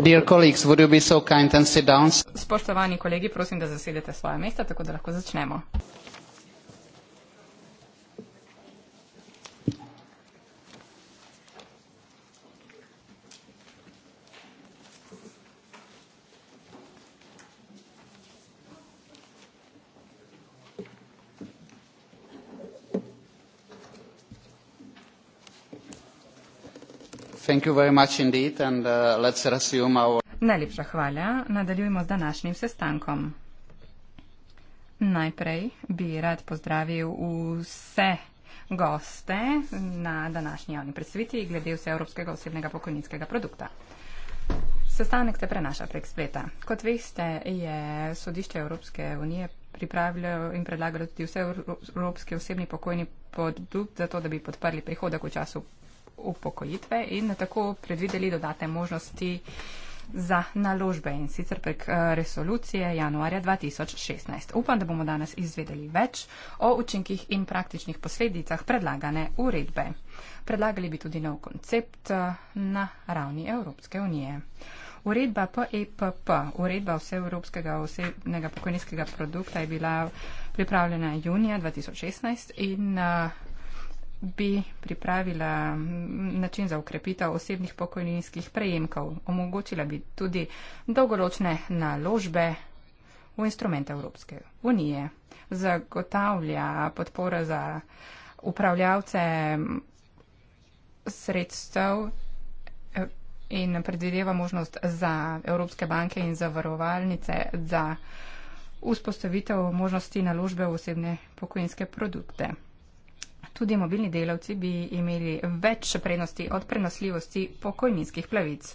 Dear colleagues, would you be so kind and sit down? Spoštovani kolegi, prosim, da zasedete svoje mesta, tako da lahko začnemo. Uh, Najlepša hvala. Nadaljujemo z današnjim sestankom. Najprej bi rad pozdravil vse goste na današnji javni predstavitvi glede vse Evropskega osebnega pokojninskega produkta. Sestanek se prenaša prek spleta. Kot veste, je sodišče Evropske unije pripravilo in predlagalo tudi vse Evropske osebni pokojni produkt, zato da bi podprli prihodek v času upokojitve in tako predvideli dodatne možnosti za naložbe in sicer prek eh, resolucije januarja 2016. Upam, da bomo danes izvedeli več o učinkih in praktičnih posledicah predlagane uredbe. Predlagali bi tudi nov koncept eh, na ravni Evropske unije. Uredba PEPP, e uredba vseevropskega osebnega pokojninskega produkta, je bila pripravljena junija 2016 in eh, bi pripravila način za ukrepitev osebnih pokojninskih prejemkov. Omogočila bi tudi dolgoročne naložbe v instrumente Evropske unije. Zagotavlja podporo za upravljavce sredstev eh, in predvideva možnost za Evropske banke in zavarovalnice za vzpostavitev možnosti naložbe v osebne pokojninske produkte. Tudi mobilni delavci bi imeli več prednosti od prenosljivosti pokojninskih plavic.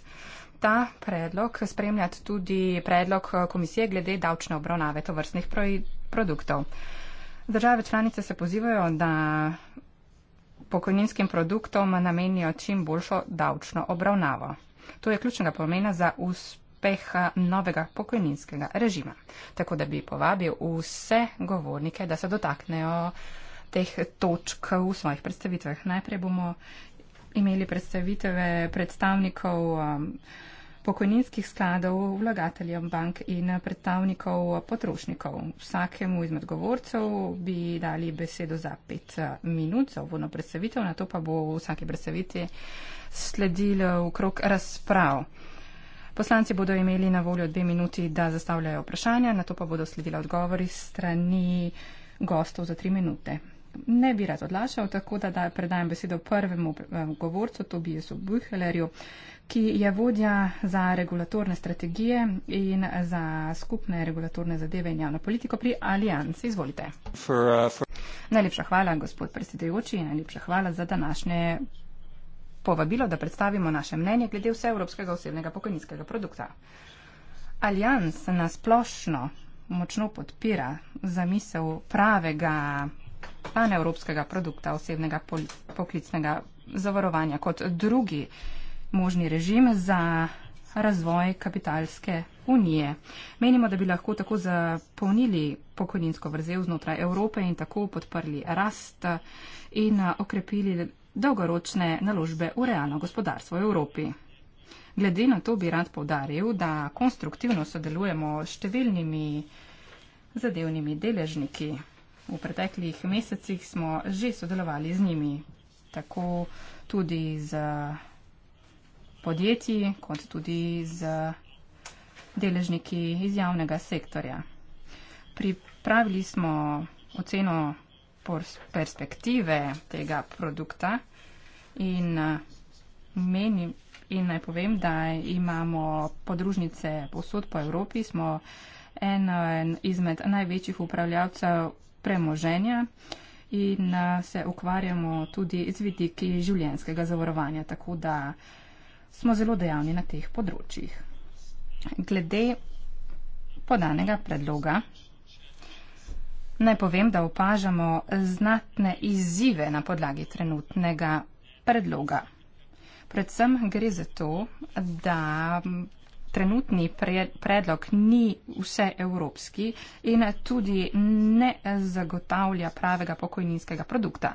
Ta predlog spremlja tudi predlog komisije glede davčne obravnave tovrstnih produktov. Države članice se pozivajo, da pokojninskim produktom namenijo čim boljšo davčno obravnavo. To je ključnega pomena za uspeh novega pokojninskega režima. Tako da bi povabil vse govornike, da se dotaknejo teh točk v svojih predstavitvah. Najprej bomo imeli predstavitve predstavnikov um, pokojninskih skladov, vlagateljem bank in predstavnikov potrošnikov. Vsakemu izmed govorcev bi dali besedo za pet uh, minut za uvodno predstavitev, na to pa bo v vsaki predstavitvi sledilo okrog razprav. Poslanci bodo imeli na voljo dve minuti, da zastavljajo vprašanja, na to pa bodo sledila odgovori strani gostov za tri minute ne bi rad odlašal, tako da, da predajam besedo prvemu eh, govorcu, Tobiju Buhlerju, ki je vodja za regulatorne strategije in za skupne regulatorne zadeve in javno politiko pri Alianci. Izvolite. For, uh, for... Najlepša hvala, gospod predsedujoči, in najlepša hvala za današnje povabilo, da predstavimo naše mnenje glede vse Evropskega osebnega pokojninskega produkta. Alianc nasplošno močno podpira zamisel pravega panevropskega produkta osebnega poklicnega zavarovanja kot drugi možni režim za razvoj kapitalske unije. Menimo, da bi lahko tako zapolnili pokojninsko vrzel znotraj Evrope in tako podprli rast in okrepili dolgoročne naložbe v realno gospodarstvo v Evropi. Glede na to bi rad povdaril, da konstruktivno sodelujemo s številnimi zadevnimi deležniki. V preteklih mesecih smo že sodelovali z njimi, tako tudi z podjetji, kot tudi z deležniki iz javnega sektorja. Pripravili smo oceno perspektive tega produkta in menim in naj povem, da imamo podružnice posod po Evropi, smo en izmed največjih upravljavcev premoženja in se ukvarjamo tudi z vidiki življenskega zavarovanja, tako da smo zelo dejavni na teh področjih. Glede podanega predloga naj povem, da opažamo znatne izzive na podlagi trenutnega predloga. Predvsem gre za to, da trenutni predlog ni vse evropski in tudi ne zagotavlja pravega pokojninskega produkta.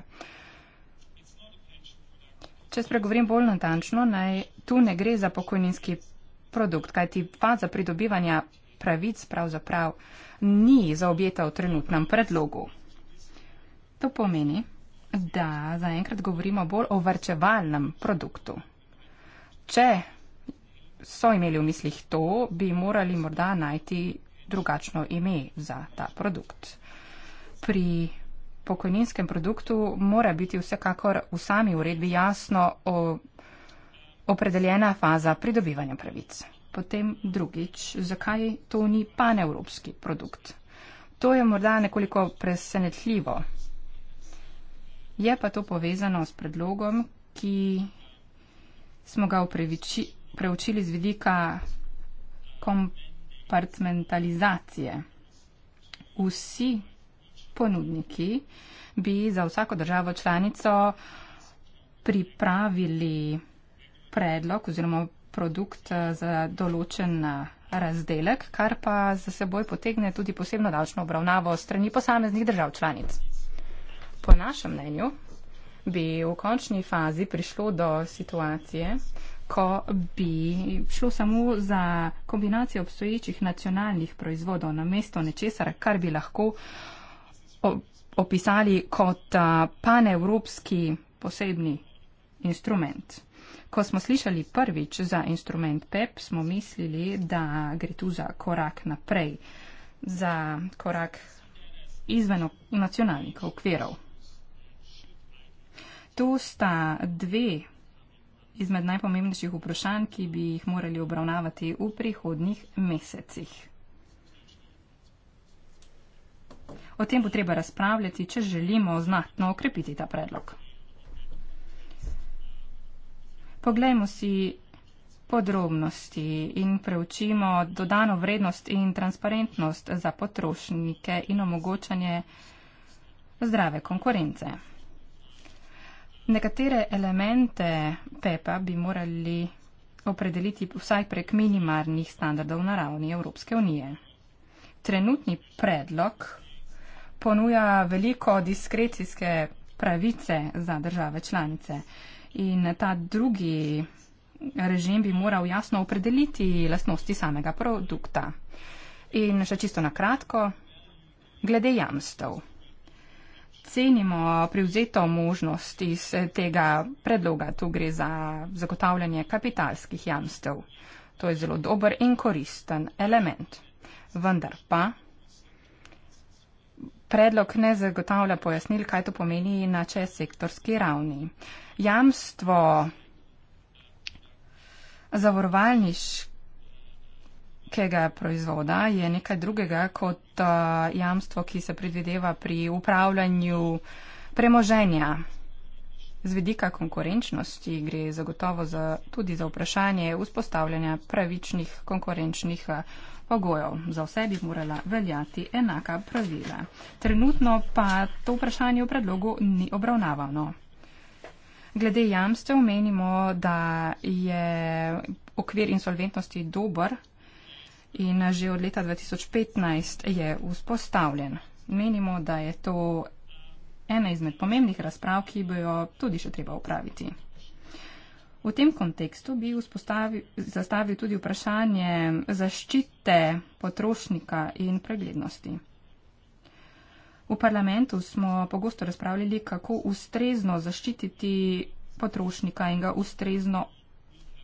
Če spregovorim bolj natančno, naj tu ne gre za pokojninski produkt, kajti faza pridobivanja pravic pravzaprav ni zaobjeta v trenutnem predlogu. To pomeni, da zaenkrat govorimo bolj o vrčevalnem produktu. Če so imeli v mislih to, bi morali morda najti drugačno ime za ta produkt. Pri pokojninskem produktu mora biti vsekakor v sami uredbi jasno o, opredeljena faza pridobivanja pravic. Potem drugič, zakaj to ni panevropski produkt? To je morda nekoliko presenetljivo. Je pa to povezano s predlogom, ki smo ga upravičili preučili z vidika kompartmentalizacije. Vsi ponudniki bi za vsako državo članico pripravili predlog oziroma produkt za določen razdelek, kar pa za seboj potegne tudi posebno davčno obravnavo strani posameznih držav članic. Po našem mnenju bi v končni fazi prišlo do situacije, ko bi šlo samo za kombinacijo obstoječih nacionalnih proizvodov na mesto nečesar, kar bi lahko opisali kot panevropski posebni instrument. Ko smo slišali prvič za instrument PEP, smo mislili, da gre tu za korak naprej, za korak izven nacionalnih okvirov. To sta dve izmed najpomembnejših vprašanj, ki bi jih morali obravnavati v prihodnih mesecih. O tem bo treba razpravljati, če želimo znatno okrepiti ta predlog. Poglejmo si podrobnosti in preučimo dodano vrednost in transparentnost za potrošnike in omogočanje zdrave konkurence. Nekatere elemente PEPA bi morali opredeliti vsaj prek minimalnih standardov na ravni Evropske unije. Trenutni predlog ponuja veliko diskrecijske pravice za države članice in ta drugi režim bi moral jasno opredeliti lastnosti samega produkta. In še čisto na kratko, glede jamstev cenimo privzeto možnost iz eh, tega predloga. Tu gre za zagotavljanje kapitalskih jamstev. To je zelo dober in koristen element. Vendar pa predlog ne zagotavlja pojasnil, kaj to pomeni na čez sektorski ravni. Jamstvo zavarovalniške velikega proizvoda je nekaj drugega kot uh, jamstvo, ki se predvideva pri upravljanju premoženja. Z vidika konkurenčnosti gre zagotovo za, tudi za vprašanje vzpostavljanja pravičnih konkurenčnih eh, pogojev. Za vse bi morala veljati enaka pravila. Trenutno pa to vprašanje v predlogu ni obravnavano. Glede jamstev menimo, da je okvir insolventnosti dober, in že od leta 2015 je vzpostavljen. Menimo, da je to ena izmed pomembnih razprav, ki bi jo tudi še treba upraviti. V tem kontekstu bi zastavil tudi vprašanje zaščite potrošnika in preglednosti. V parlamentu smo pogosto razpravljali, kako ustrezno zaščititi potrošnika in ga ustrezno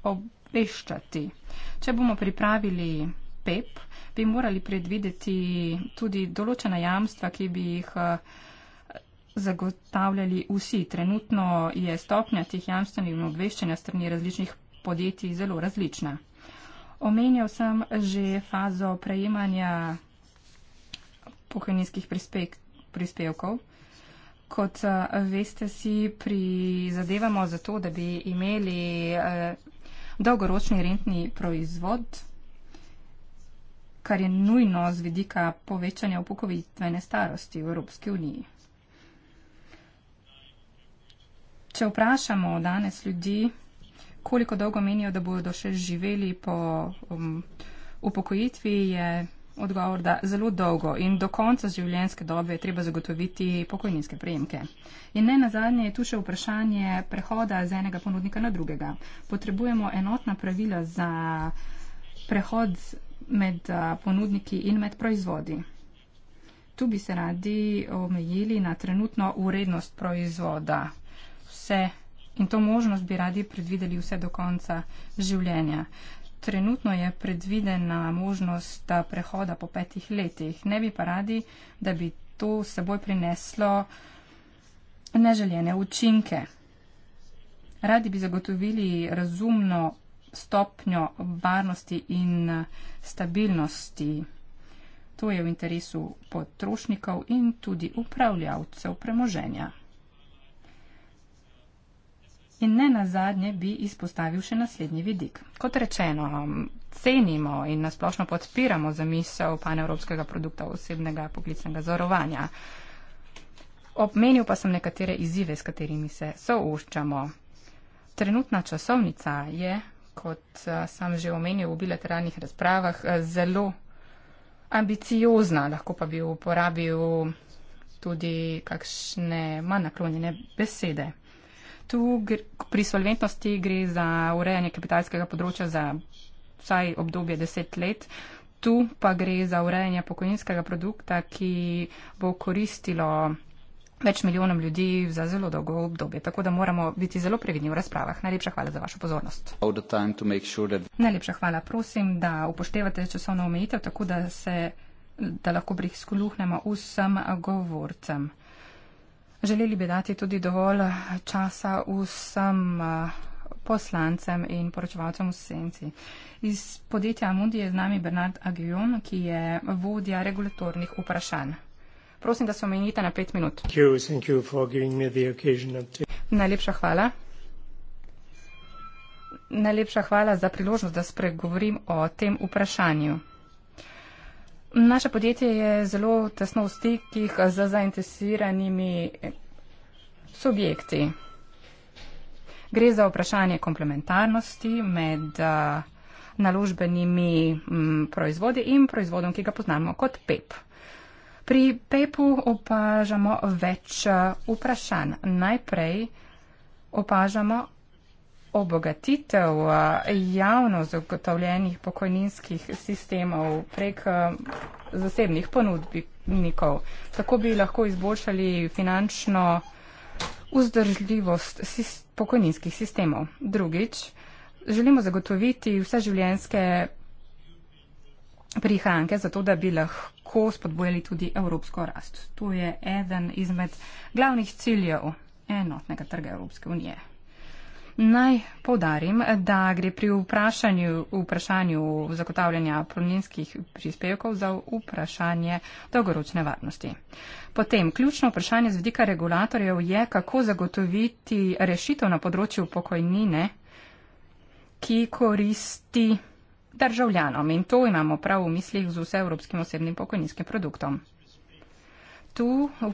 obveščati. Če bomo pripravili PEP, bi morali predvideti tudi določena jamstva, ki bi jih eh, zagotavljali vsi. Trenutno je stopnja teh jamstvenih in obveščanja strani različnih podjetij zelo različna. Omenjal sem že fazo prejemanja pokojninskih prispevkov. Kot eh, veste, si prizadevamo za to, da bi imeli eh, dolgoročni rentni proizvod kar je nujno z vidika povečanja upokojitvene starosti v Evropski uniji. Če vprašamo danes ljudi, koliko dolgo menijo, da bodo še živeli po um, upokojitvi, je odgovor, da zelo dolgo in do konca življenjske dobe je treba zagotoviti pokojninske prejemke. In ne nazadnje je tu še vprašanje prehoda z enega ponudnika na drugega. Potrebujemo enotna pravila za prehod med ponudniki in med proizvodi. Tu bi se radi omejili na trenutno urednost proizvoda. Vse in to možnost bi radi predvideli vse do konca življenja. Trenutno je predvidena možnost prehoda po petih letih. Ne bi pa radi, da bi to seboj prineslo neželjene učinke. Radi bi zagotovili razumno stopnjo varnosti in eh, stabilnosti. To je v interesu potrošnikov in tudi upravljavcev premoženja. In ne nazadnje bi izpostavil še naslednji vidik. Kot rečeno, cenimo in nasplošno podpiramo zamisel panevropskega produkta osebnega poklicnega zarovanja. Obmenil pa sem nekatere izzive, s katerimi se soočamo. Trenutna časovnica je kot eh, sam že omenil v bilateralnih razpravah, eh, zelo ambiciozna, lahko pa bi uporabil tudi kakšne manj naklonjene besede. Tu pri solventnosti gre za urejanje kapitalskega področja za vsaj obdobje deset let, tu pa gre za urejanje pokojninskega produkta, ki bo koristilo več milijonom ljudi za zelo dolgo obdobje. Tako da moramo biti zelo previdni v razpravah. Najlepša hvala za vašo pozornost. Sure that... Najlepša hvala. Prosim, da upoštevate časovno omejitev, tako da se da lahko briskluhnemo vsem govorcem. Želeli bi dati tudi dovolj časa vsem eh, poslancem in poročevalcem v senci. Iz podjetja Amundi je z nami Bernard Aguillon, ki je vodja regulatornih vprašanj. Prosim, da se omenite na pet minut. Najlepša hvala. Najlepša hvala za priložnost, da spregovorim o tem vprašanju. Naše podjetje je zelo tesno v stikih z zainteresiranimi subjekti. Gre za vprašanje komplementarnosti med eh, naložbenimi mm, proizvodi in proizvodom, ki ga poznamo kot PEP. E Pri Pepu opažamo več eh, vprašanj. Najprej opažamo obogatitev eh, javno zagotovljenih pokojninskih sistemov prek eh, zasebnih ponudnikov. Tako bi lahko izboljšali finančno vzdržljivost pokojninskih sistemov. Drugič, želimo zagotoviti vseživljenjske prihranke, zato da bi lahko spodbojali tudi evropsko rast. To je eden izmed glavnih ciljev enotnega trga Evropske unije. Naj povdarim, da gre pri vprašanju, vprašanju zagotavljanja proninskih prispevkov za vprašanje dolgoročne varnosti. Potem, ključno vprašanje z vidika regulatorjev je, kako zagotoviti rešitev na področju pokojnine, ki koristi državljanom in to imamo prav v mislih z vse evropskim osebnim pokojninskim produktom. Tu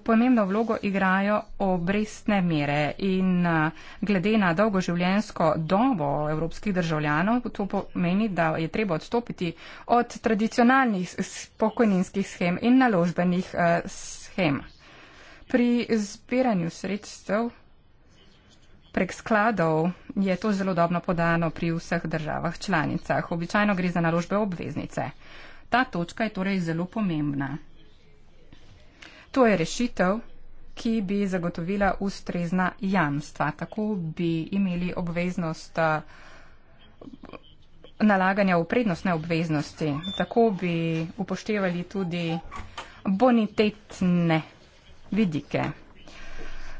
pomembno vlogo igrajo obrestne mere in eh, glede na dolgoživljenjsko dobo evropskih državljanov, to pomeni, da je treba odstopiti od tradicionalnih pokojninskih schem in naložbenih eh, schem. Pri zbiranju sredstev prek skladov je to zelo dobro podano pri vseh državah članicah. Običajno gre za naložbe obveznice. Ta točka je torej zelo pomembna. To je rešitev ki bi zagotovila ustrezna jamstva. Tako bi imeli obveznost eh, nalaganja v prednostne obveznosti. Tako bi upoštevali tudi bonitetne vidike.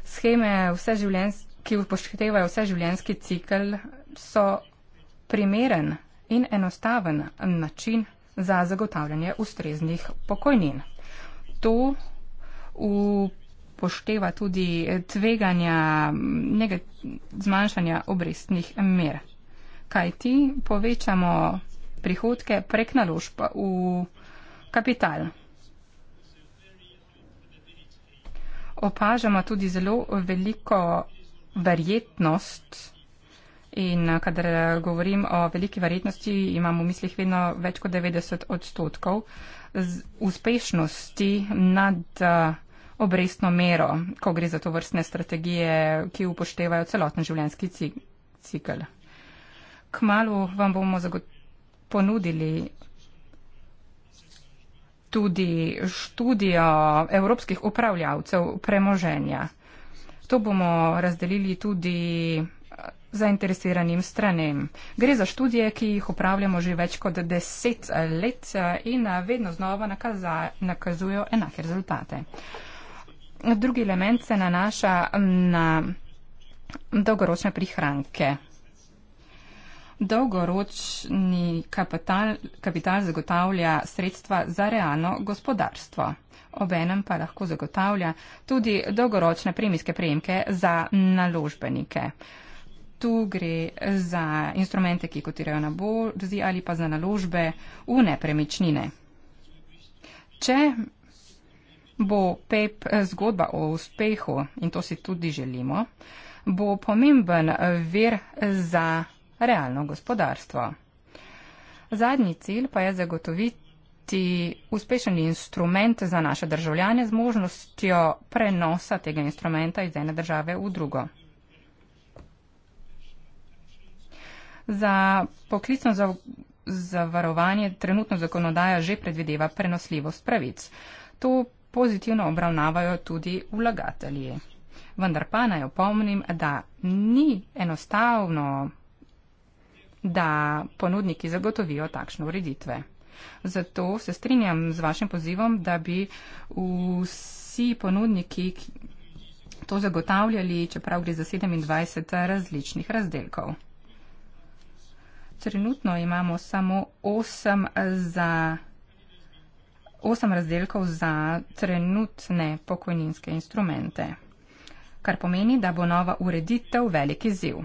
Scheme vse življenjske ki upoštevajo vse življenjski cikl, so primeren in enostaven način za zagotavljanje ustreznih pokojnin. To upošteva tudi tveganja zmanjšanja obrestnih mer. Kaj ti povečamo prihodke prek naložb v kapital? Opažamo tudi zelo veliko verjetnost. In eh, kadar govorim o veliki verjetnosti, imam v mislih vedno več kot 90 odstotkov uspešnosti nad eh, obrestno mero, ko gre za to vrstne strategije, ki upoštevajo celoten življenjski cikl. Kmalo vam bomo ponudili tudi študijo evropskih upravljavcev premoženja. To bomo razdelili tudi eh, zainteresiranim stranem. Gre za študije, ki jih upravljamo že več kot deset eh, let eh, in vedno znova nakaza, nakazujo enake rezultate. Drugi element se nanaša mm, na dolgoročne prihranke. Dolgoročni kapital, kapital zagotavlja sredstva za realno gospodarstvo obenem pa lahko zagotavlja tudi dolgoročne premijske prejemke za naložbenike. Tu gre za instrumente, ki kotirajo na borzi ali pa za naložbe v nepremičnine. Če bo PEP zgodba o uspehu, in to si tudi želimo, bo pomemben vir za realno gospodarstvo. Zadnji cilj pa je zagotoviti, biti uspešen instrument za naše državljane z možnostjo prenosa tega instrumenta iz ene države v drugo. Za poklicno zavarovanje trenutno zakonodaja že predvideva prenosljivost pravic. To pozitivno obravnavajo tudi vlagatelji. Vendar pa naj opomnim, da ni enostavno, da ponudniki zagotovijo takšne ureditve. Zato se strinjam z vašim pozivom, da bi vsi ponudniki to zagotavljali, čeprav gre za 27 različnih razdelkov. Trenutno imamo samo 8, za, 8 razdelkov za trenutne pokojninske instrumente, kar pomeni, da bo nova ureditev veliki ziv.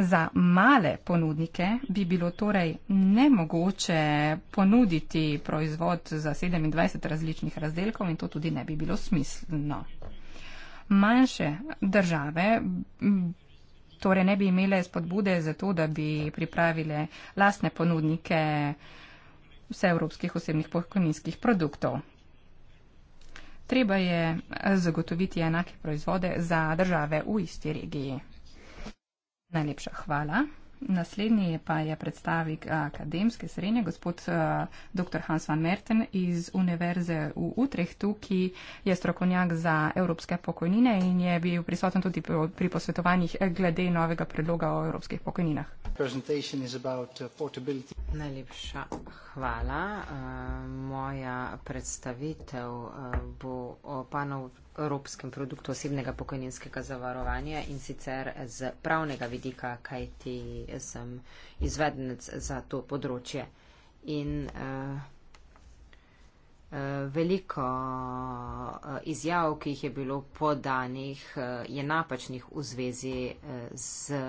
Za male ponudnike bi bilo torej nemogoče ponuditi proizvod za 27 različnih razdelkov in to tudi ne bi bilo smiselno. Manjše države torej ne bi imele spodbude za to, da bi pripravile lastne ponudnike vseevropskih osebnih pokojninskih produktov. Treba je zagotoviti enake proizvode za države v isti regiji. Najlepša hvala. Naslednji pa je predstavnik akademske srednje, gospod eh, dr. Hans van Merten iz Univerze v Utrehtu, ki je strokovnjak za evropske pokojnine in je bil prisoten tudi pri posvetovanjih glede novega predloga o evropskih pokojninah. Eh, Najlepša hvala. Eh, moja predstavitev bo o panovu evropskem produktu osebnega pokojninskega zavarovanja in sicer z pravnega vidika, kaj ti sem izvednec za to področje. In uh, uh, veliko uh, izjav, ki jih je bilo podanih, uh, je napačnih v zvezi uh, z uh,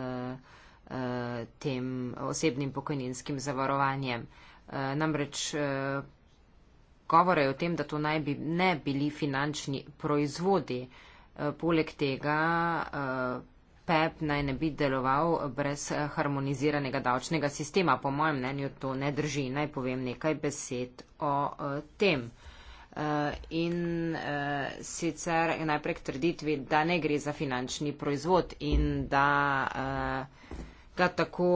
tem osebnim pokojninskim zavarovanjem. Uh, namreč uh, govora je o tem, da to naj bi ne bili finančni proizvodi. E, poleg tega e, PEP naj ne bi deloval brez harmoniziranega davčnega sistema. Po mojem mnenju to ne drži. Naj povem nekaj besed o e, tem. In sicer najprej k trditvi, da ne gre za finančni proizvod in da ga tako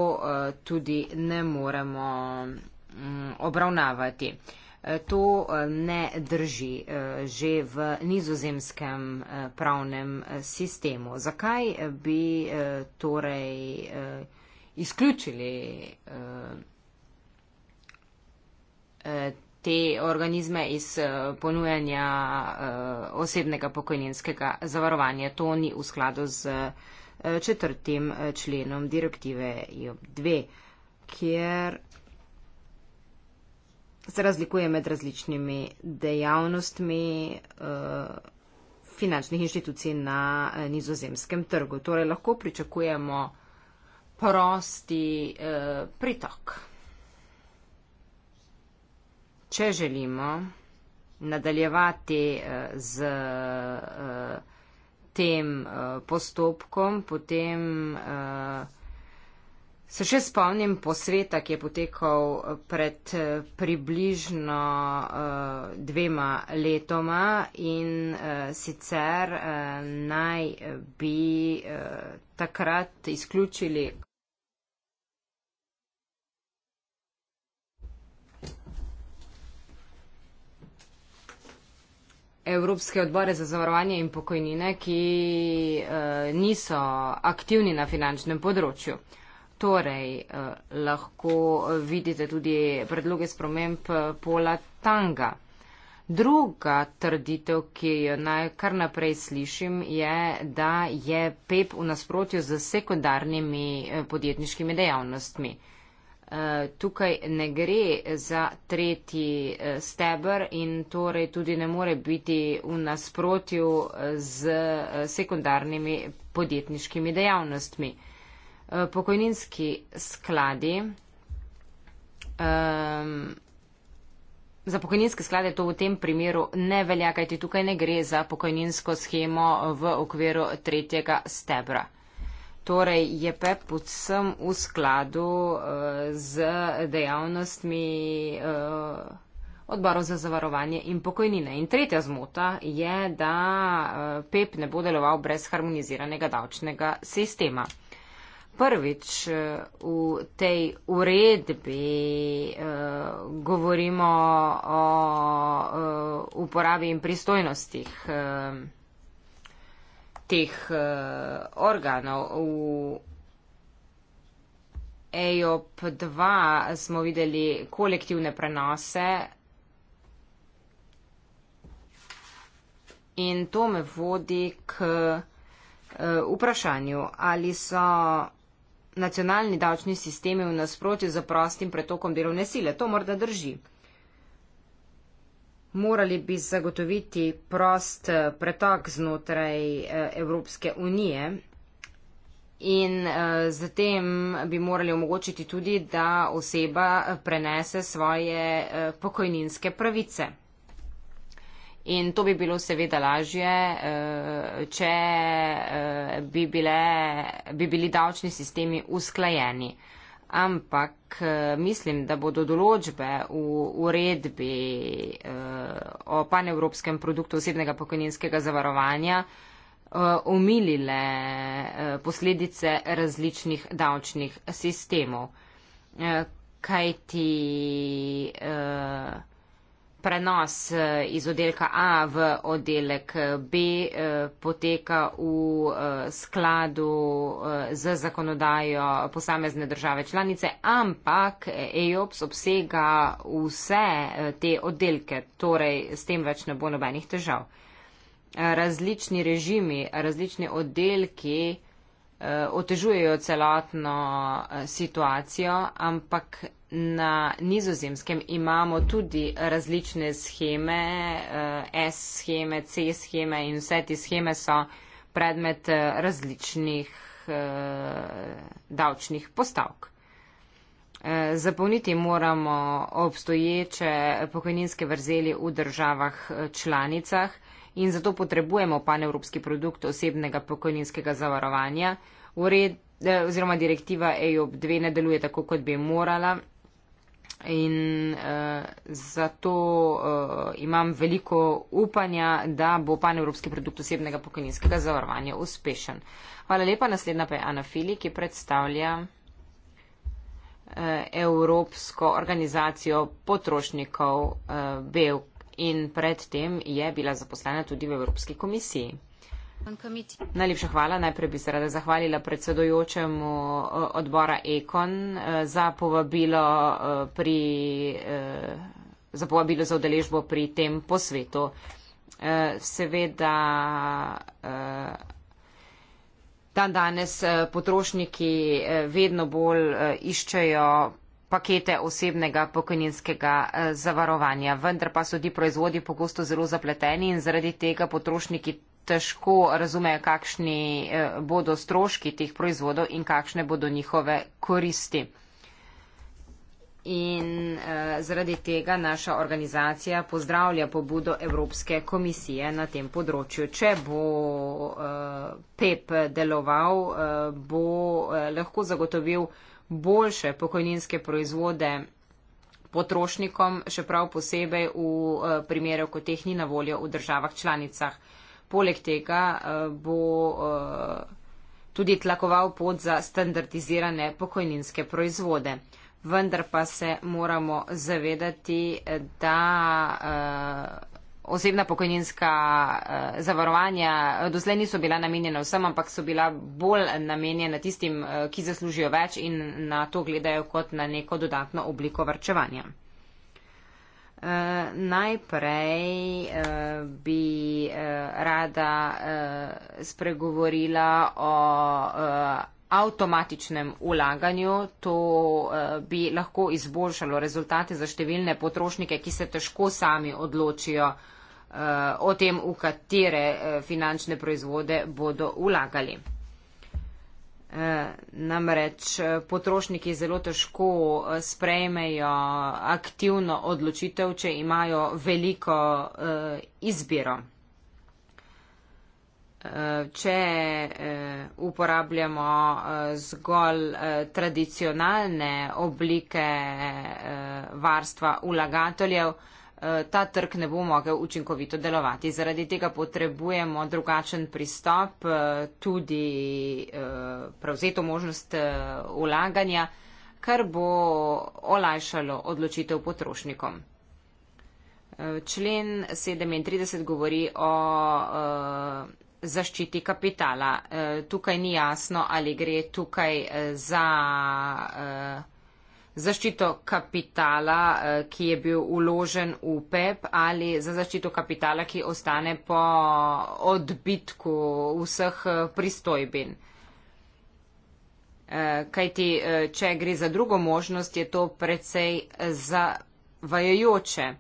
tudi ne moremo obravnavati. Uh, To eh, ne drži eh, že v nizozemskem eh, pravnem sistemu. Zakaj bi torej izključili te organizme iz ponujanja osebnega pokojninskega zavarovanja? To ni v skladu z četrtim členom direktive IOP 2, kjer se razlikuje med različnimi dejavnostmi uh, finančnih inštitucij na uh, nizozemskem trgu. Torej lahko pričakujemo prosti uh, pritok. Če želimo nadaljevati uh, z. Uh, tem uh, postopkom, potem uh, Se še spomnim posveta, ki je potekal eh, pred eh, približno uh, dvema letoma in uh, sicer uh, naj bi uh, takrat izključili. Evropske odbore za zavarovanje in pokojnine, ki uh, niso aktivni na finančnem področju. Uh, torej eh, lahko vidite tudi predloge sprememb eh, pola tanga. Druga trditev, ki jo naj kar naprej slišim, je, da je PEP v nasprotju z sekundarnimi eh, podjetniškimi dejavnostmi. Eh, tukaj ne gre za tretji stebr in torej tudi ne more biti v nasprotju z sekundarnimi podjetniškimi dejavnostmi. Eh, pokojninski skladi. Um, Za pokojninske sklade to v tem primeru ne velja, kajti tukaj ne gre za pokojninsko schemo v okviru tretjega stebra. Torej je PEP vsem v skladu uh, z dejavnostmi uh, odborov za zavarovanje in pokojnine. In tretja zmota je, da uh, PEP ne bo deloval brez harmoniziranega davčnega sistema prvič eh, v tej uredbi eh, govorimo o eh, uporabi in pristojnostih teh organov. V EOP 2 smo videli kolektivne prenose. In to me vodi k uh, vprašanju, ali so nacionalni davčni sistem je v nasprotju z prostim pretokom delovne sile. To morda drži. Morali bi zagotoviti prost eh, pretok znotraj eh, Evropske unije in zatem eh, bi morali omogočiti tudi, da oseba prenese svoje pokojninske pravice. In to bi bilo seveda lažje, eh, če eh, bi, bile, bi bili davčni sistemi usklajeni. Ampak eh, mislim, da bodo določbe v uredbi o panevropskem produktu osebnega pokojninskega zavarovanja omilile posledice različnih davčnih sistemov. Kaj ti prenos eh, iz oddelka A v oddelek eh, B eh, poteka v skladu z zakonodajo posamezne države članice, ampak EOPS obsega vse te oddelke, torej s tem več ne bo nobenih težav. Različni režimi, različni oddelki otežujejo celotno situacijo, ampak na nizozemskem imamo tudi različne scheme, eh, S scheme, C scheme in vse ti scheme so predmet eh, različnih eh, davčnih postavk. Zapolniti moramo obstoječe pokojninske vrzeli v državah članicah in zato potrebujemo panevropski produkt osebnega pokojninskega zavarovanja. Ured, oziroma direktiva EJOB 2 ne deluje tako, kot bi morala, In uh, zato uh, imam veliko upanja, da bo pan Evropski produkt osebnega pokojninskega zavarovanja uspešen. Hvala lepa. Naslednja pa je Ana Fili, ki predstavlja uh, Evropsko organizacijo potrošnikov uh, BEUK in predtem je bila zaposlena tudi v Evropski komisiji. Najlepša hvala. Najprej bi se rada zahvalila predsedojočemu eh, odbora Ekon eh, za povabilo eh, pri za povabilo za udeležbo pri tem posvetu. Seveda dan danes potrošniki vedno bolj iščejo pakete osebnega pokojninskega zavarovanja. Vendar pa so ti proizvodi pogosto zelo zapleteni in zaradi tega potrošniki težko razumejo, kakšni eh, bodo stroški teh proizvodov in kakšne bodo njihove koristi. In eh, zaradi tega naša organizacija pozdravlja pobudo Evropske komisije na tem področju. Če bo eh, PEP deloval, eh, bo eh, lahko zagotovil boljše pokojninske proizvode potrošnikom, še prav posebej v eh, primeru, ko teh ni na voljo v državah članicah poleg tega eh, bo eh, tudi tlakoval pot za standardizirane pokojninske proizvode. Vendar pa se moramo zavedati, eh, da osebna pokojninska zavarovanja doslej niso bila namenjena vsem, ampak so bila bolj namenjena tistim, ki zaslužijo več in na to gledajo kot na neko dodatno obliko varčevanja. Eh, najprej uh, bi uh, rada uh, spregovorila o uh, avtomatičnem ulaganju. To uh, bi lahko izboljšalo rezultate za številne potrošnike, ki se težko sami odločijo uh, o tem, v katere uh, finančne proizvode bodo ulagali. Eh, namreč eh, potrošniki zelo težko eh, sprejmejo aktivno odločitev, če imajo veliko izbiro. Če uporabljamo zgolj tradicionalne oblike varstva vlagateljev, Eh, ta trg ne bo mogel učinkovito delovati. Zaradi tega potrebujemo drugačen pristop, eh, tudi eh, pravzeto možnost ulaganja, kar bo olajšalo odločitev potrošnikom. Člen 37 govori o zaščiti kapitala. Tukaj ni jasno, ali gre tukaj za zaščito kapitala, eh, ki je bil uložen v PEP e ali za zaščito kapitala, ki ostane po odbitku vseh eh, pristojbin. Eh, kajti, če gre za drugo možnost, je to precej zavajajoče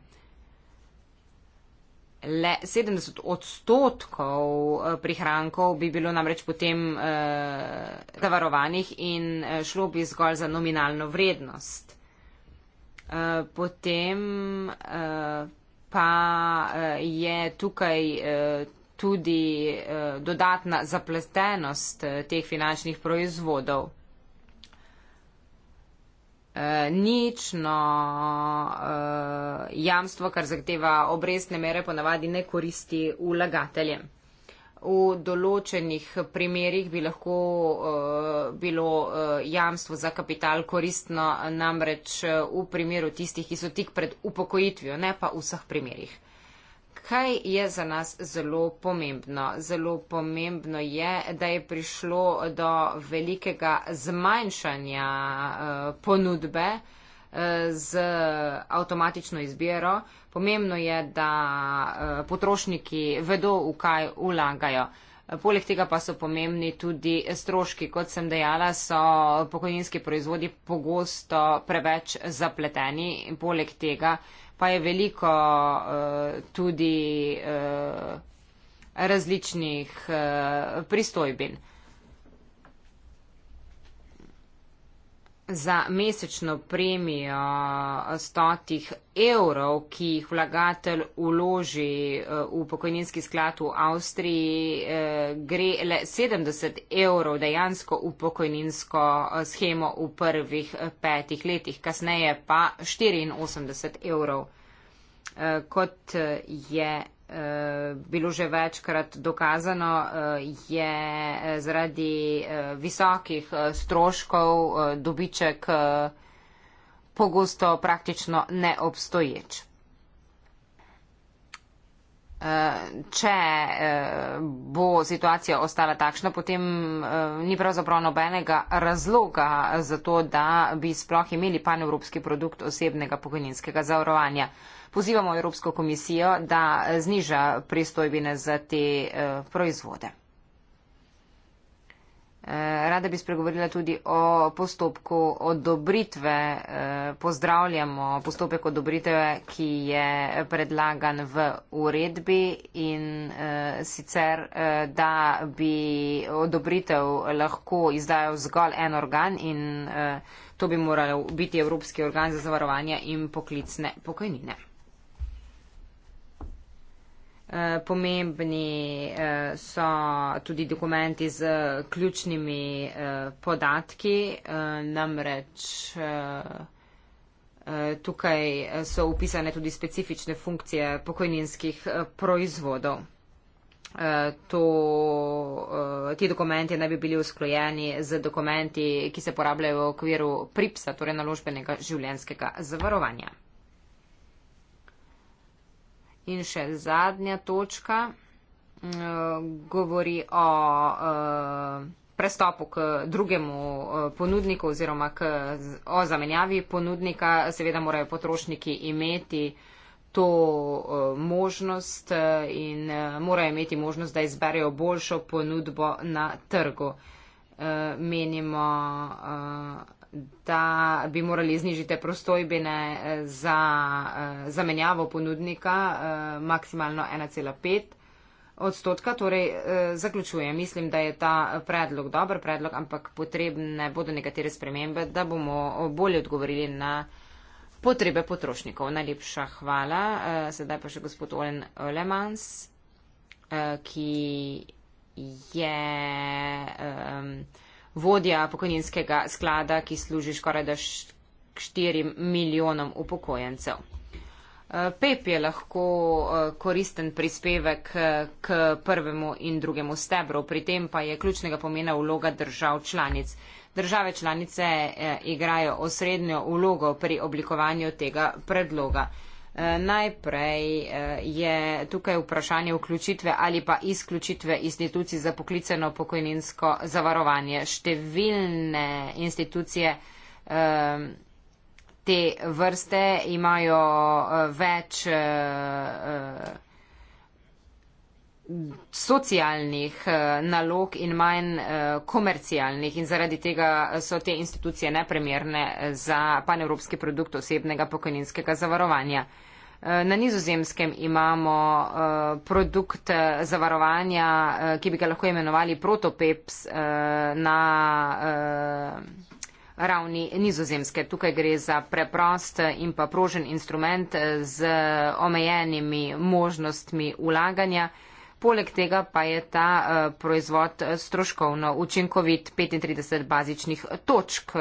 le 70 odstotkov eh, prihrankov bi bilo namreč potem eh, zavarovanih in eh, šlo bi zgolj za nominalno vrednost. Eh, potem eh, pa eh, je tukaj eh, tudi eh, dodatna zapletenost eh, teh finančnih proizvodov. Eh, nično uh, jamstvo, kar zahteva obrestne mere, ponavadi ne koristi vlagateljem. V določenih primerjih bi lahko uh, bilo uh, jamstvo za kapital koristno namreč v primeru tistih, ki so tik pred upokojitvijo, ne pa v vseh primerjih kaj je za nas zelo pomembno. Zelo pomembno je, da je prišlo do velikega zmanjšanja eh, ponudbe eh, z avtomatično izbiro. Pomembno je, da eh, potrošniki vedo, v kaj ulagajo. Poleg tega pa so pomembni tudi stroški. Kot sem dejala, so pokojninski proizvodi pogosto preveč zapleteni. Poleg tega pa je veliko uh, tudi uh, različnih uh, pristojbin. za mesečno premijo stotih evrov, ki jih vlagatelj uloži eh, v pokojninski sklad v Avstriji, eh, gre le 70 evrov dejansko v pokojninsko eh, schemo v prvih petih letih, kasneje pa 84 evrov. Kot je Eh, bilo že večkrat dokazano, eh, je eh, zaradi visokih stroškov dobiček pogosto praktično neobstoječ. Če bo situacija ostala takšna, potem ni pravzaprav nobenega razloga za to, da bi sploh imeli panevropski produkt osebnega pokojninskega zavarovanja. Pozivamo Evropsko komisijo, da eh, zniža pristojbine za te eh, proizvode. Eh, rada bi spregovorila tudi o postopku odobritve. Pozdravljamo postopek odobritve, ki je predlagan v uredbi in sicer, da bi odobritev lahko izdajal zgolj en organ in to bi moral biti Evropski organ za zavarovanje in poklicne pokojnine pomembni eh, so tudi dokumenti z ključnimi eh, podatki, eh, namreč tukaj so upisane tudi specifične funkcije pokojninskih proizvodov. To, ti dokumenti naj bi bili usklojeni z dokumenti, ki se porabljajo v okviru PRIPSA, torej naložbenega življenskega zavarovanja. In še zadnja točka eh, govori o eh, prestopu k drugemu eh, ponudniku oziroma k, o zamenjavi ponudnika. Seveda morajo potrošniki imeti to možnost in morajo imeti možnost, da izberejo boljšo ponudbo na trgu. Menimo, da bi morali znižiti prostojbine eh, za eh, zamenjavo ponudnika eh, maksimalno 1,5 odstotka. Torej, zaključujem, mislim, da je ta predlog dober predlog, ampak potrebne bodo nekatere spremembe, da bomo bolje odgovorili na potrebe potrošnikov. Najlepša hvala. Sedaj pa še gospod Olen Lemans, ki je. Um, vodja pokojninskega sklada, ki služi skoraj da 4 milijonom upokojencev. Eh, PEP je lahko eh, koristen prispevek eh, k prvemu in drugemu stebru, pri tem pa je ključnega pomena vloga držav članic. Države članice igrajo osrednjo vlogo pri oblikovanju tega predloga. Najprej eh, je tukaj vprašanje vključitve ali pa izključitve institucij za poklicano pokojninsko zavarovanje. Številne institucije eh, te vrste imajo eh, več socialnih nalog in manj komercialnih in zaradi tega so te institucije nepremjerne za panevropski produkt osebnega pokojninskega zavarovanja. Na nizozemskem imamo eh, produkt eh, zavarovanja, eh, ki bi ga lahko imenovali protopeps na ravni nizozemske. Tukaj gre za preprost in pa prožen instrument z omejenimi možnostmi ulaganja. Poleg tega pa je ta proizvod stroškovno učinkovit 35 bazičnih točk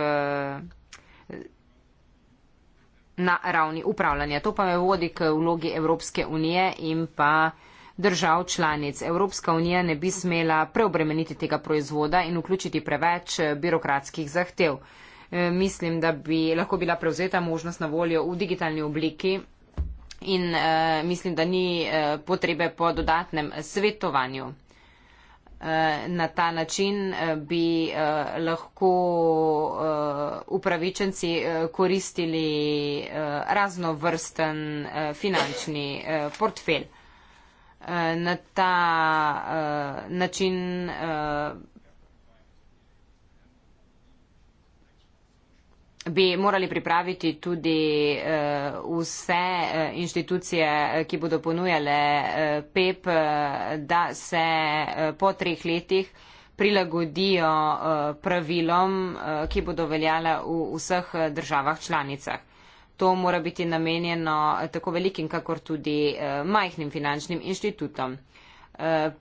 na ravni upravljanja. To pa me vodi k vlogi Evropske unije in pa držav članic. Evropska unija ne bi smela preobremeniti tega proizvoda in vključiti preveč eh, birokratskih zahtev. Eh, mislim, da bi lahko bila prevzeta možnost na voljo v digitalni obliki in eh, mislim, da ni potrebe po dodatnem svetovanju. Eh, na ta način eh, bi eh, lahko upravičenci koristili raznovrsten finančni portfelj. Na ta način bi morali pripraviti tudi uh, vse uh, inštitucije, eh, ki bodo ponujale uh, PEP, uh, da se uh, po treh letih prilagodijo uh, pravilom, uh, ki bodo veljala v vseh državah članicah. To mora biti namenjeno tako velikim, kakor tudi uh, majhnim finančnim inštitutom. Uh,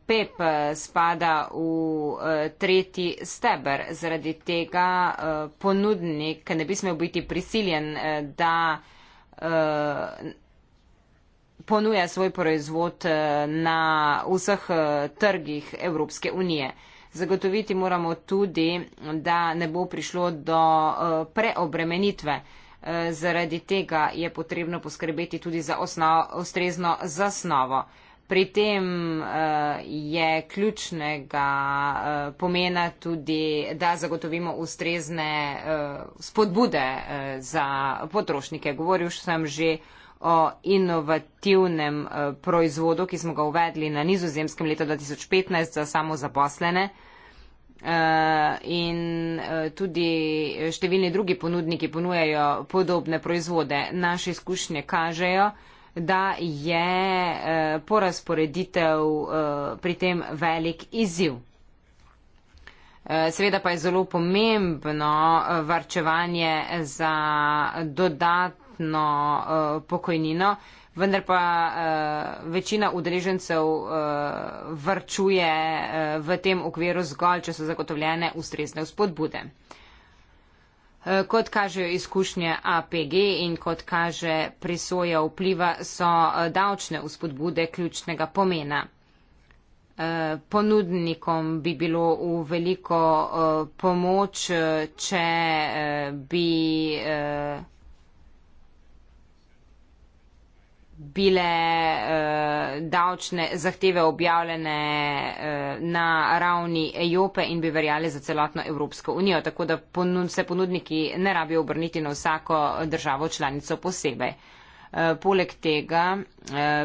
PEP spada v eh, tretji steber, zaradi tega eh, ponudnik ne bi smel biti prisiljen, eh, da ponuja svoj proizvod na vseh trgih Evropske unije. Zagotoviti moramo tudi, da ne bo prišlo do preobremenitve. Zaradi tega je potrebno poskrbeti tudi za osnovo, ustrezno zasnovo. Pri tem uh, je ključnega uh, pomena tudi, da zagotovimo ustrezne uh, spodbude uh, za potrošnike. Govoril sem že o inovativnem uh, proizvodu, ki smo ga uvedli na nizozemskem leta 2015 za samo zaposlene. Uh, in uh, tudi številni drugi ponudniki ponujajo podobne proizvode. Naše izkušnje kažejo, uh, da je eh, porazporeditev eh, pri tem velik izziv. Eh, seveda pa je zelo pomembno varčevanje za dodatno pokojnino, vendar pa večina udeležencev varčuje v tem okviru zgolj, če so zagotovljene ustrezne vzpodbude. Eh, kot kažejo izkušnje APG in kot kaže presoja vpliva, so eh, davčne vzpodbude ključnega pomena. Eh, ponudnikom bi bilo v veliko pomoč, če bi bile uh, davčne zahteve objavljene uh, na ravni Ejope in bi verjali za celotno Evropsko unijo, tako da ponud, se ponudniki ne rabijo obrniti na vsako državo članico posebej. Eh, poleg tega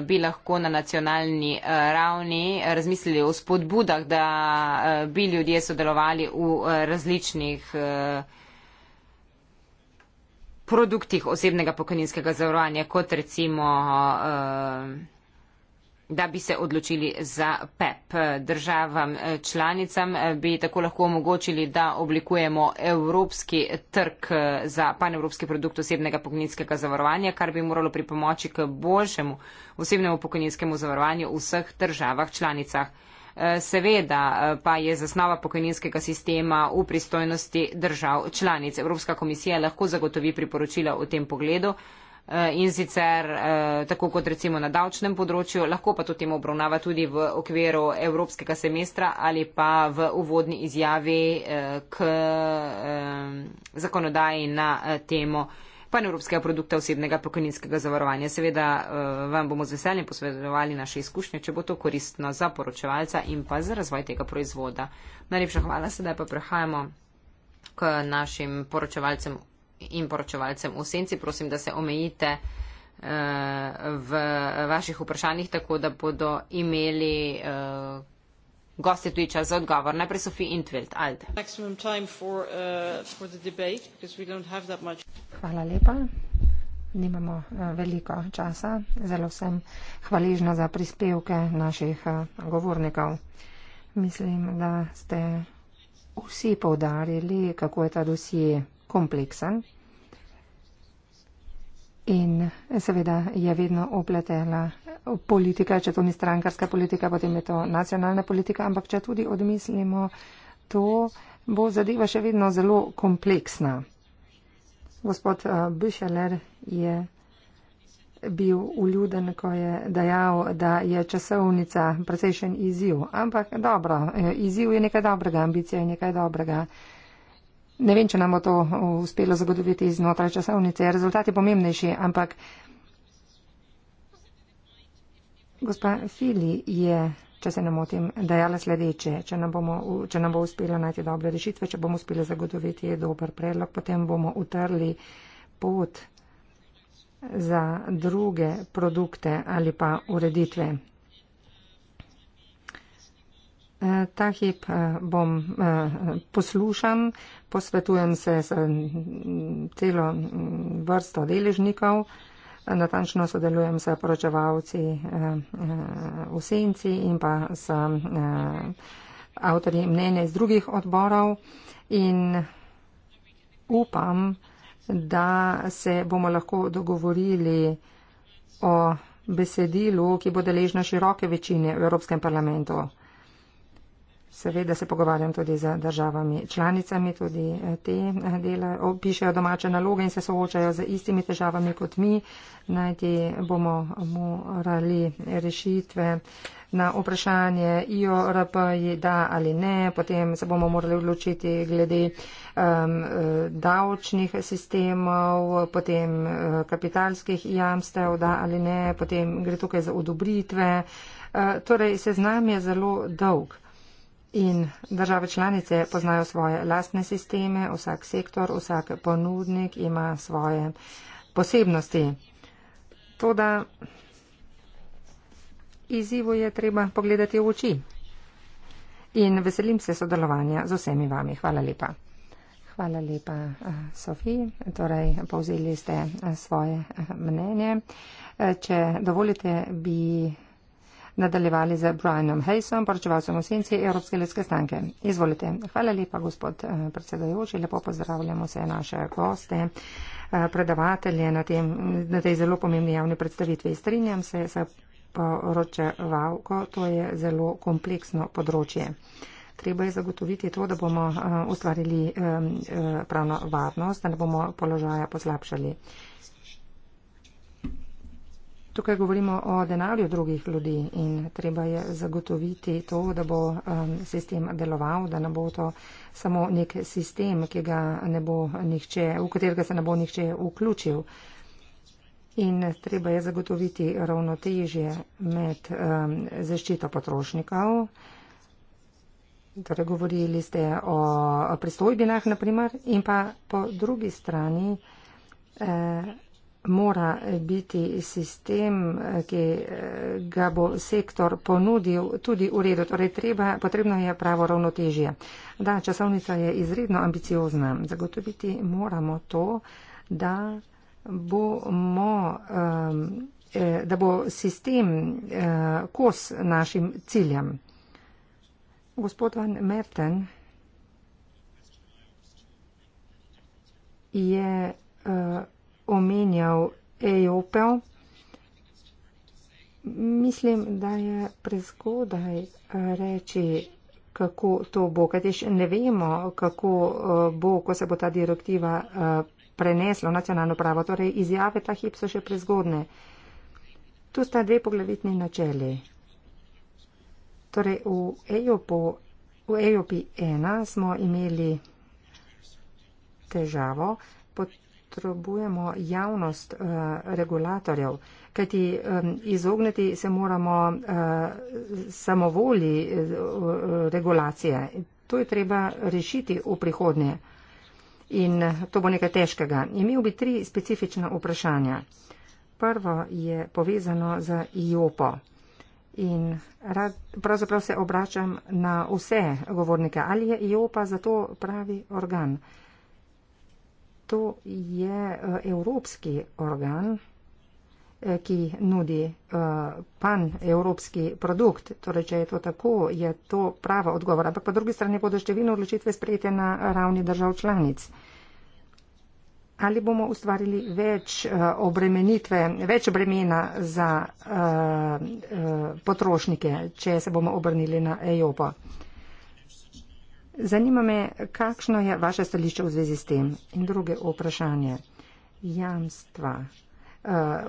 bi lahko na nacionalni ravni razmislili o spodbudah, da bi ljudje sodelovali v različnih produktih osebnega pokojninskega zavarovanja, kot recimo, eh, da bi se odločili za PEP. Državam eh, članicam eh, bi tako lahko omogočili, da oblikujemo evropski trg za panevropski produkt osebnega pokojninskega zavarovanja, kar bi moralo pripomoči k boljšemu osebnemu pokojninskemu zavarovanju v vseh državah članicah. Seveda eh, pa je zasnova pokojninskega sistema v pristojnosti držav članic. Evropska komisija lahko zagotovi priporočila v tem pogledu eh, in sicer eh, tako kot recimo na davčnem področju, lahko pa to temo obravnava tudi v okviru evropskega semestra ali pa v uvodni izjavi k zakonodaji na temo panevropskega produkta osebnega pokojninskega zavarovanja. Seveda eh, vam bomo z veseljem posvetovali naše izkušnje, če bo to koristno za poročevalca in pa za razvoj tega proizvoda. Najlepša hvala, sedaj pa prehajamo k našim poročevalcem in poročevalcem v senci. Prosim, da se omejite eh, v vaših vprašanjih, tako da bodo imeli eh, gostujoča za odgovor najprej sophie in 't veld alde uh, hvala lepa nimamo uh, veliko časa zelo sem hvaležna za prispevke naših uh, govornikov mislim da ste vsi poudarili kako je ta dosje kompleksen In seveda je vedno opletela politika, če to ni strankarska politika, potem je to nacionalna politika, ampak če tudi odmislimo to, bo zadeva še vedno zelo kompleksna. Gospod eh, Bišeler je bil uljuden, ko je dejal, da je časovnica precejšen izziv. Ampak dobro, eh, izziv je nekaj dobrega, ambicija je nekaj dobrega. Ne vem, če nam bo to uspelo zagotoviti znotraj časovnice. Rezultat je pomembnejši, ampak gospa Fili je, če se ne motim, dajala sledeče. Če nam, bomo, če nam bo uspelo najti dobre rešitve, če bomo uspeli zagotoviti dober predlog, potem bomo utrli pot za druge produkte ali pa ureditve. Eh, ta hip eh, bom eh, poslušan, posvetujem se z mm, celo mm, vrsto deležnikov, natančno sodelujem s poročevalci v senci in pa s avtorji mnenja iz drugih odborov in upam, da se bomo lahko dogovorili o besedilu, ki bo deležno široke večine v Evropskem parlamentu. Seveda se pogovarjam tudi z državami članicami, tudi eh, te eh, dela pišejo domače naloge in se soočajo z istimi težavami kot mi. Najti bomo morali rešitve na vprašanje IORP, da ali ne, potem se bomo morali odločiti glede um, davčnih sistemov, potem kapitalskih jamstev, da ali ne, potem gre tukaj za odobritve. Uh, torej, seznam je zelo dolg. In države članice poznajo svoje lastne sisteme, vsak sektor, vsak ponudnik ima svoje posebnosti. Toda izzivu je treba pogledati v oči. In veselim se sodelovanja z vsemi vami. Hvala lepa. Hvala lepa, eh, Sofiji. Torej, povzeli ste eh, svoje eh, mnenje. Če dovolite, bi nadaljevali z Brianom Haysom, poročevalcem v senci Evropske ljudske stranke. Izvolite. Hvala lepa, gospod eh, predsedajoči. Lepo pozdravljamo vse naše goste, eh, predavatelje na, tem, na tej zelo pomembni javni predstavitvi. Strinjam se s poročevalko, to je zelo kompleksno področje. Treba je zagotoviti to, da bomo eh, ustvarili pravno varnost, da ne bomo položaja poslabšali. Tukaj govorimo o denarju drugih ljudi in treba je zagotoviti to, da bo um, sistem deloval, da ne bo to samo nek sistem, ne nihče, v katerega se ne bo nihče vključil. In treba je zagotoviti ravnotežje med um, zaščito potrošnikov. Torej, govorili ste o pristojbinah, naprimer, in pa po drugi strani. Eh, mora biti sistem, ki eh, ga bo sektor ponudil, tudi v redu. Torej, treba, potrebno je pravo ravnotežje. Da, časovnica je izredno ambiciozna. Zagotoviti moramo to, da bomo. Um, da bo sistem eh, kos našim ciljem. Gospod Van Merten je eh, omenjal Ejopel. Mislim, da je prezgodaj eh, reči, kako to bo, kajti še ne vemo, kako eh, bo, ko se bo ta direktiva eh, prenesla v nacionalno pravo. Torej, izjave ta hip so še prezgodne. Tu sta dve poglavitni načeli. Torej, v, EOPO, v EOP 1 smo imeli težavo, potrebujemo javnost uh, regulatorjev, kajti um, izogniti se moramo uh, samovolji uh, regulacije. To je treba rešiti v prihodnje in to bo nekaj težkega. Imel bi tri specifična vprašanja. Prvo je povezano z IOPO. In rad, pravzaprav se obračam na vse govornike. Ali je IOPA za to pravi organ? Uh, to je eh, evropski organ, eh, ki nudi eh, pan-evropski produkt. Torej, če je to tako, je to prava odgovora. Ampak po drugi strani bodo številne odločitve sprejete na ravni držav članic. Ali bomo ustvarili več obremenitve, več bremena za uh, uh, potrošnike, če se bomo obrnili na EJOPO? Uh, Zanima me, kakšno je vaše stališče v zvezi s tem in druge vprašanje. Jamstva eh,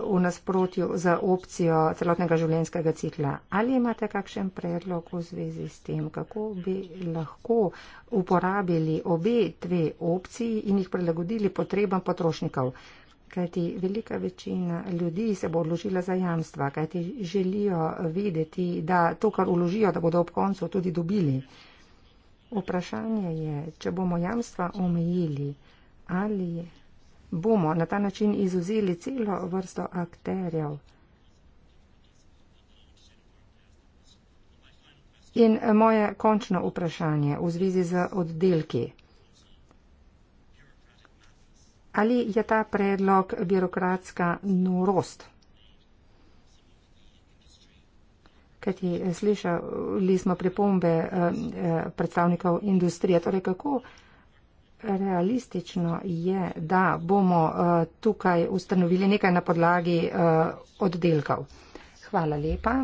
v nasprotju za opcijo celotnega življenjskega cikla. Ali imate kakšen predlog v zvezi s tem, kako bi lahko uporabili obe dve opciji in jih prilagodili potrebam potrošnikov? Kajti velika večina ljudi se bo odložila za jamstva, kajti želijo videti, da to, kar uložijo, da bodo ob koncu tudi dobili. Uh, Vprašanje je, če bomo jamstva omejili ali bomo na ta način izuzeli celo vrsto akterjev. In eh, moje končno vprašanje v zvezi z oddelki. Ali je ta predlog birokratska norost? kajti slišali smo pripombe eh, eh, predstavnikov industrije. Torej, kako realistično je, da bomo eh, tukaj ustanovili nekaj na podlagi oddelkov. Hvala lepa.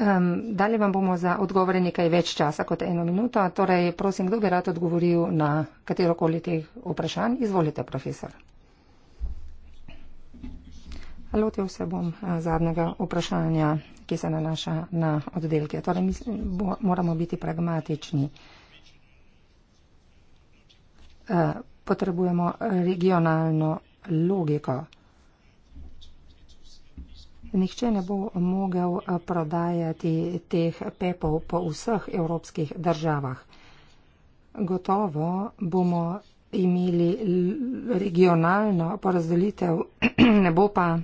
Um, dalje vam bomo za odgovore nekaj več časa kot eno minuto. Torej, prosim, kdo bi rad odgovoril na katerokoli teh vprašanj? Izvolite, profesor. Lotev se bom eh, zadnjega vprašanja, ki se nanaša na oddelke. Torej, mislim, bo, moramo biti pragmatični. Eh, potrebujemo regionalno logiko. Nihče ne bo mogel eh, prodajati teh pepov po vseh evropskih državah. Gotovo bomo imeli regionalno porazdelitev, ne bo pa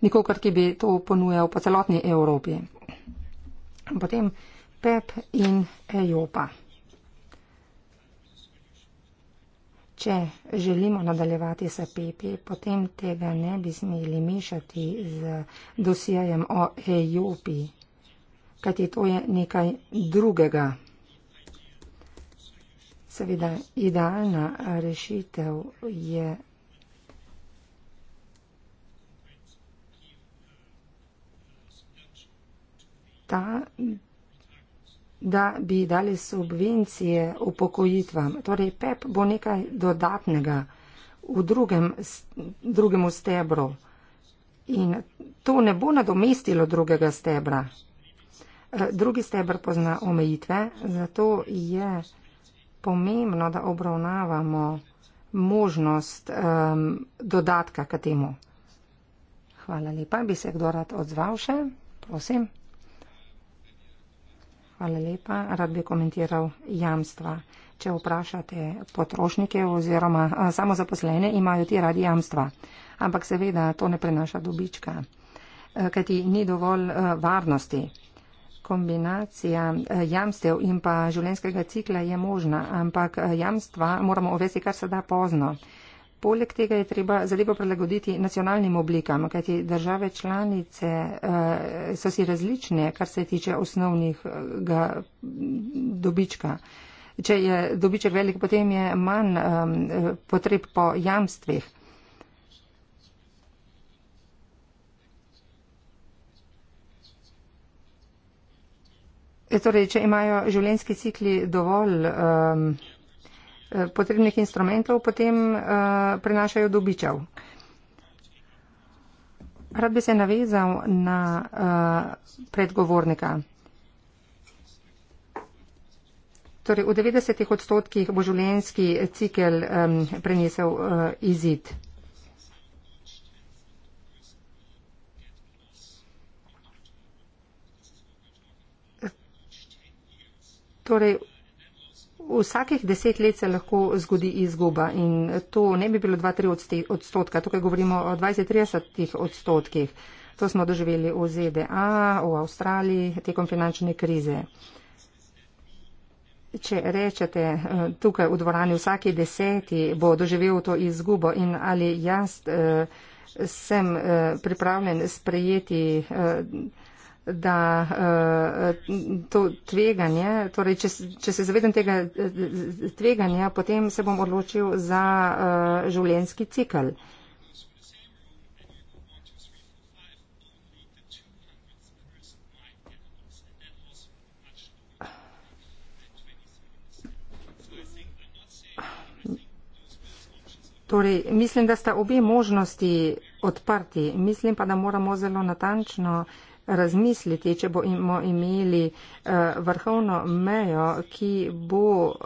nikogar, ki bi to ponujal po celotni Evropi. Potem PEP in EJOPA. Če želimo nadaljevati s PEPI, potem tega ne bi smeli mešati z dosijajem o EJOPI, kajti to je nekaj drugega. Seveda, idealna rešitev je ta, da bi dali subvencije upokojitvam. Torej, PEP bo nekaj dodatnega v drugem, drugemu stebru in to ne bo nadomestilo drugega stebra. E, drugi stebr pozna omejitve, zato je pomembno, da obravnavamo možnost um, dodatka k temu. Hvala lepa. Bi se kdo rad odzval še? Prosim. Hvala lepa. Rad bi komentiral jamstva. Če vprašate potrošnike oziroma samozaposlene, imajo ti radi jamstva. Ampak seveda to ne prenaša dobička, e, kajti ni dovolj e, varnosti kombinacija eh, jamstev in pa življenskega cikla je možna, ampak eh, jamstva moramo uvesti kar se da pozno. Poleg tega je treba zadevo prilagoditi nacionalnim oblikam, kajti države članice eh, so si različne, kar se tiče osnovnih mm, dobička. Če je dobiček velik, potem je manj potreb po jamstvih. Eh, torej, če imajo življenjski cikli dovolj um, potrebnih instrumentov, potem uh, prenašajo dobičev. Rad bi se navezal na uh, predgovornika. Torej, v 90 odstotkih bo življenjski cikel um, prenesel uh, izid. Torej, vsakih deset let se lahko zgodi izguba in to ne bi bilo 2-3 odstotka, tukaj govorimo o 20-30 odstotkih. To smo doživeli v ZDA, v Avstraliji, tekom finančne krize. Če rečete tukaj v dvorani, vsaki deseti bo doživel to izgubo in ali jaz eh, sem eh, pripravljen sprejeti. Eh, da eh, to tveganje, torej če, če se zavedam tega eh, tveganja, potem se bom odločil za eh, življenjski cikl. Torej, mislim, da sta obi možnosti odprti. Mislim pa, da moramo zelo natančno uh, razmisliti, če bomo imeli uh, vrhovno mejo, ki bo uh,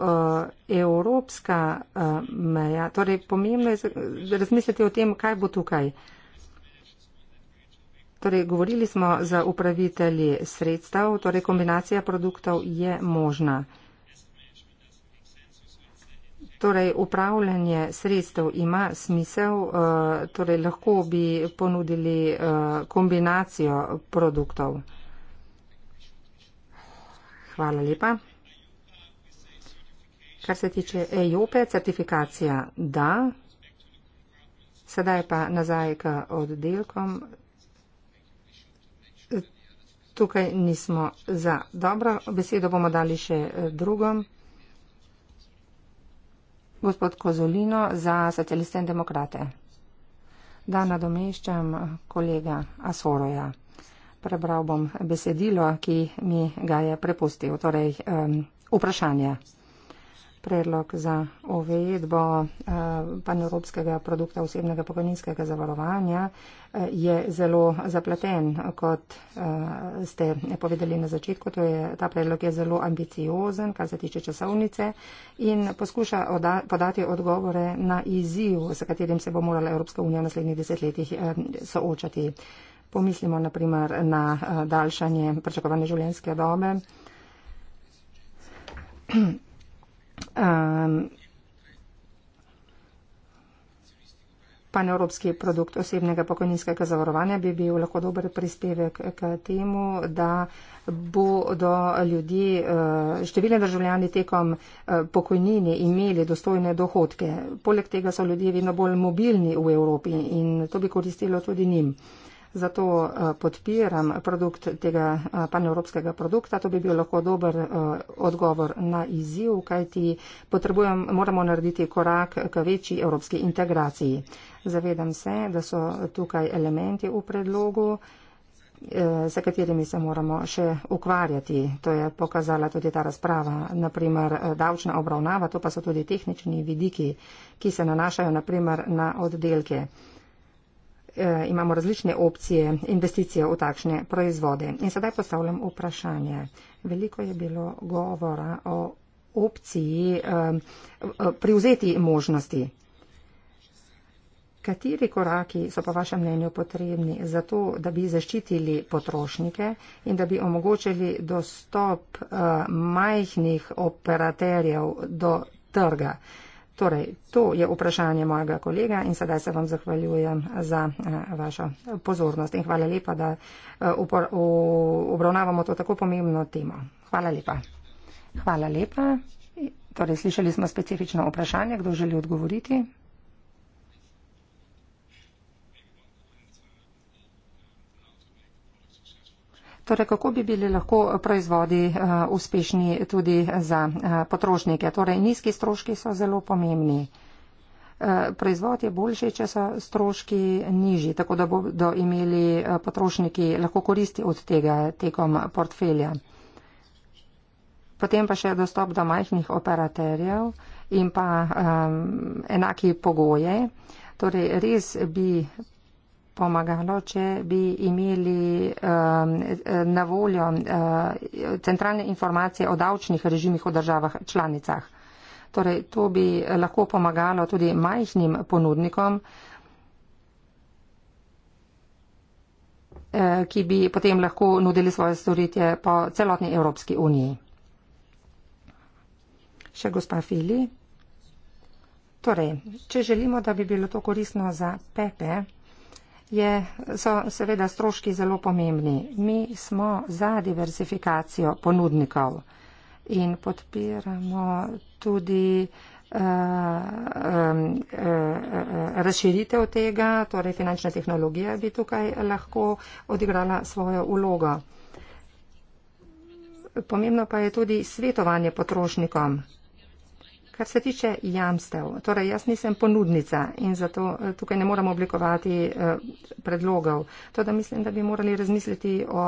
evropska uh, meja. Torej, pomembno je razmisliti o tem, kaj bo tukaj. Torej, govorili smo za upravitelji sredstev, torej kombinacija produktov je možna. Torej, upravljanje sredstev ima smisel, eh, torej lahko bi ponudili eh, kombinacijo produktov. Hvala lepa. Kar se tiče EJOPE, e, certifikacija da. Sedaj pa nazaj k oddelkom. Tukaj nismo za dobro. Besedo bomo dali še eh, drugom. Gospod Kozolino za socialiste in demokrate. Da nadomeščam kolega Asoroja. Prebral bom besedilo, ki mi ga je prepustil, torej um, vprašanje predlog za uvedbo eh, panevropskega produkta osebnega pokojninskega zavarovanja eh, je zelo zapleten, kot eh, ste povedali na začetku. Je, ta predlog je zelo ambiciozen, kar se tiče časovnice in poskuša oda, podati odgovore na izziv, s katerim se bo morala Evropska unija v naslednjih desetletjih soočati. Pomislimo naprimer na daljšanje pričakovane življenjske dobe um, ehm, panevropski produkt osebnega pokojninskega zavarovanja bi bil lahko dober prispevek k temu, da bodo ljudje, eh, številne državljani tekom eh, pokojnine imeli dostojne dohodke. Poleg tega so ljudje vedno bolj mobilni v Evropi in to bi koristilo tudi njim. Zato eh, podpiram produkt tega eh, panevropskega produkta. To bi bil lahko dober eh, odgovor na izziv, kajti moramo narediti korak k večji evropski integraciji. Zavedam se, da so tukaj elementi v predlogu za katerimi se moramo še ukvarjati. To je pokazala tudi ta razprava, naprimer davčna obravnava, to pa so tudi tehnični vidiki, ki se nanašajo naprimer na oddelke. Eh, imamo različne opcije investicije v takšne proizvode. In sedaj postavljam vprašanje. Veliko je bilo govora o opciji eh, eh, privzeti možnosti. Kateri koraki so pa vašem mnenju potrebni za to, da bi zaščitili potrošnike in da bi omogočili dostop uh, majhnih operaterjev do trga? Uh, Torej, to je vprašanje mojega kolega in sedaj se vam zahvaljujem za eh, vašo pozornost in hvala lepa, da eh, obravnavamo to tako pomembno temo. Hvala lepa. Hvala lepa. Torej, slišali smo specifično vprašanje, kdo želi odgovoriti. Torej, kako bi bili lahko eh, proizvodi eh, uspešni tudi eh, za potrošnike? Torej, nizki stroški so zelo pomembni. Proizvod je boljši, če so stroški nižji, tako da bodo imeli potrošniki lahko koristi od tega tekom portfelja. Potem pa še dostop do majhnih operaterjev in pa um, enaki pogoje. Torej, res bi pomagalo, če bi imeli um, na voljo uh, centralne informacije o davčnih režimih v državah članicah. Torej, to bi lahko pomagalo tudi majhnim ponudnikom, eh, ki bi potem lahko nudili svoje storitje po celotni Evropski uniji. Še gospa Fili. Torej, če želimo, da bi bilo to koristno za Pepe, je, so seveda stroški zelo pomembni. Mi smo za diversifikacijo ponudnikov in podpiramo tudi uh, um, uh, razširitev tega, torej finančna tehnologija bi tukaj lahko odigrala svojo ulogo. Pomembno pa je tudi svetovanje potrošnikom. Kar se tiče jamstev, torej jaz nisem ponudnica in zato eh, tukaj ne moramo oblikovati eh, predlogov. Tudi mislim, da bi morali razmisliti o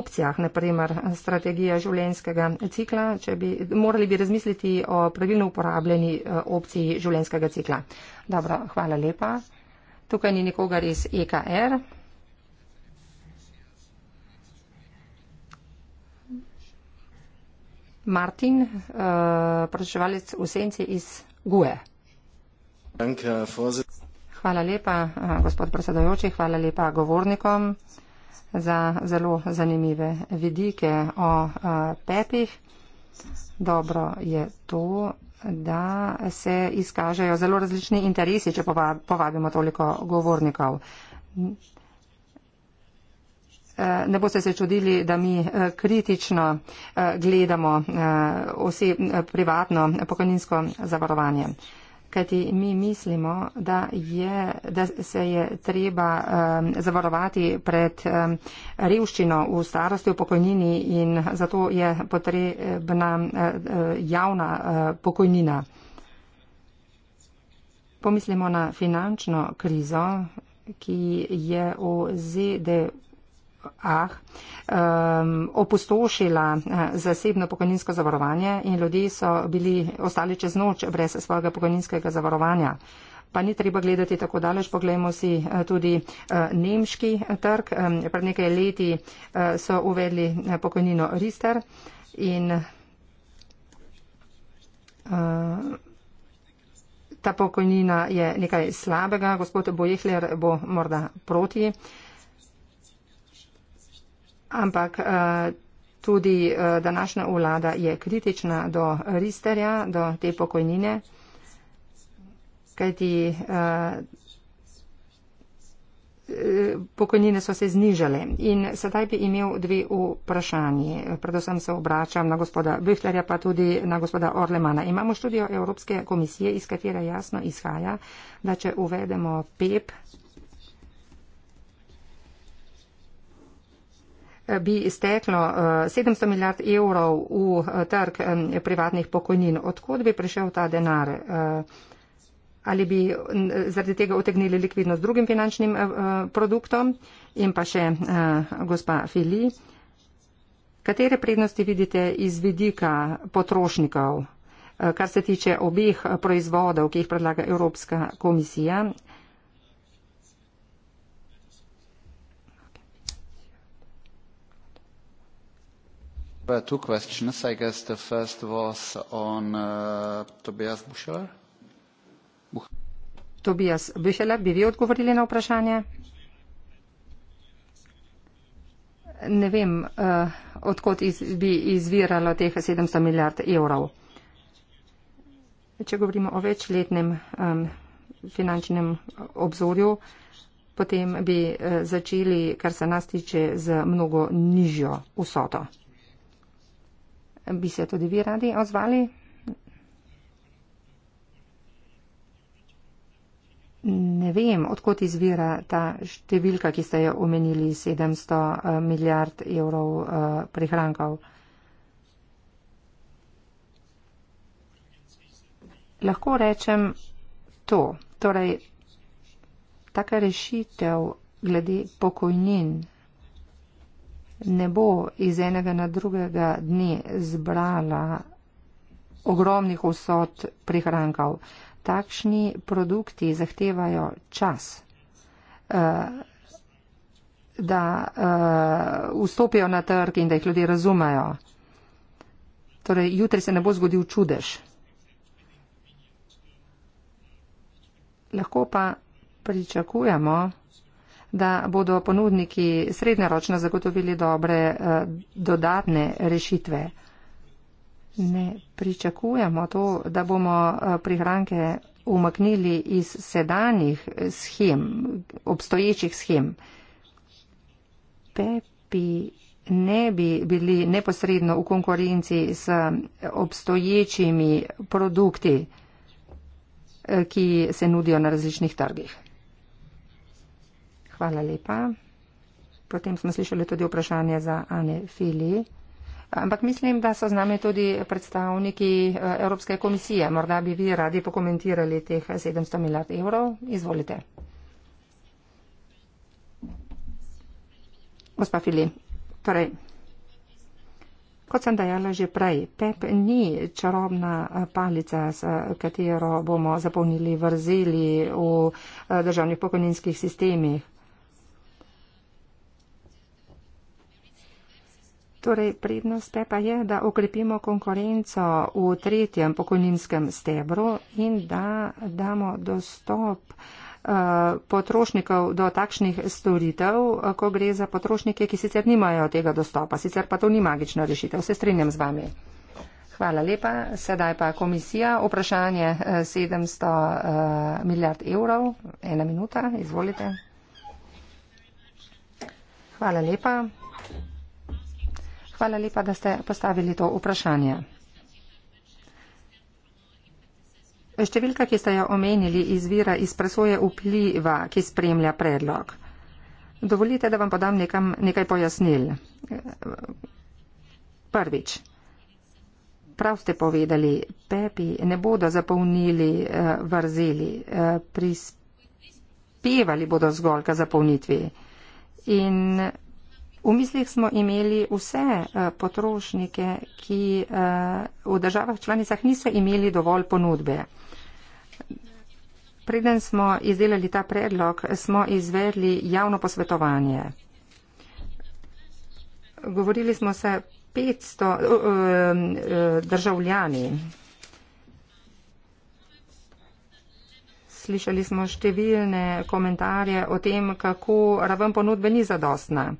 opcijah, naprimer strategija življenjskega cikla, če bi morali bi razmisliti o pravilno uporabljeni eh, opciji življenjskega cikla. Dobro, hvala lepa. Tukaj ni nikogar iz EKR. Martin, eh, pročevalec v senci iz Gue. Hvala lepa, eh, gospod predsedojoči, hvala lepa govornikom za zelo zanimive vidike o eh, pepih. Dobro je to, da se izkažejo zelo različni interesi, če povabimo toliko govornikov. Eh, ne boste se čudili, da mi eh, kritično eh, gledamo vse privatno pokojninsko zavarovanje. Kajti mi mislimo, da, je, da se je treba um, zavarovati pred um, revščino v starosti, v pokojnini in zato je potrebna uh, javna uh, pokojnina. Pomislimo na finančno krizo, ki je v ZDU Ah, um, opustošila eh, zasebno pokojninsko zavarovanje in ljudje so bili ostali čez noč brez svojega pokojninskega zavarovanja. Pa ni treba gledati tako daleč, poglejmo si eh, tudi eh, nemški trg. Pred nekaj leti so uvedli pokojnino Rister in ta pokojnina je nekaj slabega. Gospod Bojehler bo morda proti ampak eh, tudi eh, današnja vlada je kritična do risterja, do te pokojnine, kajti eh, pokojnine so se znižale. In sedaj bi imel dve vprašanje. Predvsem se obračam na gospoda Büchlerja, pa tudi na gospoda Orlemana. Imamo študijo Evropske komisije, iz katere jasno izhaja, da če uvedemo PEP, bi izteklo 700 eh, milijard evrov v eh, trg privatnih pokojnin. Odkud bi prišel ta denar? Eh, ali bi zaradi tega otegnili likvidnost drugim finančnim produktom? In pa še gospa Fili, katere prednosti vidite iz vidika potrošnikov, kar se tiče obih proizvodov, ki jih predlaga Evropska komisija? were two questions. I guess the first was on uh, Tobias Bucheler. Buch Tobias Bucheler, bi vi odgovorili na vprašanje? Ne vem, uh, odkot iz, bi izviralo teh 700 milijard evrov. Če govorimo o večletnem um, finančnem obzorju, potem bi uh, začeli, kar se nas tiče, z mnogo nižjo vsoto. Bi se tudi vi radi odzvali? Ne vem, odkot izvira ta številka, ki ste jo omenili, 700 eh, milijard evrov eh, prihrankov. Lahko rečem to. Torej, taka rešitev glede pokojnin ne bo iz enega na drugega dne zbrala ogromnih vsot prihrankov. Takšni produkti zahtevajo čas, eh, da eh, vstopijo na trg in da jih ljudje razumejo. Torej, jutri se ne bo zgodil čudež. Lahko pa pričakujemo, da bodo ponudniki srednjeročno zagotovili dobre eh, dodatne rešitve. Ne pričakujemo to, da bomo eh, prihranke umaknili iz sedanjih schem, obstoječih schem. Pepi ne bi bili neposredno v konkurenci s eh, obstoječimi produkti, ki se nudijo na različnih trgih. Hvala lepa. Potem smo slišali tudi vprašanje za Ane Fili. Ampak mislim, da so z nami tudi predstavniki eh, Evropske komisije. Morda bi vi radi pokomentirali teh 700 milijard evrov. Izvolite. Gospa Fili, torej, kot sem dejala že prej, PEP ni čarobna eh, palica, s katero bomo zapolnili vrzeli v eh, državnih pokojninskih sistemih. Torej, prednost te pa je, da okrepimo konkurenco v tretjem pokojninskem stebru in da damo dostop eh, potrošnikov do takšnih storitev, ko gre za potrošnike, ki sicer nimajo tega dostopa, sicer pa to ni magična rešitev. Se strinjam z vami. Hvala lepa. Sedaj pa komisija. Vprašanje 700 eh, eh, milijard evrov. Ena minuta. Izvolite. Hvala lepa. Hvala lepa, da ste postavili to vprašanje. Številka, ki ste jo omenili, izvira iz presoje vpliva, ki spremlja predlog. Dovolite, da vam podam nekam, nekaj pojasnil. Prvič, prav ste povedali, pepi ne bodo zapolnili eh, vrzeli, eh, prispevali bodo zgolj k zapolnitvi. In V mislih smo imeli vse eh, potrošnike, ki eh, v državah članicah niso imeli dovolj ponudbe. Preden smo izdelali ta predlog, smo izvedli javno posvetovanje. Govorili smo se 500 eh, državljani. Slišali smo številne komentarje o tem, kako raven ponudbe ni zadostna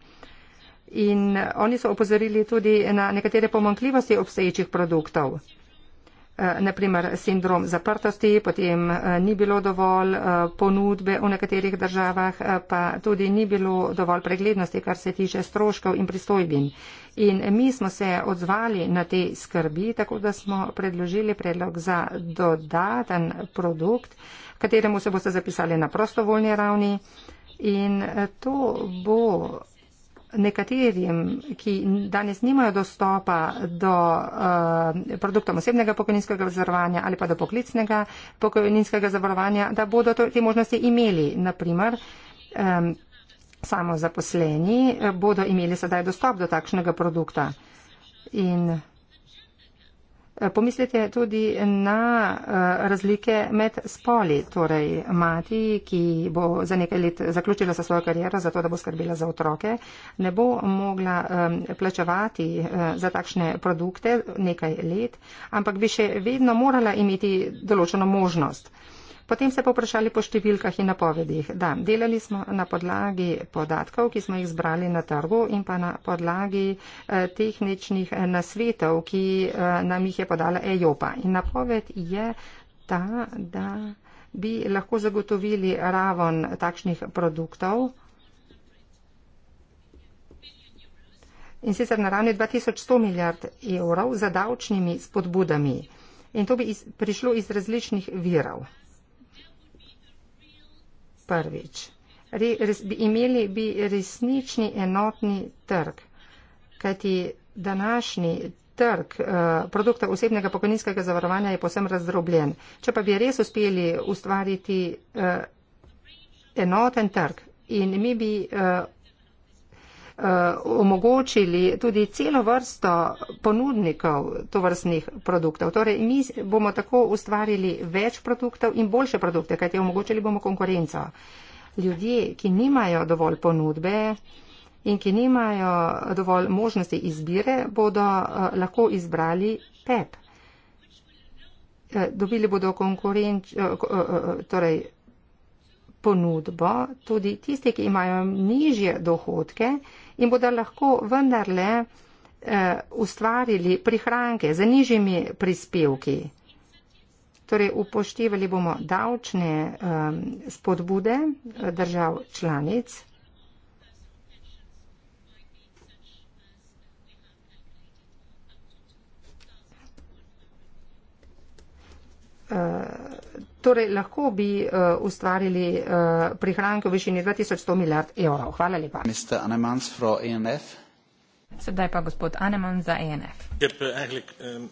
in oni so opozorili tudi na nekatere pomankljivosti obstoječih produktov. Eh, Naprimer, sindrom zaprtosti, potem eh, ni bilo dovolj eh, ponudbe v nekaterih državah, pa tudi ni bilo dovolj preglednosti, kar se tiče stroškov in pristojbin. In mi smo se odzvali na te skrbi, tako da smo predložili predlog za dodaten produkt, kateremu se boste zapisali na prostovoljni ravni. In to bo nekaterim, ki danes nimajo dostopa do uh, eh, produktom osebnega pokojninskega zavarovanja ali pa do poklicnega pokojninskega zavarovanja, da bodo to, te možnosti imeli. Naprimer, um, samo zaposleni eh, bodo imeli sedaj dostop do takšnega produkta. In Eh, pomislite tudi na eh, razlike med spoli, torej mati, ki bo za nekaj let zaključila sa svojo kariero, zato da bo skrbila za otroke, ne bo mogla eh, plačevati za takšne produkte nekaj let, ampak bi še vedno morala imeti določeno možnost. Potem se poprašali po številkah in napovedih. Da, delali smo na podlagi podatkov, ki smo jih zbrali na trgu in pa na podlagi eh, tehničnih eh, nasvetov, ki eh, nam jih je podala EJOPA. In napoved je ta, da bi lahko zagotovili raven takšnih produktov. In sicer na ravni 2100 milijard evrov za davčnimi spodbudami. In to bi iz, prišlo iz različnih virov prvič. Re, res, bi imeli bi resnični enotni trg, kajti današnji trg uh, eh, produkta osebnega pokojninskega zavarovanja je posem razdrobljen. Če pa bi res uspeli ustvariti uh, enoten trg in mi bi uh, Eh, omogočili tudi celo vrsto ponudnikov tovrstnih produktov. Torej, mi bomo tako ustvarili več produktov in boljše produkte, kajti omogočili bomo konkurenco. Ljudje, ki nimajo dovolj ponudbe in ki nimajo dovolj možnosti izbire, bodo eh, lahko izbrali PEP. Eh, dobili bodo konkurenč, torej, ponudbo tudi tisti, ki imajo nižje dohodke, in bodo lahko vendarle eh, ustvarili prihranke za nižjimi prispevki. Torej, upoštevali bomo davčne ehm, eh, spodbude držav članic. Eh, Torej, lahko bi uh, ustvarili uh, prihranke v višini 2100 milijard evrov. Hvala lepa. E Sedaj pa gospod Aneman za e eh, ENF. Ehm,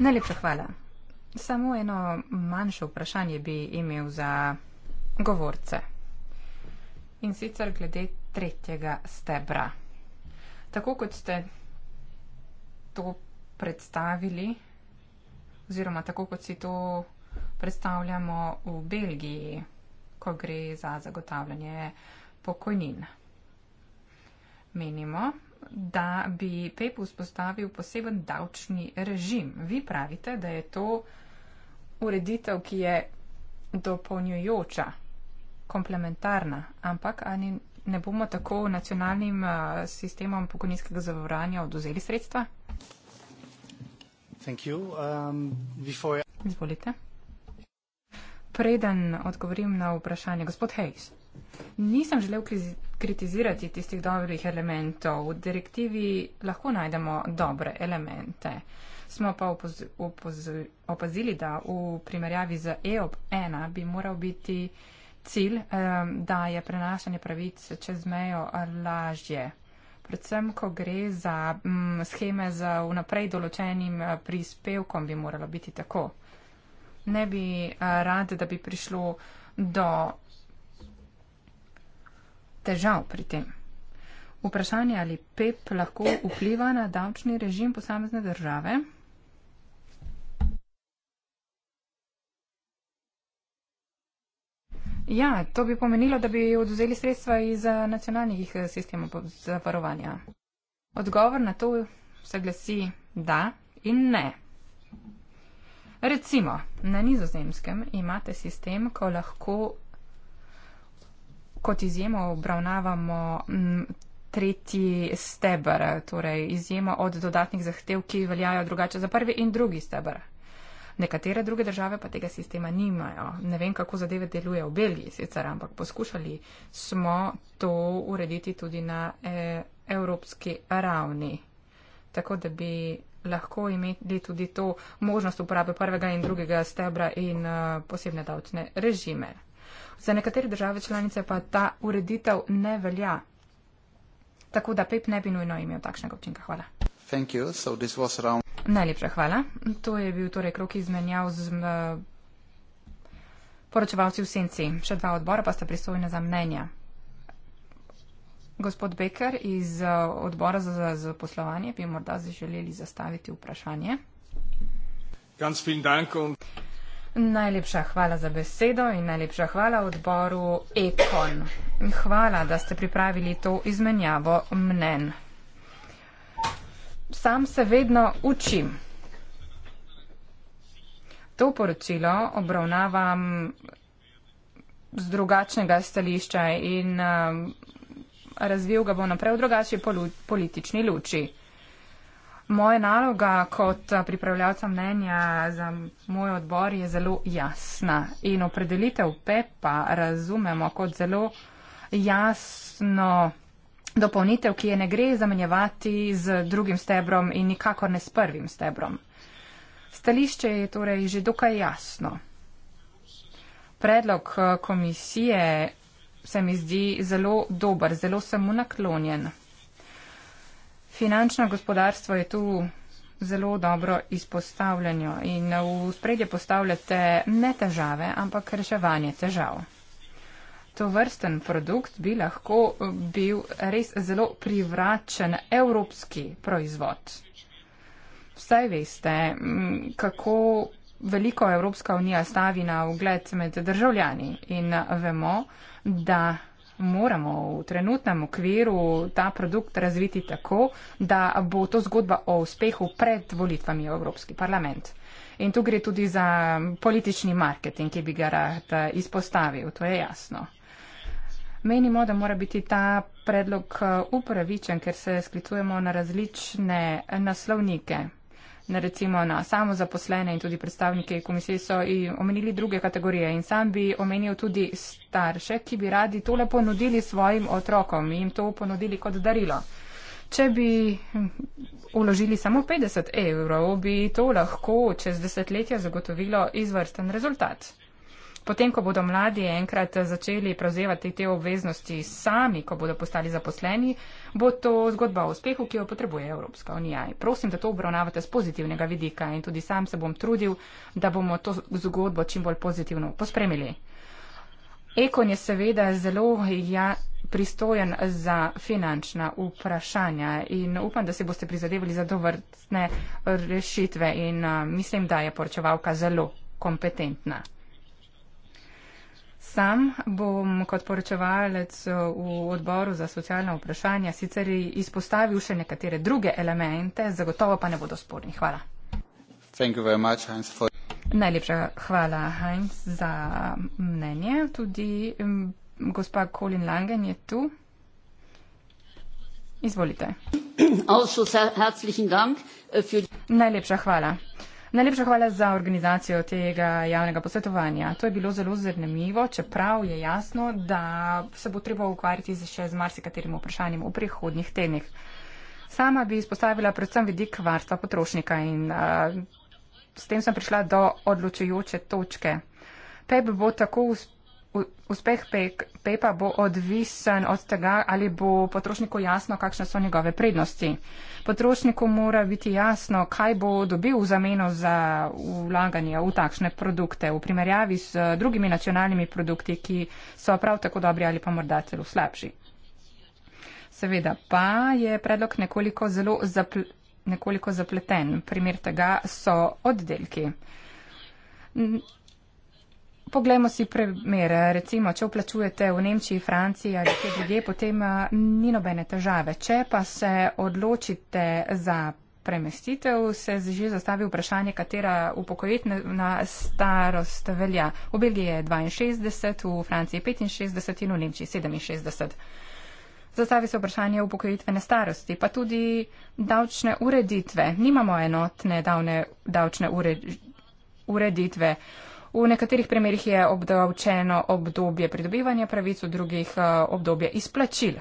Najlepša hvala. Samo eno manjše vprašanje bi imel za govorce. In sicer glede tretjega stebra. Tako kot ste to predstavili, oziroma tako, kot si to predstavljamo v Belgiji, ko gre za zagotavljanje pokojnin. Menimo, da bi PEP vzpostavil poseben davčni režim. Vi pravite, da je to ureditev, ki je dopolnjujoča, komplementarna, ampak ani ne bomo tako nacionalnim eh, sistemom pokojninskega zavarovanja oduzeli sredstva? Um, Izvolite. Preden odgovorim na vprašanje, gospod Hayes, nisem želel kritizirati tistih dobrih elementov. V direktivi lahko najdemo dobre elemente. Smo pa opazili, da v primerjavi z EOP 1 bi moral biti cilj, um, da je prenašanje pravic čez mejo lažje. Predvsem, ko gre za m, mm, scheme z vnaprej določenim eh, prispevkom, bi moralo biti tako. Ne bi eh, rad, da bi prišlo do težav pri tem. Vprašanje, ali PEP lahko vpliva na davčni režim posamezne države. Ja, to bi pomenilo, da bi oduzeli sredstva iz eh, nacionalnih eh, sistemov zavarovanja. Odgovor na to se glasi da in ne. Recimo, na nizozemskem imate sistem, ko lahko kot izjemo obravnavamo m, tretji steber, torej izjemo od dodatnih zahtev, ki veljajo drugače za prvi in drugi steber. Nekatere druge države pa tega sistema nimajo. Ne vem, kako zadeve deluje v Belgiji sicer, ampak poskušali smo to urediti tudi na e, evropski ravni. Tako da bi lahko imeli tudi to možnost uporabe prvega in drugega stebra in e, posebne davčne režime. Za nekatere države članice pa ta ureditev ne velja. Tako da PEP ne bi nujno imel takšnega občinka. Hvala. Najlepša hvala. To je bil torej krok izmenjav z poročevalci v senci. Še dva odbora pa sta pristojna za mnenja. Gospod Becker iz eh, odbora za, za, za poslovanje bi morda želeli zastaviti vprašanje. Najlepša hvala za besedo in najlepša hvala odboru Ekon. Hvala, da ste pripravili to izmenjavo mnen sam se vedno učim. To poročilo obravnavam z drugačnega stališča in eh, razvil ga bo naprej v drugačji politični luči. Moja naloga kot eh, pripravljalca mnenja za moj odbor je zelo jasna in opredelitev PEPA razumemo kot zelo jasno dopolnitev, ki je ne gre zamenjevati z drugim stebrom in nikakor ne s prvim stebrom. Stališče je torej že dokaj jasno. Predlog eh, komisije se mi zdi zelo dober, zelo sem mu naklonjen. Finančno gospodarstvo je tu zelo dobro izpostavljeno in v spredje postavljate ne težave, ampak reševanje težav to vrsten produkt bi lahko eh, bil res zelo privračen evropski proizvod. Vsaj veste, mm, kako veliko Evropska unija stavi na ugled med državljani in eh, vemo, da moramo v trenutnem okviru ta produkt razviti tako, da bo to zgodba o uspehu pred volitvami v Evropski parlament. In tu gre tudi za politični marketing, ki bi ga rad eh, izpostavil, to je jasno. Menimo, da mora biti ta predlog eh, upravičen, ker se sklicujemo na različne eh, naslovnike. Na recimo na samozaposlene in tudi predstavnike komisije so omenili druge kategorije in sam bi omenil tudi starše, ki bi radi tole ponudili svojim otrokom in jim to ponudili kot darilo. Če bi hm, uložili samo 50 evrov, bi to lahko čez desetletja zagotovilo izvrsten rezultat potem, ko bodo mladi enkrat začeli prevzevati te obveznosti sami, ko bodo postali zaposleni, bo to zgodba o uspehu, ki jo potrebuje Evropska unija. Prosim, da to obravnavate z pozitivnega vidika in tudi sam se bom trudil, da bomo to zgodbo čim bolj pozitivno pospremili. Ekon je seveda zelo ja, pristojen za finančna vprašanja in upam, da se boste prizadevali za dovrstne rešitve in a, mislim, da je poročevalka zelo kompetentna. Sam bom kot poročevalec v odboru za socialna vprašanja sicer izpostavil še nekatere druge elemente, zagotovo pa ne bodo sporni. Hvala. Much, Heinz, for... Najlepša hvala, Heinz, za mnenje. Tudi gospa Colin Langen je tu. Izvolite. Also, Dank äh, für... Najlepša hvala. Najlepša hvala za organizacijo tega javnega posvetovanja. To je bilo zelo zanimivo, čeprav je jasno, da se bo treba ukvarjati še z marsikaterim vprašanjem v prihodnjih tednih. Sama bi izpostavila predvsem vidik varstva potrošnika in uh, s tem sem prišla do odločujoče točke. PEP bo tako uspešen uspeh Pepa bo odvisen od tega, ali bo potrošniku jasno, kakšne so njegove prednosti. Potrošniku mora biti jasno, kaj bo dobil v zameno za vlaganje v takšne produkte v primerjavi z drugimi nacionalnimi produkti, ki so prav tako dobri ali pa morda celo slabši. Seveda pa je predlog nekoliko zelo zapl nekoliko zapleten. Primer tega so oddelki poglejmo si primer. Recimo, če vplačujete v Nemčiji, Franciji ali kje drugje, potem eh, ni nobene težave. Če pa se odločite za premestitev, se že zastavi vprašanje, katera upokojitna starost velja. V Belgiji je 62, v Franciji 65 in v Nemčiji 67. Zastavi se vprašanje upokojitvene starosti, pa tudi davčne ureditve. Nimamo enotne davne, davčne ureditve. V nekaterih primerjih je obdavčeno obdobje pridobivanja pravic, v drugih eh, obdobje izplačil.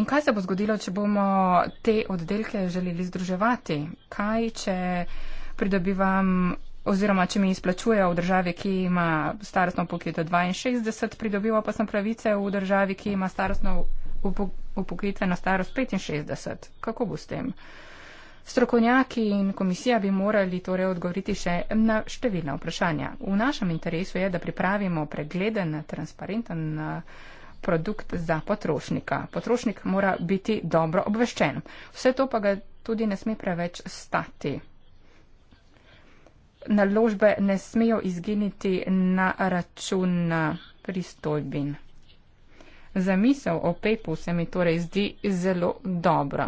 In kaj se bo zgodilo, če bomo te oddelke želeli združevati? Kaj, če pridobivam oziroma če mi izplačujejo v državi, ki ima starostno upokojitev 62, pridobiva pa sem pravice v državi, ki ima starostno upokojitev na starost 65? Kako bo s tem? Strokovnjaki in komisija bi morali torej odgovoriti še na številna vprašanja. V našem interesu je, da pripravimo pregleden, transparenten eh, produkt za potrošnika. Potrošnik mora biti dobro obveščen. Vse to pa ga tudi ne sme preveč stati. Naložbe ne smejo izginiti na račun eh, pristojbin. Zamisel o pepu se mi torej zdi zelo dobra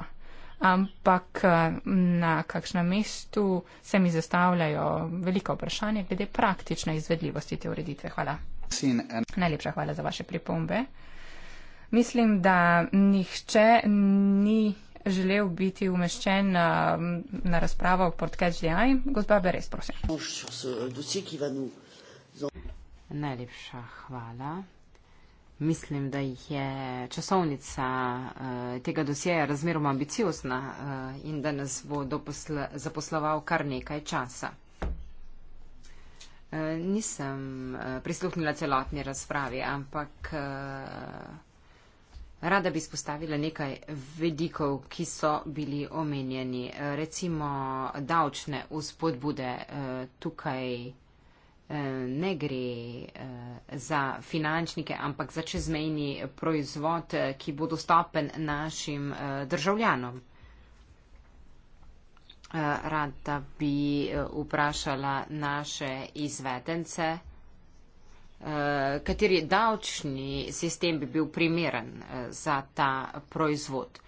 ampak eh, na kakšnem mestu se mi zastavljajo veliko vprašanje glede praktične izvedljivosti te ureditve. Hvala. Eh, Najlepša hvala za vaše pripombe. Mislim, da nihče ni želel biti umeščen na, eh, na razpravo v podcast.ai. Gospa Beres, prosim. Najlepša hvala. Mislim, da jih je časovnica uh, tega dosjeja razmeroma ambiciozna uh, in da nas bo doposla, zaposloval kar nekaj časa. Uh, nisem uh, prisluhnila celotni razpravi, ampak uh, rada bi spostavila nekaj vedikov, ki so bili omenjeni. Uh, recimo davčne uspodbude uh, tukaj. Eh, ne gre eh, za finančnike, ampak za čezmejni proizvod, eh, ki bo dostopen našim državljanom. Rada bi vprašala naše izvedence, kateri davčni sistem bi bil primeren za ta proizvod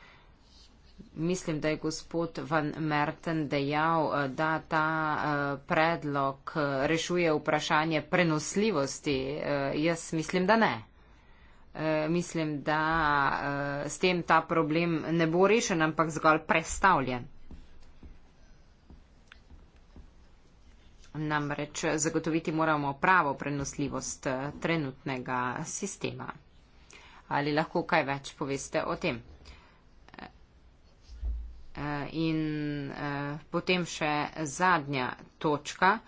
mislim, da je gospod Van Merten dejal, eh, da ta eh, predlog eh, rešuje vprašanje prenosljivosti. Jaz mislim, da ne. Mislim, da s tem ta problem ne bo rešen, ampak zgolj predstavljen. Namreč zagotoviti moramo pravo prenosljivost trenutnega sistema. Ali lahko kaj več poveste o tem? Eh, in eh, potem še zadnja točka.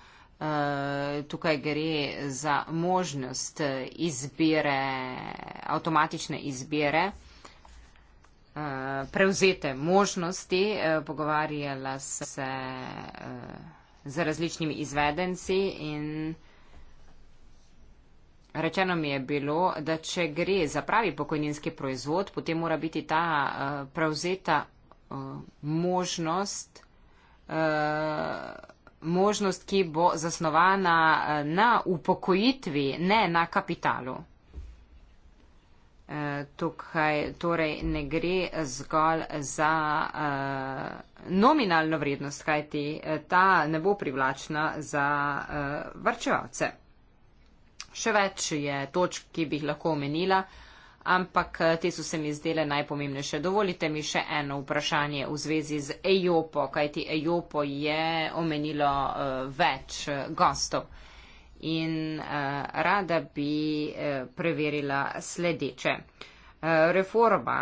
Eh, tukaj gre za možnost izbire, avtomatične izbire, prevzete možnosti. Pogovarjala sem se z različnimi izvedenci in rečeno mi je bilo, da če gre za pravi pokojninski proizvod, potem mora biti ta prevzeta Eh, možnost, uh, možnost, ki bo zasnovana eh, na upokojitvi, ne na kapitalu. Tukaj torej ne gre zgolj za uh, nominalno vrednost, kajti ta ne bo privlačna za uh, vrčevalce. Še več je točk, ki bi jih lahko omenila. Uh, ampak eh, te so se mi zdele najpomembnejše. Dovolite mi še eno vprašanje v zvezi z EJOPO, kajti EJOPO je omenilo uh, več uh, gostov. In uh, rada bi uh, preverila sledeče. Uh, Eh, reforma,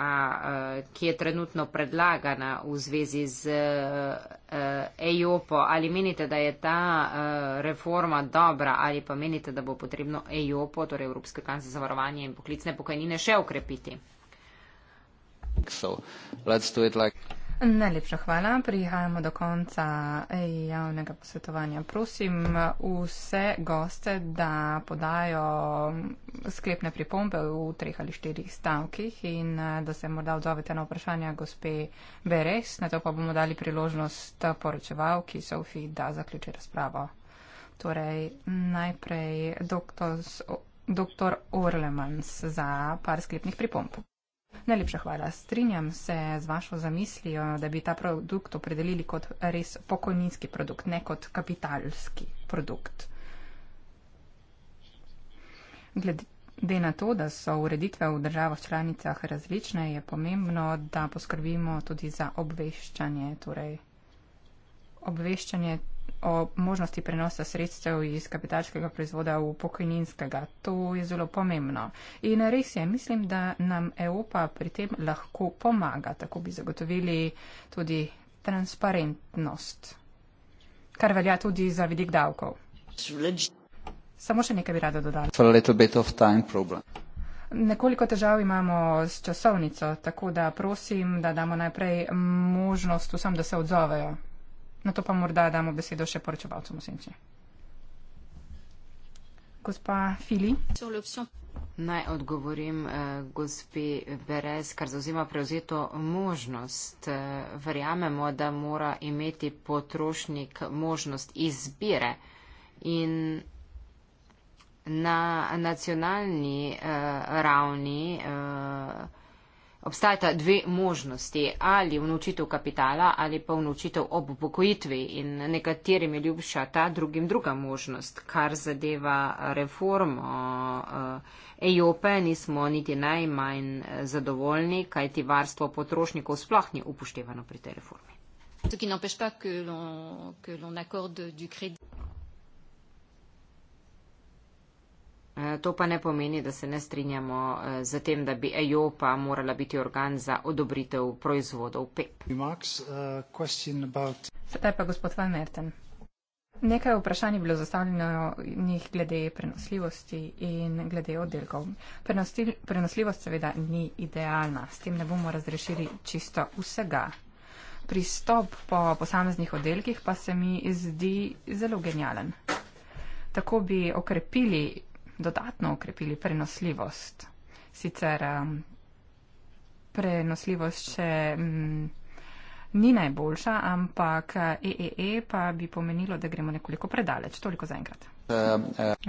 eh, ki je trenutno predlagana v zvezi z EIOPO, eh, e ali menite, da je ta reforma dobra ali pa menite, da bo potrebno EIOPO, torej Evropske kanse za varovanje in poklicne pokojnine, še ukrepiti? So, like... Najlepša hvala. Prihajamo do konca javnega posvetovanja. Prosim vse goste, da podajo sklepne pripombe v treh ali štirih stavkih in da se morda odzovete na vprašanja gospe Beres. Na to pa bomo dali priložnost poročevalki Sofi, da zaključi razpravo. Torej, najprej dr. Orlemans za par sklepnih pripomb. Najlepša hvala. Strinjam se z vašo zamislijo, da bi ta produkt opredelili kot res pokojninski produkt, ne kot kapitalski produkt. Glede na to, da so ureditve v državah članicah različne, je pomembno, da poskrbimo tudi za obveščanje, torej obveščanje o možnosti prenosa sredstev iz kapitalskega proizvoda v pokojninskega. To je zelo pomembno. In res je, mislim, da nam EOPA pri tem lahko pomaga, tako bi zagotovili tudi transparentnost, kar velja tudi za vidik davkov. Samo še nekaj bi rada dodala. Nekoliko težav imamo s časovnico, tako da prosim, da damo najprej možnost vsem, da se odzovejo. Na to pa morda damo besedo še poročevalcu Mosenči. Gospa Fili. Naj odgovorim eh, gospe Berez, kar zauzima prevzeto možnost. Eh, verjamemo, da mora imeti potrošnik možnost izbire in na nacionalni eh, ravni. Eh, Obstajata dve možnosti, ali vnočitev kapitala ali pa vnočitev ob upokojitvi in nekaterim je ljubša ta drugim druga možnost, kar zadeva reformo EIOPE, eh, e nismo niti najmanj eh, zadovoljni, kaj ti varstvo potrošnikov sploh ni upoštevano pri tej reformi. Eh, to pa ne pomeni, da se ne strinjamo eh, z tem, da bi EOPA morala biti organ za odobritev proizvodov PEP. E eh, Sedaj pa gospod Van Merten. Nekaj vprašanj je bilo zastavljeno njih glede prenosljivosti in glede oddelkov. Prenosljivost seveda ni idealna, s tem ne bomo razrešili čisto vsega. Pristop po posameznih oddelkih pa se mi zdi zelo genijalen. Tako bi okrepili dodatno okrepili prenosljivost. Sicer um, prenosljivost še um, ni najboljša, ampak EEE e e pa bi pomenilo, da gremo nekoliko predaleč. Toliko za enkrat.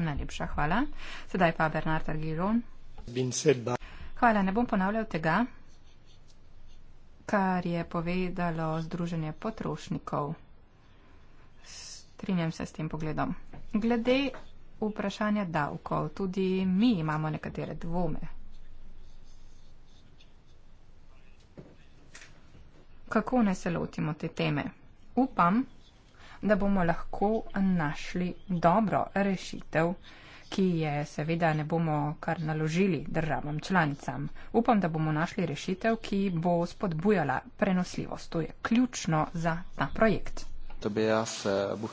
Najlepša hvala. Sedaj pa Bernard Argiron. Hvala, ne bom ponavljal tega, kar je povedalo Združenje potrošnikov. Strinjam se s tem pogledom. Glede vprašanja davkov. Tudi mi imamo nekatere dvome. Kako naj se lotimo te teme? Upam, da bomo lahko našli dobro rešitev, ki je seveda ne bomo kar naložili državam članicam. Upam, da bomo našli rešitev, ki bo spodbujala prenosljivost. To je ključno za ta projekt. To eh, bi jaz. Uh,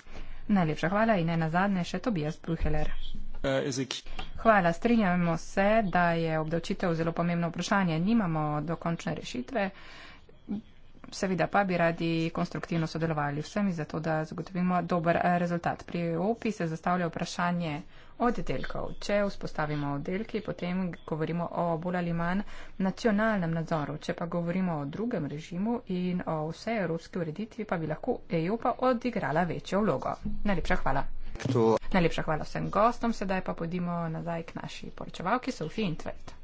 Najlepša hvala in ne nazadnje še Tobias Bruheler. Eh, hvala, strinjamo se, da je obdavčitev zelo pomembno vprašanje. Nimamo dokončne rešitve seveda pa bi radi konstruktivno sodelovali vsemi za to, da zagotovimo dober eh, rezultat. Pri OPI se zastavlja vprašanje oddelkov. Če vzpostavimo oddelki, potem govorimo o bolj ali manj nacionalnem nadzoru. Če pa govorimo o drugem režimu in o vse evropski ureditvi, pa bi lahko EU pa odigrala večjo vlogo. Najlepša hvala. To. Najlepša hvala vsem gostom, sedaj pa podimo nazaj k naši poročevalki Sofiji Intvert.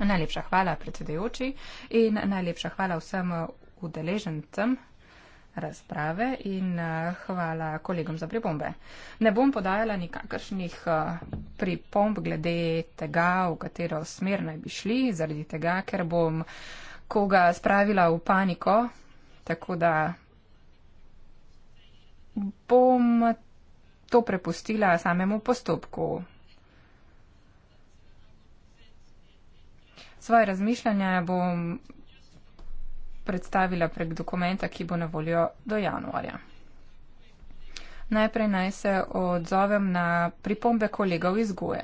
Najlepša hvala, predsedujoči, in najlepša hvala vsem udeležencem razprave in eh, hvala kolegom za pripombe. Ne bom podajala nikakršnih eh, pripomb glede tega, v katero smer naj bi šli, zaradi tega, ker bom koga spravila v paniko, tako da bom to prepustila samemu postopku. Svoje razmišljanje bom predstavila prek dokumenta, ki bo na voljo do januarja. Najprej naj se odzovem na pripombe kolegov iz Goje.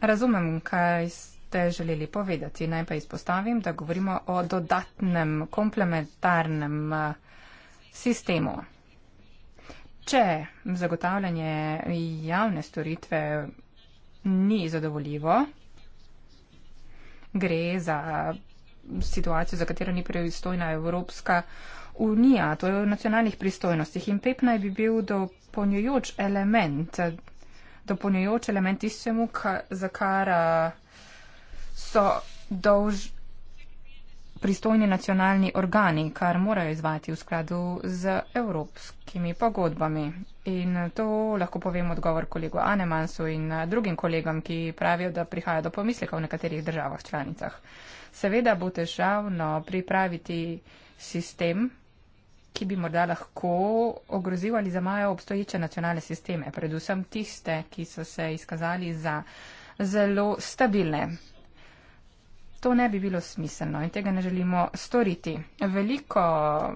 Razumem, kaj ste želeli povedati. Najprej izpostavim, da govorimo o dodatnem, komplementarnem eh, sistemu. Če zagotavljanje javne storitve ni zadovoljivo. Gre za eh, situacijo, za katero ni pristojna Evropska unija, to je v nacionalnih pristojnostih. In PEP naj bi bil dopolnjujoč element, dopolnjujoč element tistemu, za kar eh, so dolžni pristojni nacionalni organi, kar morajo izvati v skladu z evropskimi pogodbami. In to lahko povem odgovor kolegu Anemansu in drugim kolegom, ki pravijo, da prihaja do pomisleka v nekaterih državah članicah. Seveda bo težavno pripraviti sistem, ki bi morda lahko ogrozil ali zamajo obstoječe nacionalne sisteme, predvsem tiste, ki so se izkazali za zelo stabilne. To ne bi bilo smiselno in tega ne želimo storiti. Veliko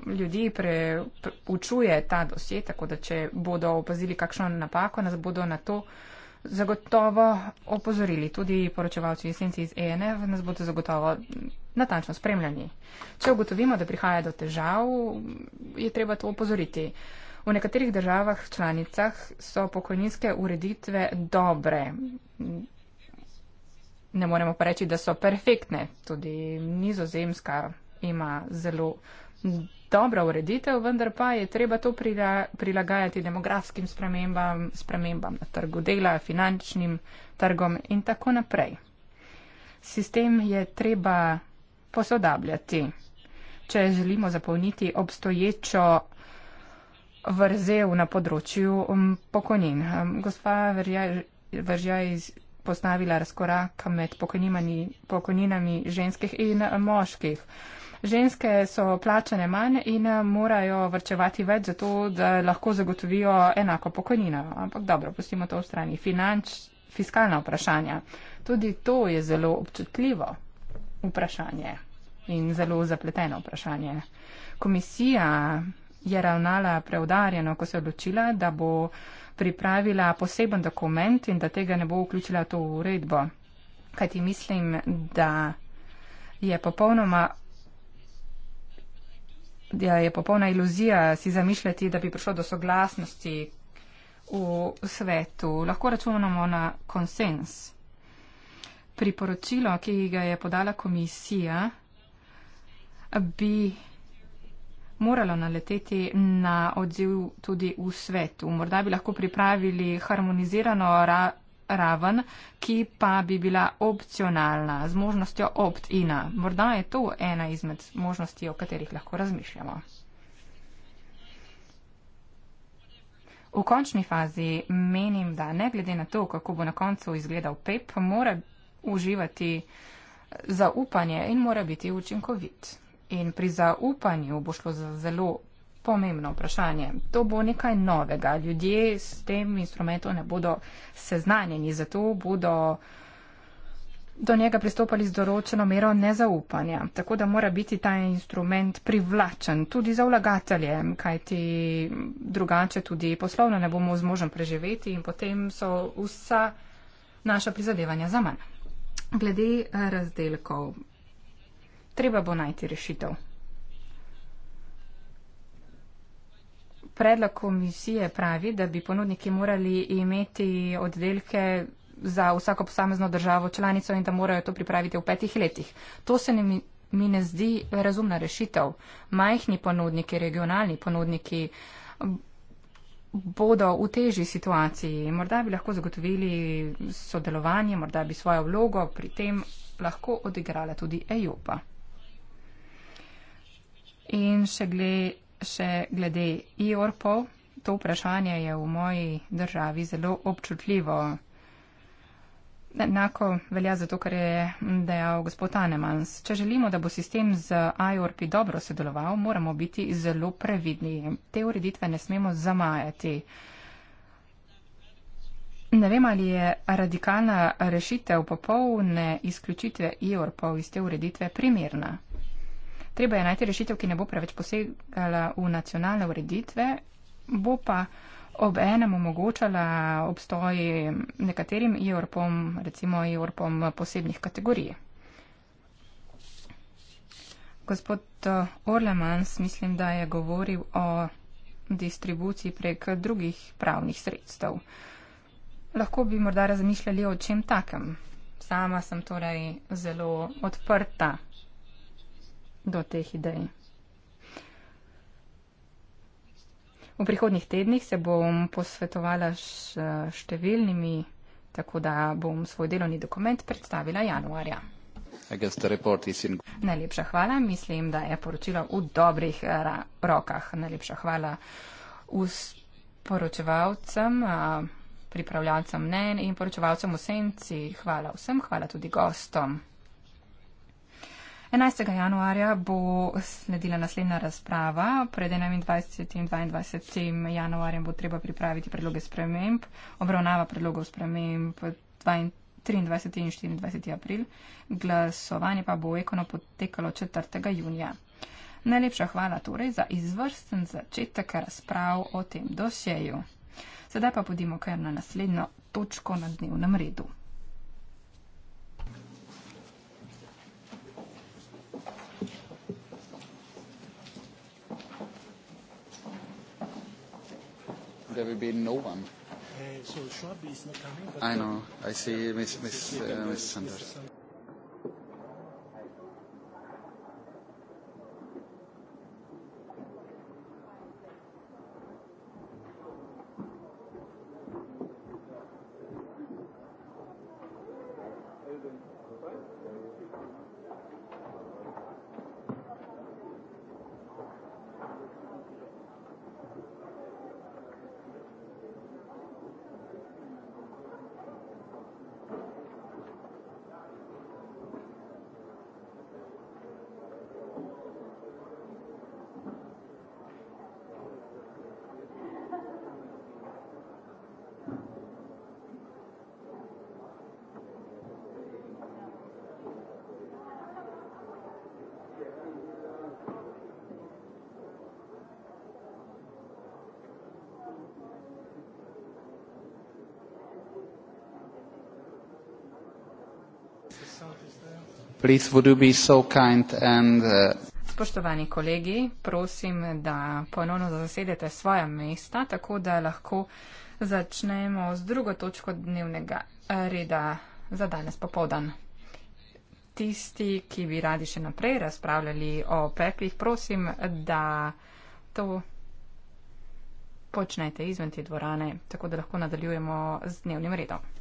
ljudi preučuje ta dosje, tako da če bodo opazili kakšno napako, nas bodo na to zagotovo opozorili. Tudi poročevalci esenci iz ENF nas bodo zagotovo natančno spremljali. Če ugotovimo, da prihaja do težav, je treba to opozoriti. V nekaterih državah članicah so pokojninske ureditve dobre ne moremo pa reči, da so perfektne. Tudi nizozemska ima zelo dobro ureditev, vendar pa je treba to prilagajati demografskim spremembam, spremembam na trgu dela, finančnim trgom in tako naprej. Sistem je treba posodabljati. Če želimo zapolniti obstoječo vrzel na področju um, pokojnin. Um, gospa Vržaj postavila razkoraka med pokojninami ženskih in moških. Ženske so plačane manj in morajo vrčevati več za to, da lahko zagotovijo enako pokojnino. Ampak dobro, pustimo to v strani. Finanč, fiskalna vprašanja. Tudi to je zelo občutljivo vprašanje in zelo zapleteno vprašanje. Komisija je ravnala preudarjeno, ko se je odločila, da bo pripravila poseben dokument in da tega ne bo vključila to uredbo. Kajti mislim, da je popolnoma. Da je popolna iluzija si zamišljati, da bi prišlo do soglasnosti v svetu. Lahko računamo na konsens. Priporočilo, ki ga je podala komisija, bi moralo naleteti na odziv tudi v svetu. Morda bi lahko pripravili harmonizirano ra raven, ki pa bi bila opcionalna z možnostjo opt-ina. Morda je to ena izmed možnosti, o katerih lahko razmišljamo. V končni fazi menim, da ne glede na to, kako bo na koncu izgledal PEP, mora uživati zaupanje in mora biti učinkovit in pri zaupanju bo šlo za zelo pomembno vprašanje. To bo nekaj novega. Ljudje s tem instrumentom ne bodo seznanjeni, zato bodo do njega pristopali z določeno mero nezaupanja. Tako da mora biti ta instrument privlačen tudi za vlagatelje, kajti drugače tudi poslovno ne bomo zmožen preživeti in potem so vsa naša prizadevanja za manj. Glede eh, razdelkov, Treba bo najti rešitev. Predlog komisije pravi, da bi ponudniki morali imeti oddelke za vsako posamezno državo članico in da morajo to pripraviti v petih letih. To se mi ne zdi razumna rešitev. Majhni ponudniki, regionalni ponudniki bodo v težji situaciji. Morda bi lahko zagotovili sodelovanje, morda bi svojo vlogo pri tem lahko odigrala tudi EUPA. In še, gle, še glede IORP-ov, to vprašanje je v moji državi zelo občutljivo. Enako velja za to, kar je dejal gospod Anemans. Če želimo, da bo sistem z IORP dobro sodeloval, moramo biti zelo previdni. Te ureditve ne smemo zamajati. Ne vem, ali je radikalna rešitev popolne izključitve IORP-ov iz te ureditve primerna. Treba je najti rešitev, ki ne bo preveč posegala v nacionalne ureditve, bo pa ob enem omogočala obstoj nekaterim EORPom, recimo EORPom posebnih kategorij. Gospod eh, Orlemans, mislim, da je govoril o distribuciji prek drugih pravnih sredstev. Lahko bi morda razmišljali o čem takem. Sama sem torej zelo odprta do teh idej. V prihodnih tednih se bom posvetovala s eh, številnimi, tako da bom svoj delovni dokument predstavila januarja. Najlepša hvala. Mislim, da je poročilo v dobrih eh, rokah. Najlepša hvala poročevalcem, eh, pripravljalcem mnen in poročevalcem v senci. Hvala vsem, hvala tudi gostom. 11. januarja bo sledila naslednja razprava. Pred 21. in 22. januarjem bo treba pripraviti predloge sprememb, obravnava predlogov sprememb 23. in 24. april. Glasovanje pa bo ekono potekalo 4. junija. Najlepša hvala torej za izvrsten začetek razprav o tem dosjeju. Sedaj pa podimo kar na naslednjo točko na dnevnem redu. there will be no one. Uh, so Schwab is not coming. But I know. I see, Miss Miss uh, Miss Sanders. Mr. Please, would you be so kind and, uh... Spoštovani kolegi, prosim, da ponovno zasedete svoja mesta, tako da lahko začnemo z drugo točko dnevnega eh, reda za danes popovdan. Tisti, ki bi radi še naprej razpravljali o pepih, prosim, da to počnete izven te dvorane, tako da lahko nadaljujemo z dnevnim redom.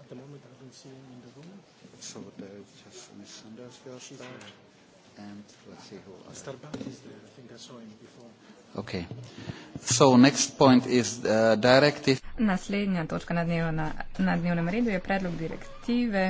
at the moment, I don't see him in the room. So there is just Miss Sanders, your staff, and let's see who else. Mr. Bank is there. I think I saw him before. Okay. So next point is uh, directive. Naslednja točka na, dnevna, na dnevnem redu je predlog direktive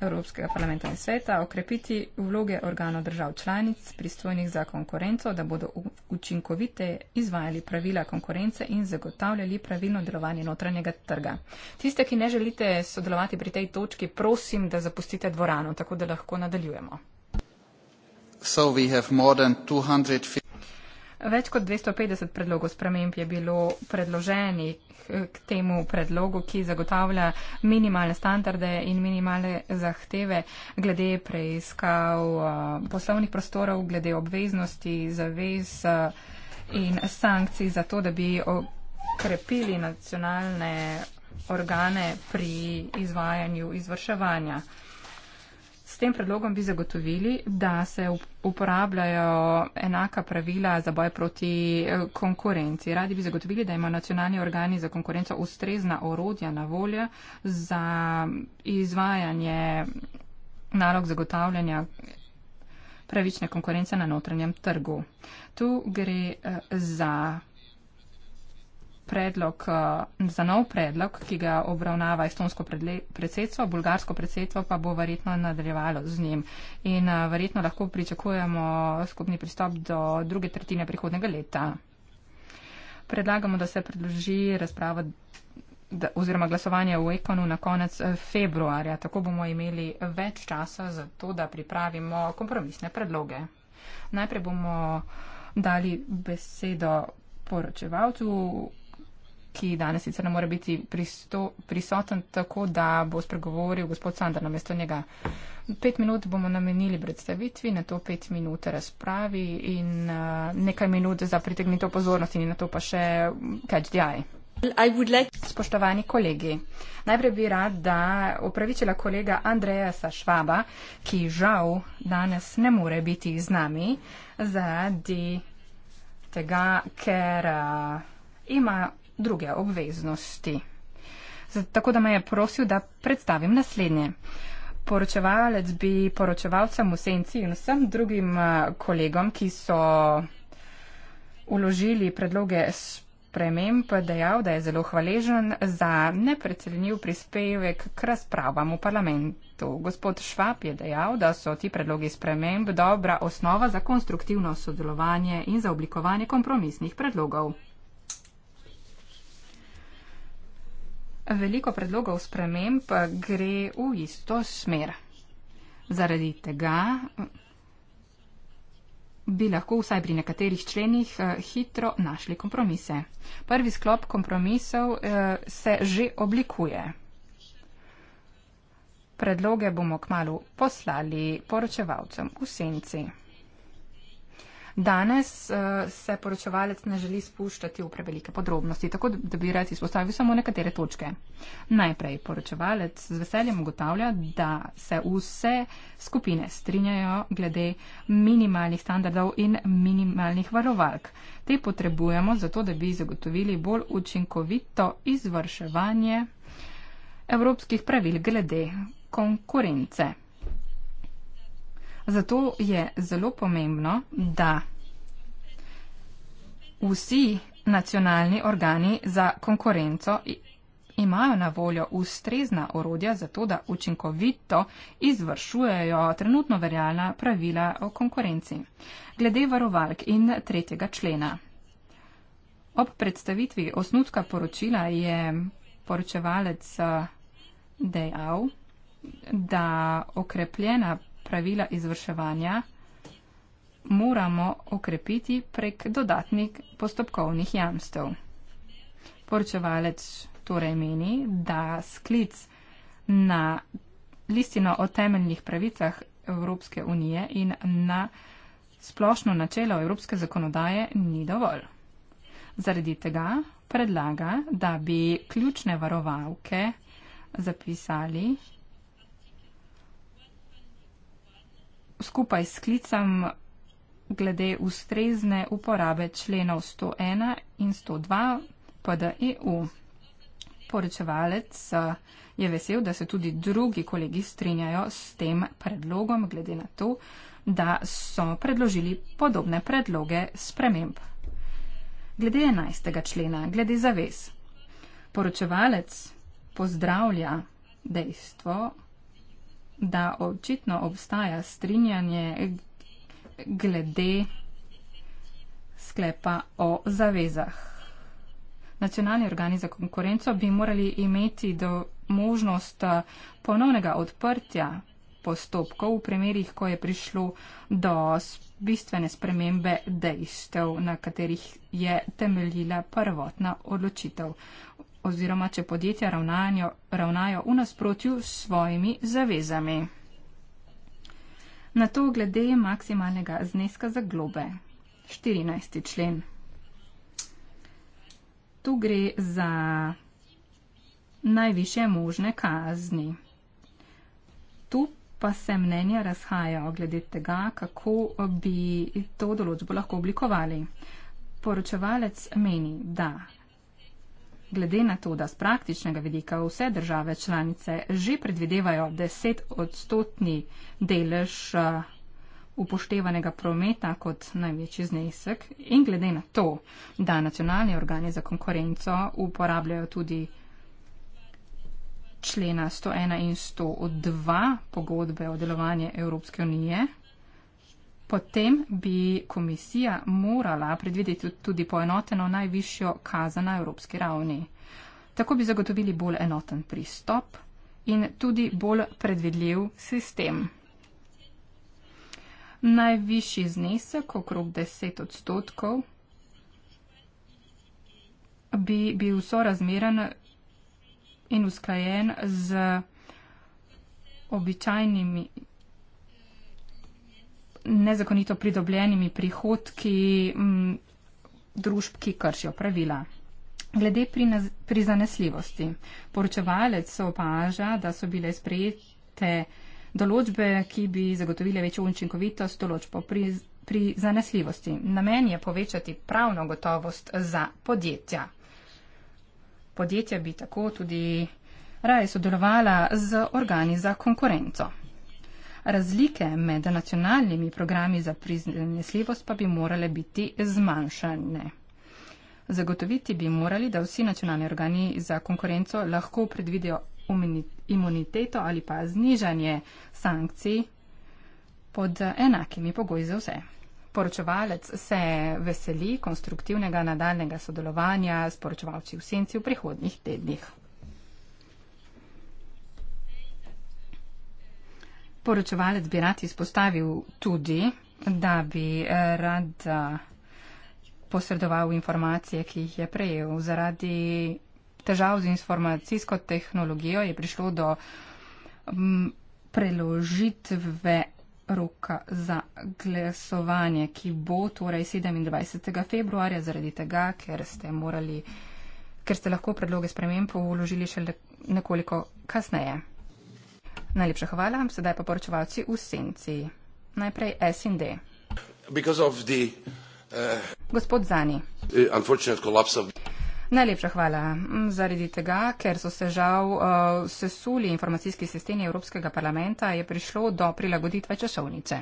Evropskega parlamenta in sveta okrepiti vloge organov držav članic, pristojnih za konkurenco, da bodo učinkovite izvajali pravila konkurence in zagotavljali pravilno delovanje notranjega trga. Tiste, ki ne želite sodelovati pri tej točki, prosim, da zapustite dvorano, tako da lahko nadaljujemo. So we have more than 250 Več kot 250 predlogov sprememb je bilo predloženih eh, k temu predlogu, ki zagotavlja minimalne standarde in minimalne zahteve glede preiskav eh, poslovnih prostorov, glede obveznosti, zavez eh, in sankcij za to, da bi okrepili nacionalne organe pri izvajanju izvrševanja tem predlogom bi zagotovili, da se uporabljajo enaka pravila za boj proti eh, konkurenci. Radi bi zagotovili, da imajo nacionalni organi za konkurenco ustrezna orodja na voljo za izvajanje nalog zagotavljanja pravične konkurence na notranjem trgu. Tu gre eh, za predlog, eh, za nov predlog, ki ga obravnava estonsko predsedstvo, bulgarsko predsedstvo pa bo verjetno nadaljevalo z njim. In eh, verjetno lahko pričakujemo skupni pristop do druge tretjine prihodnega leta. Predlagamo, da se predloži razprava da, oziroma glasovanje v Ekonu na konec eh, februarja. Tako bomo imeli več časa za to, da pripravimo kompromisne predloge. Najprej bomo dali besedo poročevalcu ki danes sicer ne more biti pristo, prisoten, tako da bo spregovoril gospod Sandar namesto njega. Pet minut bomo namenili predstavitvi, na to pet minut razpravi in uh, nekaj minut za pritegnitev pozornosti in na to pa še catch the eye. Like... Spoštovani kolegi, najprej bi rad, da opravičila kolega Andreja Švaba, ki žal danes ne more biti z nami zaradi tega, ker uh, ima druge obveznosti. Tako da me je prosil, da predstavim naslednje. Poročevalec bi poročevalcem v senci in vsem drugim eh, kolegom, ki so uložili predloge sprememb, dejal, da je zelo hvaležen za neprecenljiv prispevek k razpravam v parlamentu. Gospod Švab je dejal, da so ti predlogi sprememb dobra osnova za konstruktivno sodelovanje in za oblikovanje kompromisnih predlogov. Veliko predlogov sprememb gre v isto smer. Zaradi tega bi lahko vsaj pri nekaterih členih eh, hitro našli kompromise. Prvi sklop kompromisov eh, se že oblikuje. Predloge bomo kmalo poslali poročevalcem v senci. Danes uh, se poročevalec ne želi spuščati v prevelike podrobnosti, tako da bi rad izpostavil samo nekatere točke. Najprej poročevalec z veseljem ugotavlja, da se vse skupine strinjajo glede minimalnih standardov in minimalnih varovalk. Te potrebujemo zato, da bi zagotovili bolj učinkovito izvrševanje evropskih pravil glede konkurence. Zato je zelo pomembno, da vsi nacionalni organi za konkurenco imajo na voljo ustrezna orodja za to, da učinkovito izvršujejo trenutno verjalna pravila o konkurenci. Glede varovalk in tretjega člena. Ob predstavitvi osnutka poročila je poročevalec eh, dejal, da okrepljena pravila izvrševanja moramo okrepiti prek dodatnih postopkovnih jamstev. Poročevalec torej meni, da sklic na listino o temeljnih pravicah Evropske unije in na splošno načelo evropske zakonodaje ni dovolj. Zaradi tega predlaga, da bi ključne varovalke zapisali skupaj s sklicem glede ustrezne uporabe členov 101 in 102 PDEU. Poročevalec eh, je vesel, da se tudi drugi kolegi strinjajo s tem predlogom, glede na to, da so predložili podobne predloge sprememb. Glede 11. člena, glede zavez. Poročevalec pozdravlja dejstvo, da očitno obstaja strinjanje glede sklepa o zavezah. Nacionalni organi za konkurenco bi morali imeti do možnost eh, ponovnega odprtja postopkov v primerih, ko je prišlo do bistvene spremembe dejstev, na katerih je temeljila prvotna odločitev oziroma če podjetja ravnajo, ravnajo v nasprotju s svojimi zavezami. Na to glede maksimalnega zneska za globe. 14. člen. Tu gre za najviše možne kazni. Tu pa se mnenja razhaja glede tega, kako bi to določbo lahko oblikovali. Poročevalec meni, da glede na to, da z praktičnega vidika vse države članice že predvidevajo deset odstotni delež eh, upoštevanega prometa kot največji znesek in glede na to, da nacionalni organi za konkurenco uporabljajo tudi člena 101 in 102 pogodbe o delovanju Evropske unije, potem bi komisija morala predvideti tudi poenoteno najvišjo kazen na evropski ravni. Tako bi zagotovili bolj enoten pristop in tudi bolj predvidljiv sistem. Najvišji znesek, okrog 10 odstotkov, bi bil sorazmeren in usklajen z običajnimi nezakonito pridobljenimi prihodki m, mm, družb, ki kršijo pravila. Glede pri, naz, pri zanesljivosti. Poročevalec opaža, da so bile sprejete določbe, ki bi zagotovile večjo učinkovitost določb pri, pri zanesljivosti. Namen je povečati pravno gotovost za podjetja. Podjetja bi tako tudi raje sodelovala z organi za konkurenco razlike med nacionalnimi programi za priznanjeslivost pa bi morale biti zmanjšane. Zagotoviti bi morali, da vsi nacionalni organi za konkurenco lahko predvidijo imuniteto ali pa znižanje sankcij pod enakimi pogoji za vse. Poročevalec se veseli konstruktivnega nadaljnega sodelovanja s poročevalci v senci v prihodnjih tednih. poročevalec bi rad izpostavil tudi, da bi eh, rad eh, posredoval informacije, ki jih je prejel. Zaradi težav z informacijsko tehnologijo je prišlo do mm, preložitve roka za glasovanje, ki bo torej 27. februarja, zaradi tega, ker ste, morali, ker ste lahko predloge sprememb vložili še nekoliko kasneje. Najlepša hvala, sedaj pa poročevalci v senci. Najprej SND. Uh, Gospod Zani. Najlepša hvala. Mm, zaradi tega, ker so se žal uh, sesuli informacijski sistemi Evropskega parlamenta, je prišlo do prilagoditve časovnice.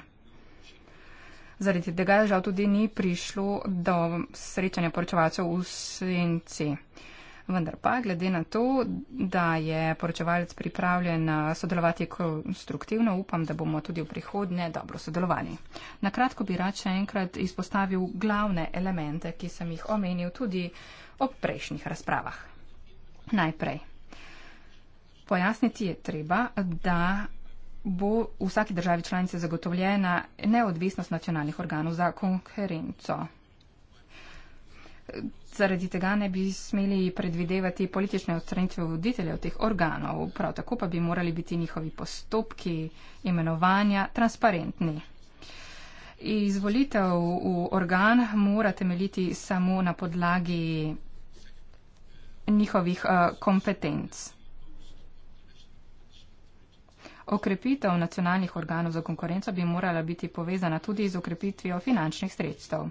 Zaradi tega žal tudi ni prišlo do srečanja poročevalcev v senci. Uh, Vendar pa, glede na to, da je poročevalec pripravljen eh, sodelovati konstruktivno, upam, da bomo tudi v prihodnje dobro sodelovali. Na kratko bi rad še enkrat izpostavil glavne elemente, ki sem jih omenil tudi ob prejšnjih razpravah. Najprej. Pojasniti je treba, da bo vsaki državi članice zagotovljena neodvisnost nacionalnih organov za konkurenco. Zaradi tega ne bi smeli predvidevati politične odstranitve voditeljev teh organov, prav tako pa bi morali biti njihovi postopki imenovanja transparentni. Izvolitev v organ mora temeljiti samo na podlagi njihovih uh, kompetenc. Okrepitev nacionalnih organov za konkurenco bi morala biti povezana tudi z okrepitvijo finančnih sredstev.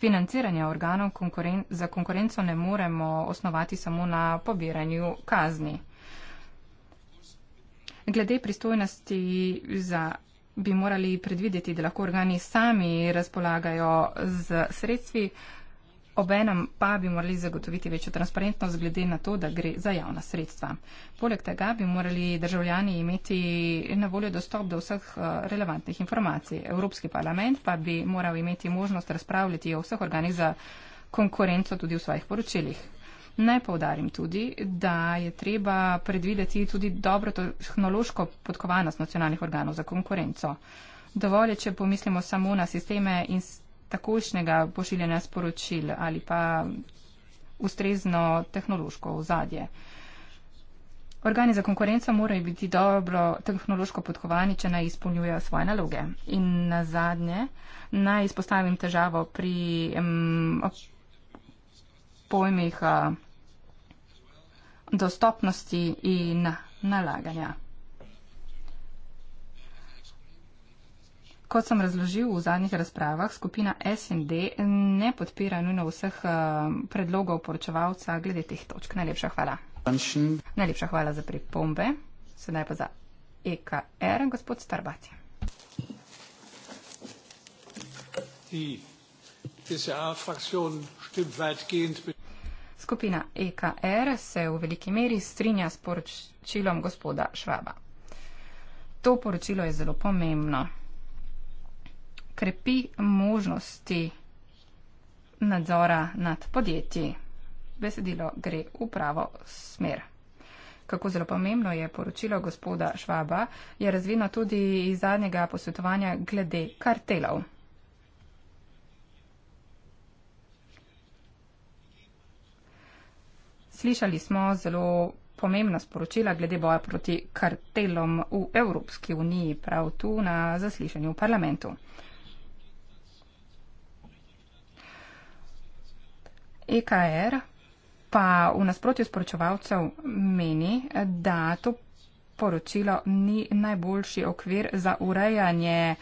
Financiranje organov konkuren za konkurenco ne moremo osnovati samo na pobiranju kazni. Glede pristojnosti za bi morali predvideti, da lahko organi sami razpolagajo z sredstvi, Obenem pa bi morali zagotoviti večjo transparentnost glede na to, da gre za javna sredstva. Poleg tega bi morali državljani imeti na voljo dostop do vseh eh, relevantnih informacij. Evropski parlament pa bi moral imeti možnost razpravljati o vseh organih za konkurenco tudi v svojih poročilih. Naj povdarim tudi, da je treba predvideti tudi dobro tehnološko podkovanost nacionalnih organov za konkurenco. Dovolj je, če pomislimo samo na sisteme in sisteme takošnjega pošiljanja sporočil ali pa ustrezno tehnološko ozadje. Organi za konkurenco morajo biti dobro tehnološko podkovani, če naj izpolnjujejo svoje naloge. In na zadnje, naj izpostavim težavo pri um, pojmih uh, dostopnosti in nalaganja. Kot sem razložil v zadnjih razpravah, skupina SND ne podpira nujno vseh eh, predlogov poročevalca glede teh točk. Najlepša hvala. Najlepša hvala za pripombe. Sedaj pa za EKR, gospod Starbati. Skupina EKR se v veliki meri strinja s poročilom gospoda Švaba. To poročilo je zelo pomembno krepi možnosti nadzora nad podjetji. Besedilo gre v pravo smer. Kako zelo pomembno je poročilo gospoda Švaba, je razvino tudi iz zadnjega posvetovanja glede kartelov. Slišali smo zelo pomembna sporočila glede boja proti kartelom v Evropski uniji, prav tu na zaslišanju v parlamentu. EKR pa v nasprotju s poročevalcev meni, da to poročilo ni najboljši okvir za urejanje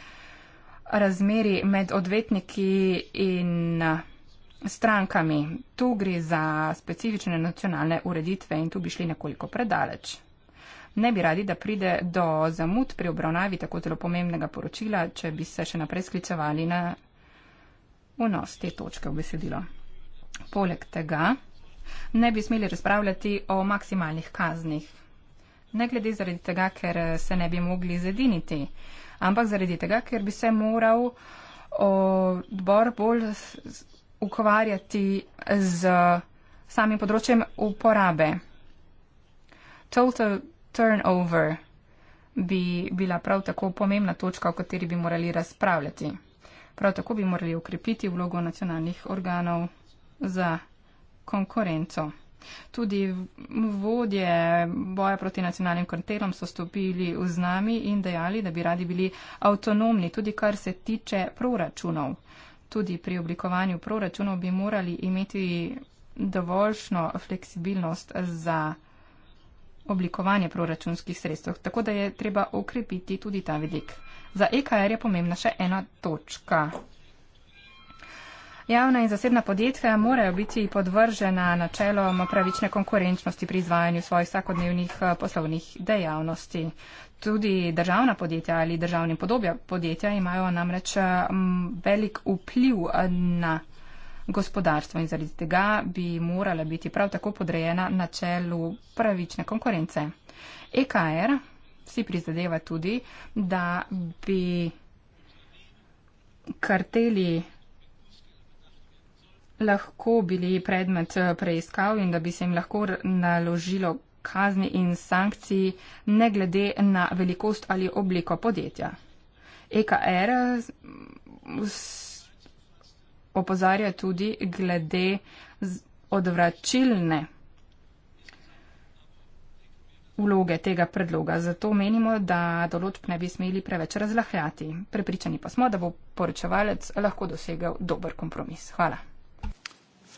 razmeri med odvetniki in eh, strankami. Tu gre za specifične nacionalne ureditve in tu bi šli nekoliko predaleč. Ne bi radi, da pride do zamud pri obravnavi tako zelo pomembnega poročila, če bi se še naprej sklicevali na unos te točke v besedilo. Poleg tega ne bi smeli razpravljati o maksimalnih kaznih. Ne glede zaradi tega, ker eh, se ne bi mogli zediniti, ampak zaradi tega, ker bi se moral eh, odbor bolj ukvarjati z samim področjem uporabe. Total turnover bi bila prav tako pomembna točka, o kateri bi morali razpravljati. Prav tako bi morali ukrepiti vlogo nacionalnih organov za konkurenco. Tudi vodje boja proti nacionalnim kartelom so stopili v znami in dejali, da bi radi bili avtonomni, tudi kar se tiče proračunov. Tudi pri oblikovanju proračunov bi morali imeti dovoljšno fleksibilnost za oblikovanje proračunskih sredstev. Tako da je treba okrepiti tudi ta vidik. Za EKR je pomembna še ena točka. Javna in zasebna podjetja morajo biti podvržena načelom pravične konkurenčnosti pri izvajanju svojih vsakodnevnih eh, poslovnih dejavnosti. Tudi državna podjetja ali državni podobja podjetja imajo namreč eh, velik vpliv eh, na gospodarstvo in zaradi tega bi morala biti prav tako podrejena načelu pravične konkurence. EKR er si prizadeva tudi, da bi karteli lahko bili predmet eh, preiskav in da bi se jim lahko naložilo kazni in sankcij, ne glede na velikost ali obliko podjetja. EKR er, mm, opozarja tudi glede odvračilne vloge tega predloga, zato menimo, da določb ne bi smeli preveč razlahljati. Prepričani pa smo, da bo poročevalec lahko dosegel dober kompromis. Hvala.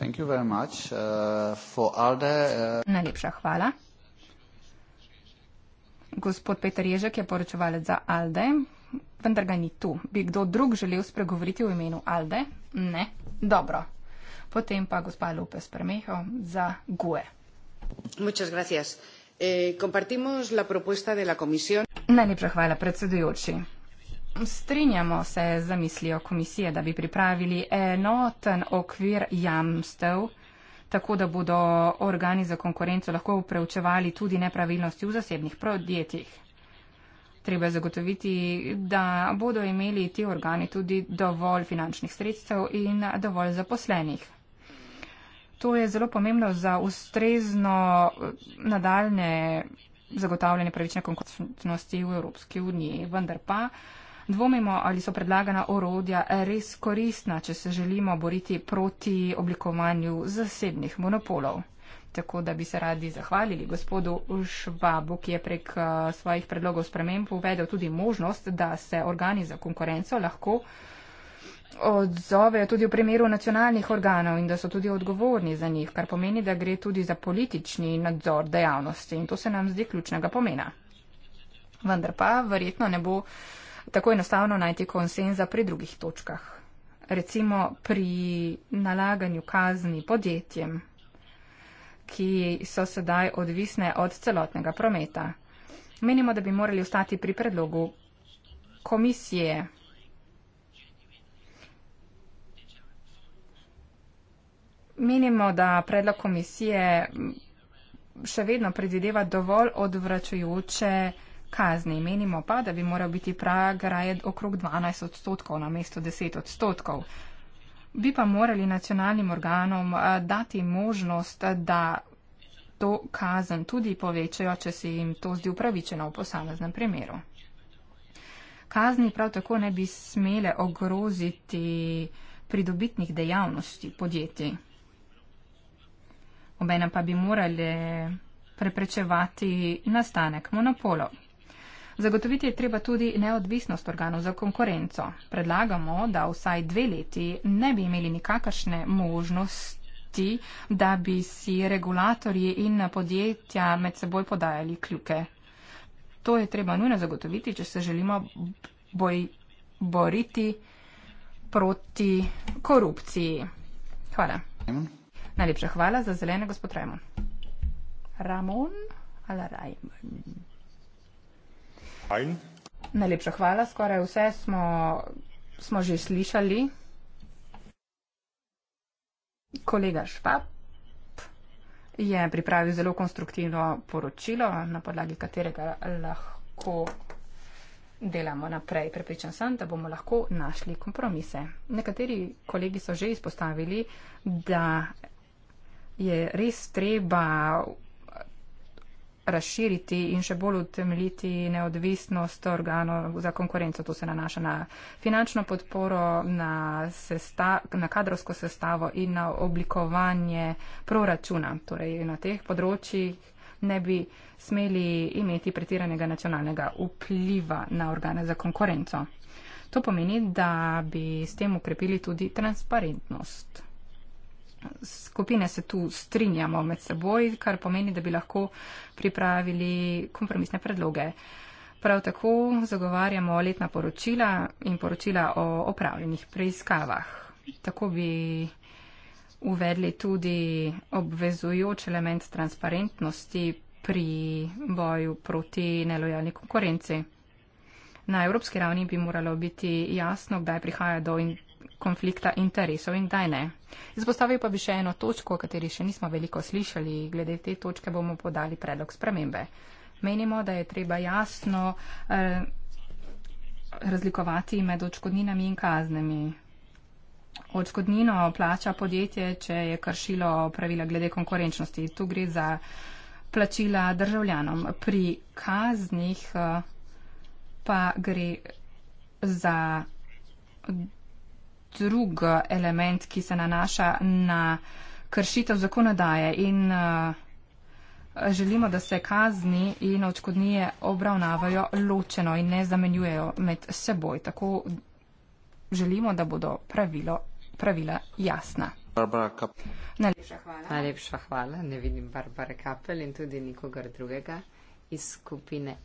Thank you very much. Uh, for Alde, uh... Najlepša hvala. Gospod Peter Ježek je poročevalec za Alde, vendar ga ni tu. Bi kdo drug želel spregovoriti v imenu Alde? Ne. Dobro. Potem pa gospa Lupe Spremeho za GUE. Eh, la de la Najlepša hvala, predsedujoči. Strinjamo se z zamislijo komisije, da bi pripravili enoten okvir jamstev, tako da bodo organi za konkurenco lahko preučevali tudi nepravilnosti v zasebnih podjetjih. Treba je zagotoviti, da bodo imeli ti organi tudi dovolj finančnih sredstev in dovolj zaposlenih. To je zelo pomembno za ustrezno nadaljne zagotavljanje pravične konkurenčnosti v Evropski uniji. Vendar pa Dvomimo, ali so predlagana orodja res koristna, če se želimo boriti proti oblikovanju zasebnih monopolov. Tako da bi se radi zahvalili gospodu Švabu, ki je prek eh, svojih predlogov sprememb uvedel tudi možnost, da se organi za konkurenco lahko odzovejo tudi v primeru nacionalnih organov in da so tudi odgovorni za njih, kar pomeni, da gre tudi za politični nadzor dejavnosti. In to se nam zdi ključnega pomena. Vendar pa verjetno ne bo tako enostavno najti konsenza pri drugih točkah. Recimo pri nalaganju kazni podjetjem, ki so sedaj odvisne od celotnega prometa. Menimo, da bi morali ostati pri predlogu komisije. Menimo, da predlog komisije še vedno predvideva dovolj odvračujoče kazni. Menimo pa, da bi moral biti prag raje okrog 12 odstotkov na mesto 10 odstotkov. Bi pa morali nacionalnim organom eh, dati možnost, da to kazen tudi povečajo, če se jim to zdi upravičeno v posameznem primeru. Kazni prav tako ne bi smele ogroziti pridobitnih dejavnosti podjetij. Obenem pa bi morali preprečevati nastanek monopolov. Zagotoviti je treba tudi neodvisnost organov za konkurenco. Predlagamo, da vsaj dve leti ne bi imeli nikakršne možnosti da bi si regulatorji in podjetja med seboj podajali kljuke. To je treba nujno zagotoviti, če se želimo boj, boriti proti korupciji. Hvala. Raymond. Najlepša hvala za zelene, gospod Raymond. Ramon ali Raymond? teilen? Najlepša hvala, skoraj vse smo, smo že slišali. Kolega Špap je pripravil zelo konstruktivno poročilo, na podlagi katerega lahko delamo naprej. Prepričan sem, da bomo lahko našli kompromise. Nekateri kolegi so že izpostavili, da je res treba razširiti in še bolj utemeljiti neodvisnost organov za konkurenco. To se nanaša na finančno podporo, na, sesta, na kadrovsko sestavo in na oblikovanje proračuna. Torej na teh področjih ne bi smeli imeti pretiranega nacionalnega vpliva na organe za konkurenco. To pomeni, da bi s tem ukrepili tudi transparentnost skupine se tu strinjamo med seboj, kar pomeni, da bi lahko pripravili kompromisne predloge. Prav tako zagovarjamo letna poročila in poročila o opravljenih preiskavah. Tako bi uvedli tudi obvezujoč element transparentnosti pri boju proti nelojalni konkurenci. Na evropski ravni bi moralo biti jasno, kdaj prihaja do konflikta interesov in kdaj ne. Izpostavil pa bi še eno točko, o kateri še nismo veliko slišali. Glede te točke bomo podali predlog spremembe. Menimo, da je treba jasno eh, razlikovati med očkodninami in kaznami. Očkodnino plača podjetje, če je kršilo pravila glede konkurenčnosti. Tu gre za plačila državljanom. Pri kaznih eh, pa gre za drug element, ki se nanaša na kršitev zakonodaje in eh, želimo, da se kazni in očkodnije obravnavajo ločeno in ne zamenjujejo med seboj. Tako želimo, da bodo pravilo, pravila jasna. Najlepša hvala. Najlepša hvala. Ne vidim Barbare Kapel in tudi nikogar drugega iz skupine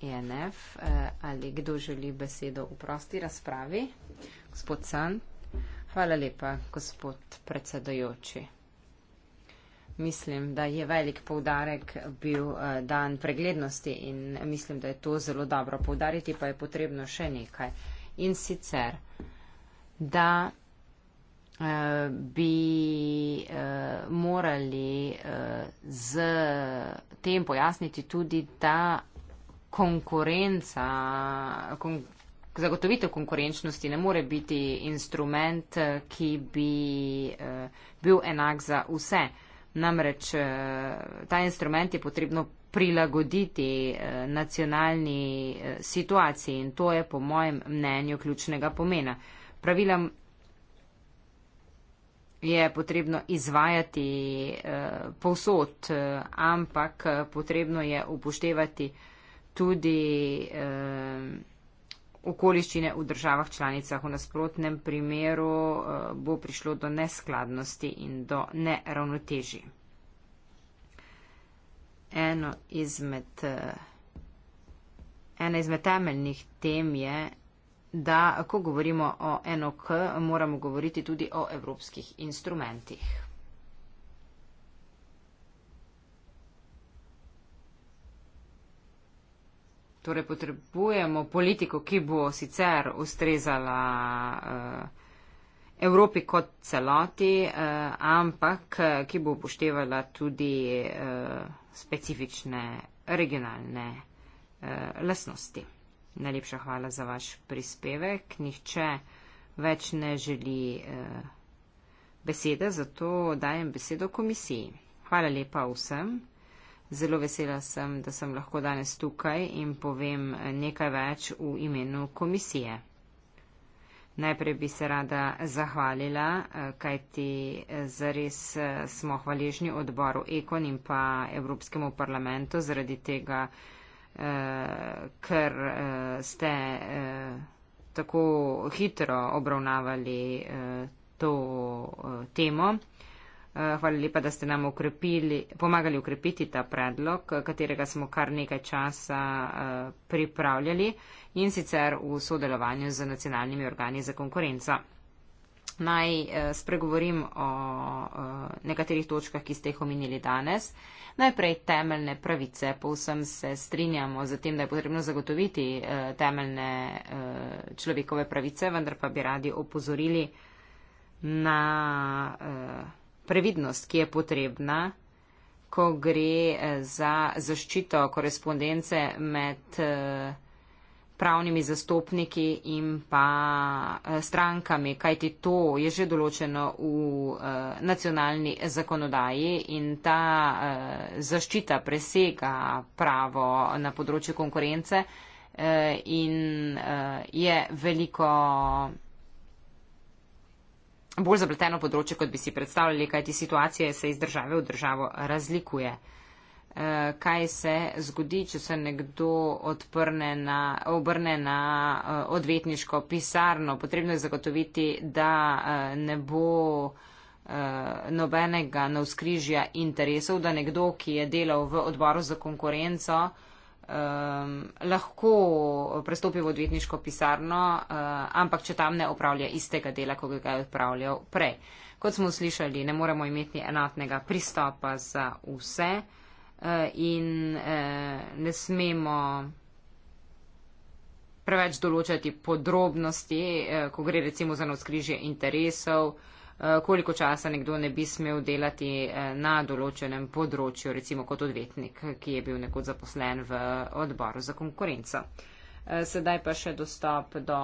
ENF eh, ali kdo želi besedo v prosti razpravi? Gospod San. Hvala lepa, gospod predsedojoči. Mislim, da je velik poudarek bil eh, dan preglednosti in mislim, da je to zelo dobro poudariti, pa je potrebno še nekaj. In sicer, da bi uh, morali uh, eh, z tem pojasniti tudi, da konkurenca, kon, zagotovitev konkurenčnosti ne more biti instrument, eh, ki bi uh, bil enak za vse. Namreč uh, ta instrument je potrebno prilagoditi uh, nacionalni uh, situaciji in to je po mojem mnenju ključnega pomena. Pravilam, je potrebno izvajati eh, povsod, eh, ampak eh, potrebno je upoštevati tudi okoliščine v državah članicah. V nasprotnem primeru bo prišlo do neskladnosti in do neravnoteži. Eno izmed, ena izmed temeljnih tem je da ko govorimo o NOK, moramo govoriti tudi o evropskih instrumentih. Torej potrebujemo politiko, ki bo sicer ustrezala eh, Evropi kot celoti, eh, ampak eh, ki bo upoštevala tudi specifične regionalne lasnosti. Najlepša hvala za vaš prispevek. Nihče več ne želi eh, besede, zato dajem besedo komisiji. Hvala lepa vsem. Zelo vesela sem, da sem lahko danes tukaj in povem eh, nekaj več v imenu komisije. Najprej bi se rada zahvalila, eh, kajti eh, zares smo hvaležni odboru Ekon in pa Evropskemu parlamentu zaradi tega, eh, ker eh, ste eh, tako hitro obravnavali eh, to eh, temo. Eh, hvala lepa, da ste nam ukrepili, pomagali ukrepiti ta predlog, katerega smo kar nekaj časa eh, pripravljali in sicer v sodelovanju z nacionalnimi organi za konkurenco naj eh, spregovorim o eh, nekaterih točkah, ki ste jih omenili danes. Najprej temeljne pravice. Povsem se strinjamo z tem, da je potrebno zagotoviti eh, temeljne eh, človekove pravice, vendar pa bi radi opozorili na eh, previdnost, ki je potrebna, ko gre eh, za zaščito korespondence med. Eh, pravnimi zastopniki in pa eh, strankami, kajti to je že določeno v eh, nacionalni zakonodaji in ta eh, zaščita presega pravo na področju konkurence in je veliko bolj zapleteno področje, kot bi si predstavljali, kajti situacija se iz države v državo razlikuje. Eh, kaj se zgodi, če se nekdo na, obrne na eh, odvetniško pisarno. Potrebno je zagotoviti, da eh, ne bo nobenega navskrižja interesov, da nekdo, ki je delal v odboru za konkurenco, Um, lahko prestopi v odvetniško pisarno, uh, ampak če tam ne opravlja istega dela, kot ga je opravljal prej. Kot smo slišali, ne moremo imeti enotnega pristopa za vse. Uh, Eh, in eh, ne smemo preveč določati podrobnosti, eh, ko gre recimo za navskrižje interesov, koliko časa nekdo ne bi smel delati na določenem področju, recimo kot odvetnik, ki je bil nekod zaposlen v odboru za konkurenco. Sedaj pa še dostop do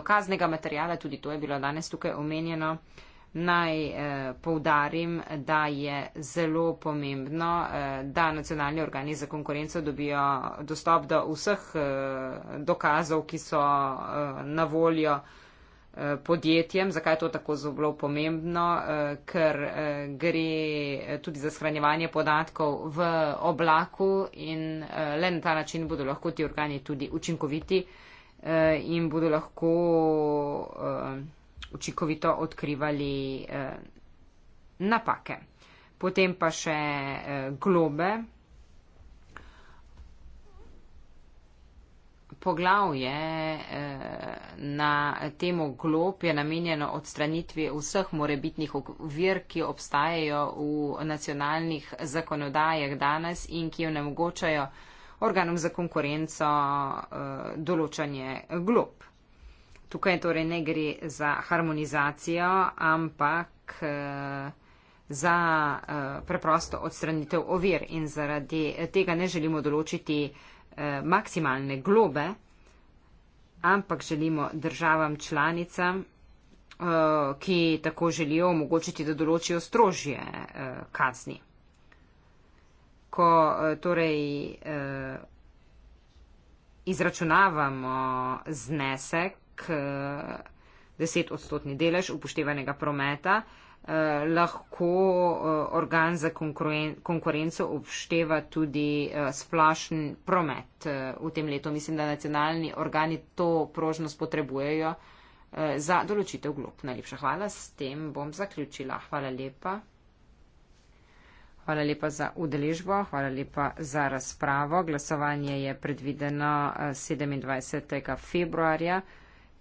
dokaznega materijala, tudi to je bilo danes tukaj omenjeno naj eh, poudarim, da je zelo pomembno, eh, da nacionalni organi za konkurenco dobijo dostop do vseh eh, dokazov, ki so eh, na voljo eh, podjetjem. Zakaj je to tako zelo pomembno? Eh, ker eh, gre tudi za shranjevanje podatkov v oblaku in eh, le na ta način bodo lahko ti organi tudi učinkoviti eh, in bodo lahko. Eh, učinkovito odkrivali eh, napake. Potem pa še eh, globe. Poglavje eh, na temo glob je namenjeno odstranitvi vseh morebitnih ovir, ki obstajajo v nacionalnih zakonodajah danes in ki onemogočajo organom za konkurenco eh, določanje glob. Tukaj torej ne gre za harmonizacijo, ampak eh, za eh, preprosto odstranitev ovir in zaradi eh, tega ne želimo določiti maksimalne globe, ampak želimo državam članicam ki tako želijo omogočiti, da določijo strožje kazni. Ko torej izračunavamo znesek, nek eh, desetodstotni delež upoštevanega prometa, eh, lahko eh, organ za konkurenco obšteva tudi splošen promet v tem letu. Mislim, da nacionalni organi to prožnost potrebujejo za določitev glob. Najlepša hvala. S tem bom zaključila. Hvala lepa. Hvala lepa za udeležbo, hvala lepa za razpravo. Glasovanje je predvideno 27. februarja.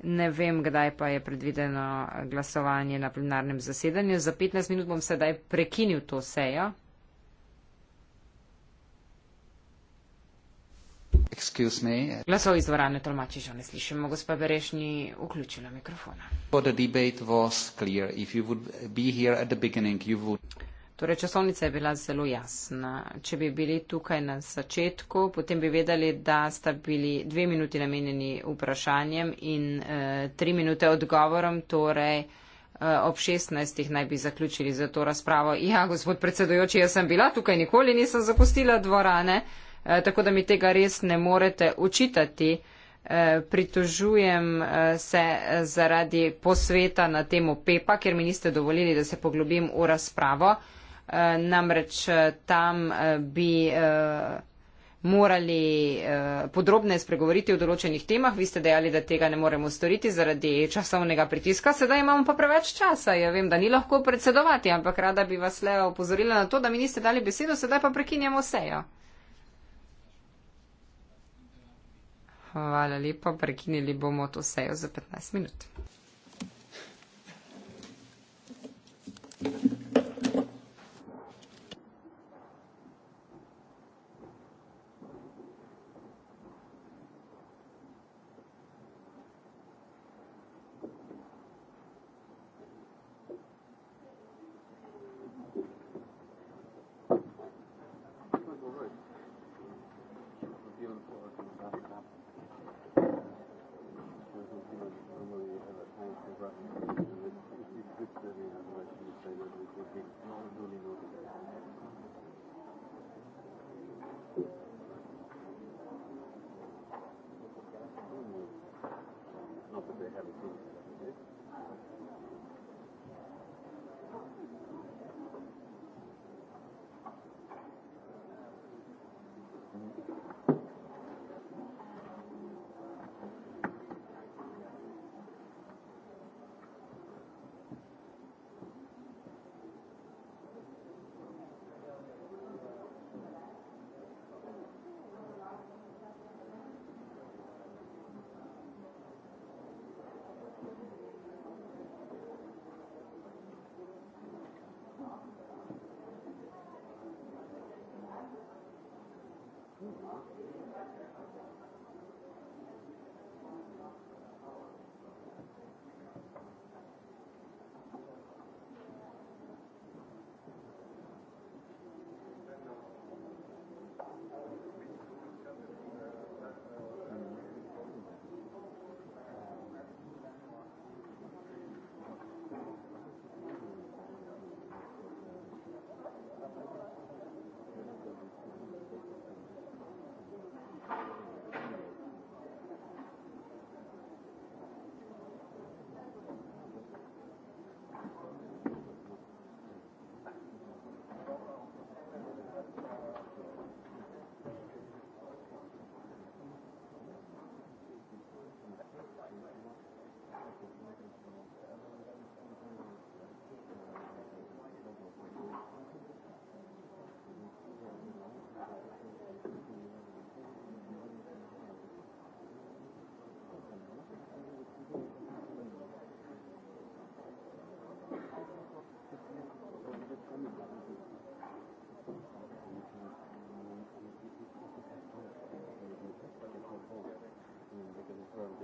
Ne vem, kdaj pa je predvideno glasovanje na plenarnem zasedanju. Za 15 minut bom sedaj prekinil to sejo. Glasov iz dvorane tolmači že ne slišimo. Gospa Berešnji vključila mikrofona. For the debate was clear. If you would be here at the beginning, you would. Torej, časovnica je bila zelo jasna. Če bi bili tukaj na začetku, potem bi vedeli, da sta bili dve minuti namenjeni vprašanjem in e, tri minute odgovorom, torej e, ob 16. naj bi zaključili za to razpravo. Ja, gospod predsedujoči, jaz sem bila tukaj, nikoli nisem zapustila dvorane, e, tako da mi tega res ne morete učitati. E, pritožujem se zaradi posveta na temo PEPA, ker mi niste dovolili, da se poglobim v razpravo. Eh, namreč eh, tam eh, bi morali podrobne spregovoriti o določenih temah. Vi ste dejali, da tega ne moremo storiti zaradi časovnega pritiska. Sedaj imamo pa preveč časa. Ja vem, da ni lahko predsedovati, ampak rada bi vas le opozorila na to, da mi niste dali besedo, sedaj pa prekinjamo sejo. Hvala lepa, prekinili bomo to sejo za 15 minut. Thank you.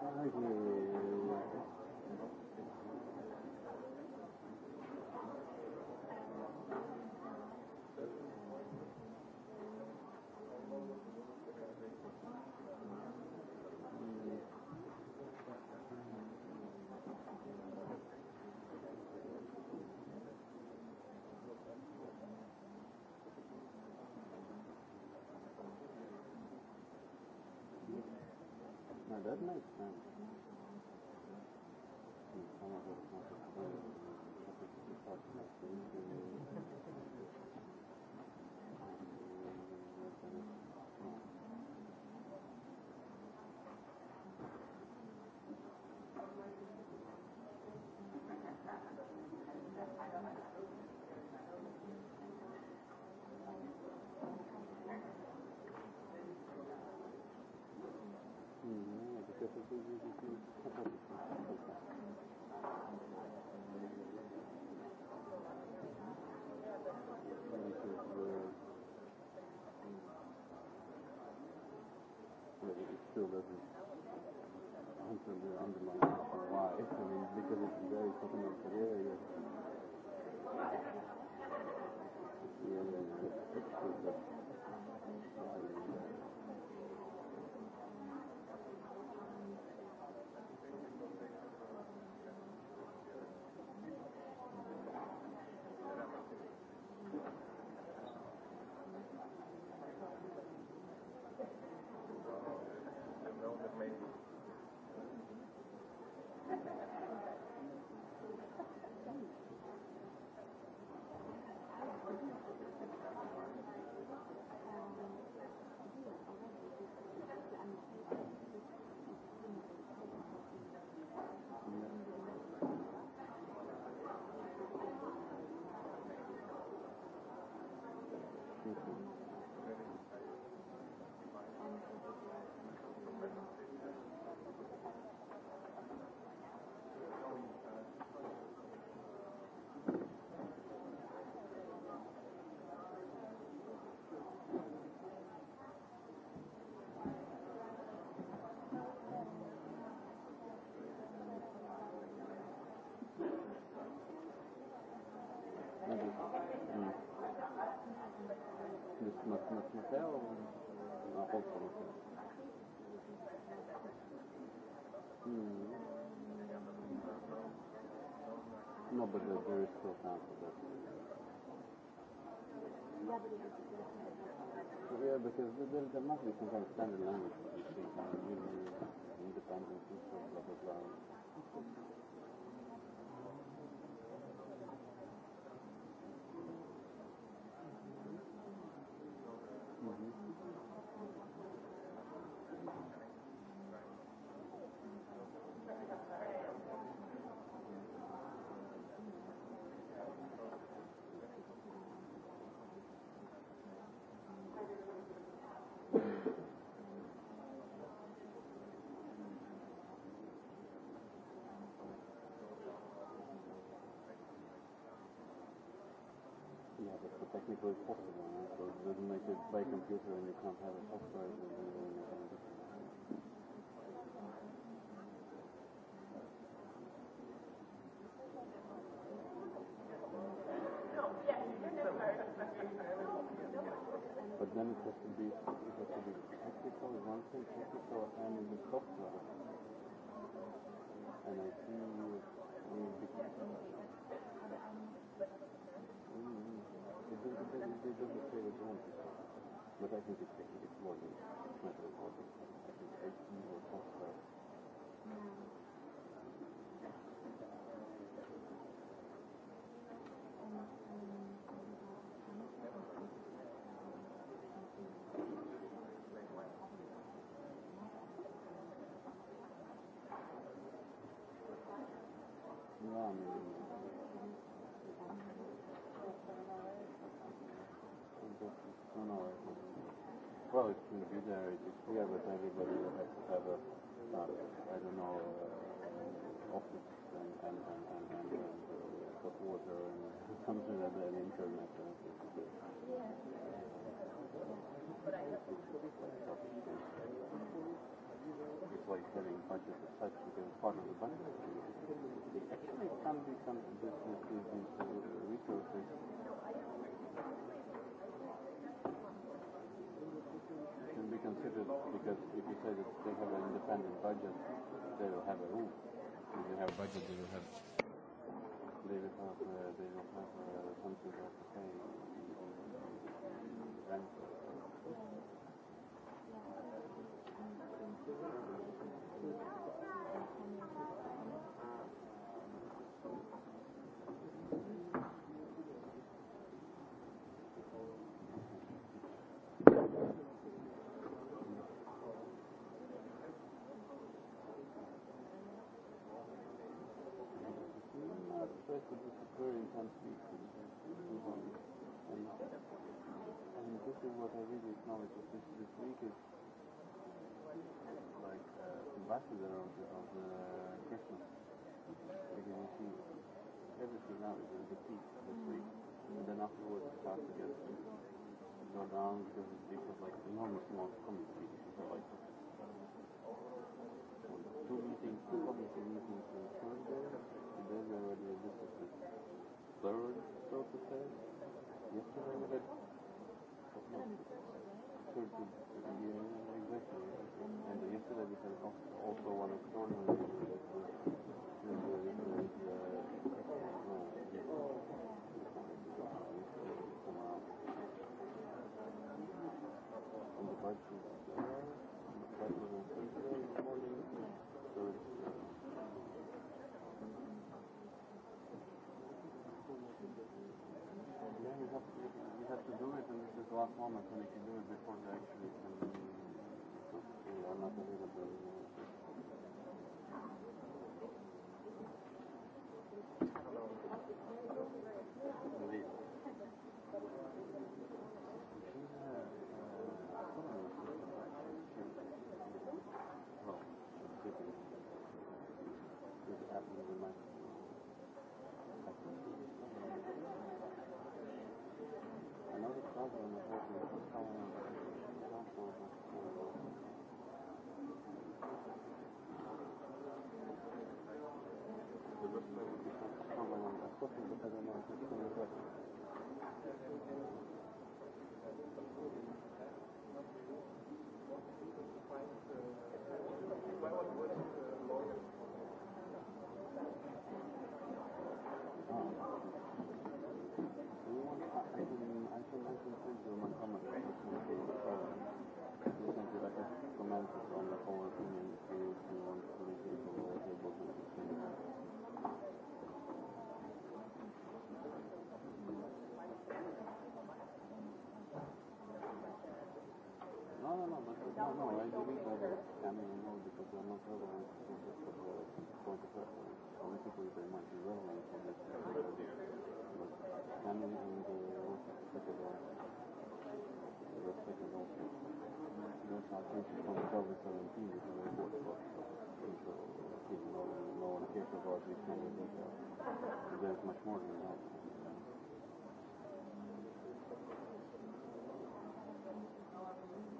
Ah, Hmm. No, but uh, there is still time for that. Yeah, yeah because there, there must be some kind of standard language between kind of union, independence, and so blah, blah, blah. particularly possible. Right? So it doesn't make it by computer and you can't have a software. Or anything like that. But then it has to be, it has to be technical, one thing technical and in the software. And I think we'll be technical. Thank you. kind of budget they will have at all. If you have budget, they will have. They will have. Uh, they will have uh, something that to pay rent. Yeah. Thank you. have to do it and this is the last moment when you can do it before they actually can... Because we are not available. no, no, yo vi que también no, porque yo no creo que no es un texto, pero con que fue, con ese tipo de manchidor, no es un texto, pero también es un texto, pero yo sé que no, no es un texto, no es un texto, con el cabo de Salentín, es un texto, pero sí, no, no, no, no, no, no, no, no, no, no, no, no, no, no, no, no, no, no, no, Thank you.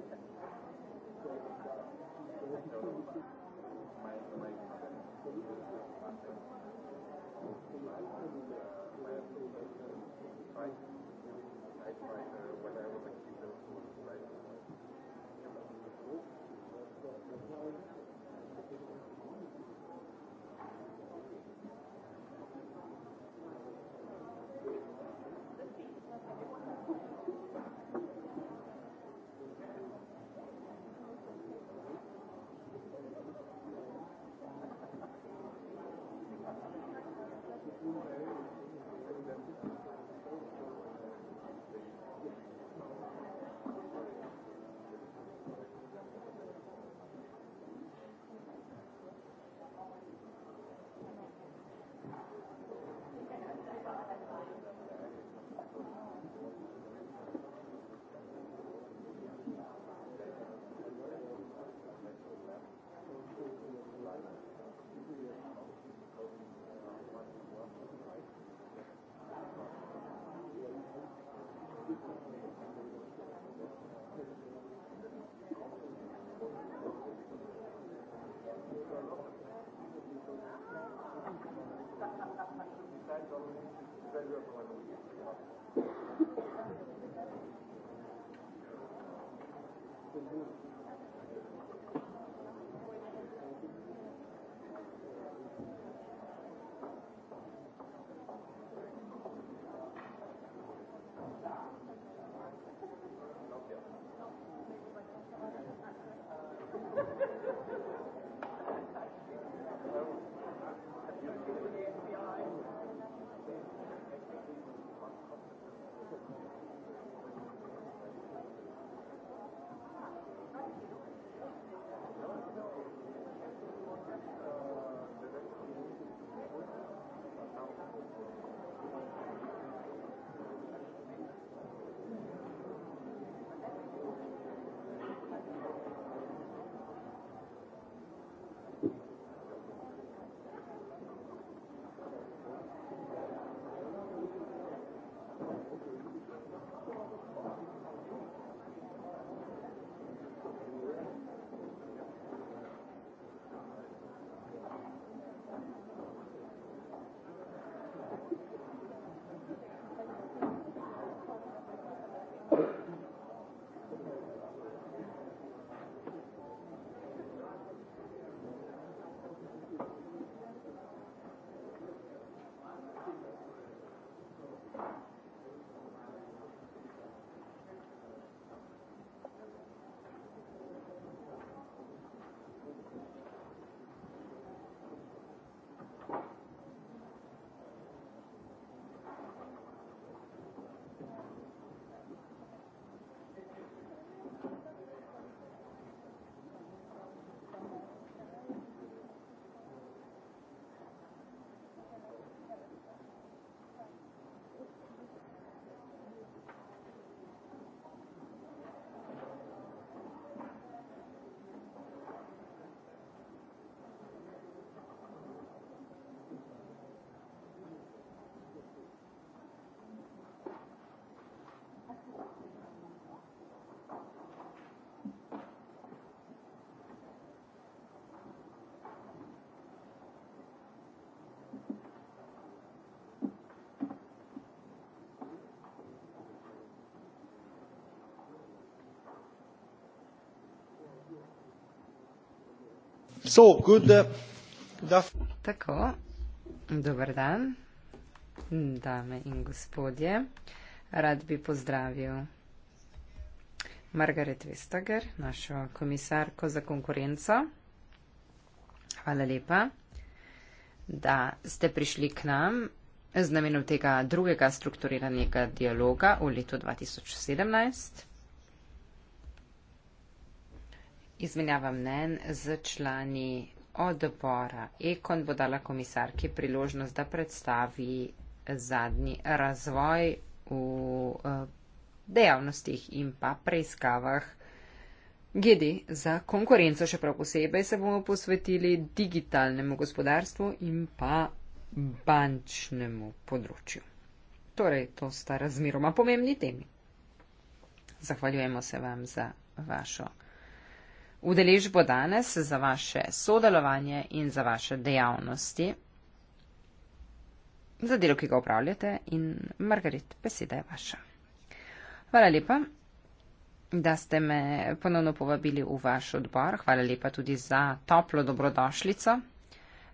I tried her uh, when I was a kid. Eh, Tako, dober dan, dame in gospodje. Rad bi pozdravil Margaret Vestager, našo komisarko za konkurenco. Hvala lepa, da ste prišli k nam z namenom tega drugega strukturiranega dialoga v letu 2017. izmenjava mnen z člani odbora. Ekon bo dala komisarki priložnost, da predstavi zadnji razvoj v eh, dejavnostih in pa preiskavah. Gedi za konkurenco, še prav posebej se bomo posvetili digitalnemu gospodarstvu in pa bančnemu področju. Torej, to sta razmeroma pomembni temi. Zahvaljujemo se vam za vašo udeležbo danes za vaše sodelovanje in za vaše dejavnosti, za delo, ki ga upravljate in Margarit, beseda je vaša. Hvala lepa, da ste me ponovno povabili v vaš odbor. Hvala lepa tudi za toplo dobrodošlico.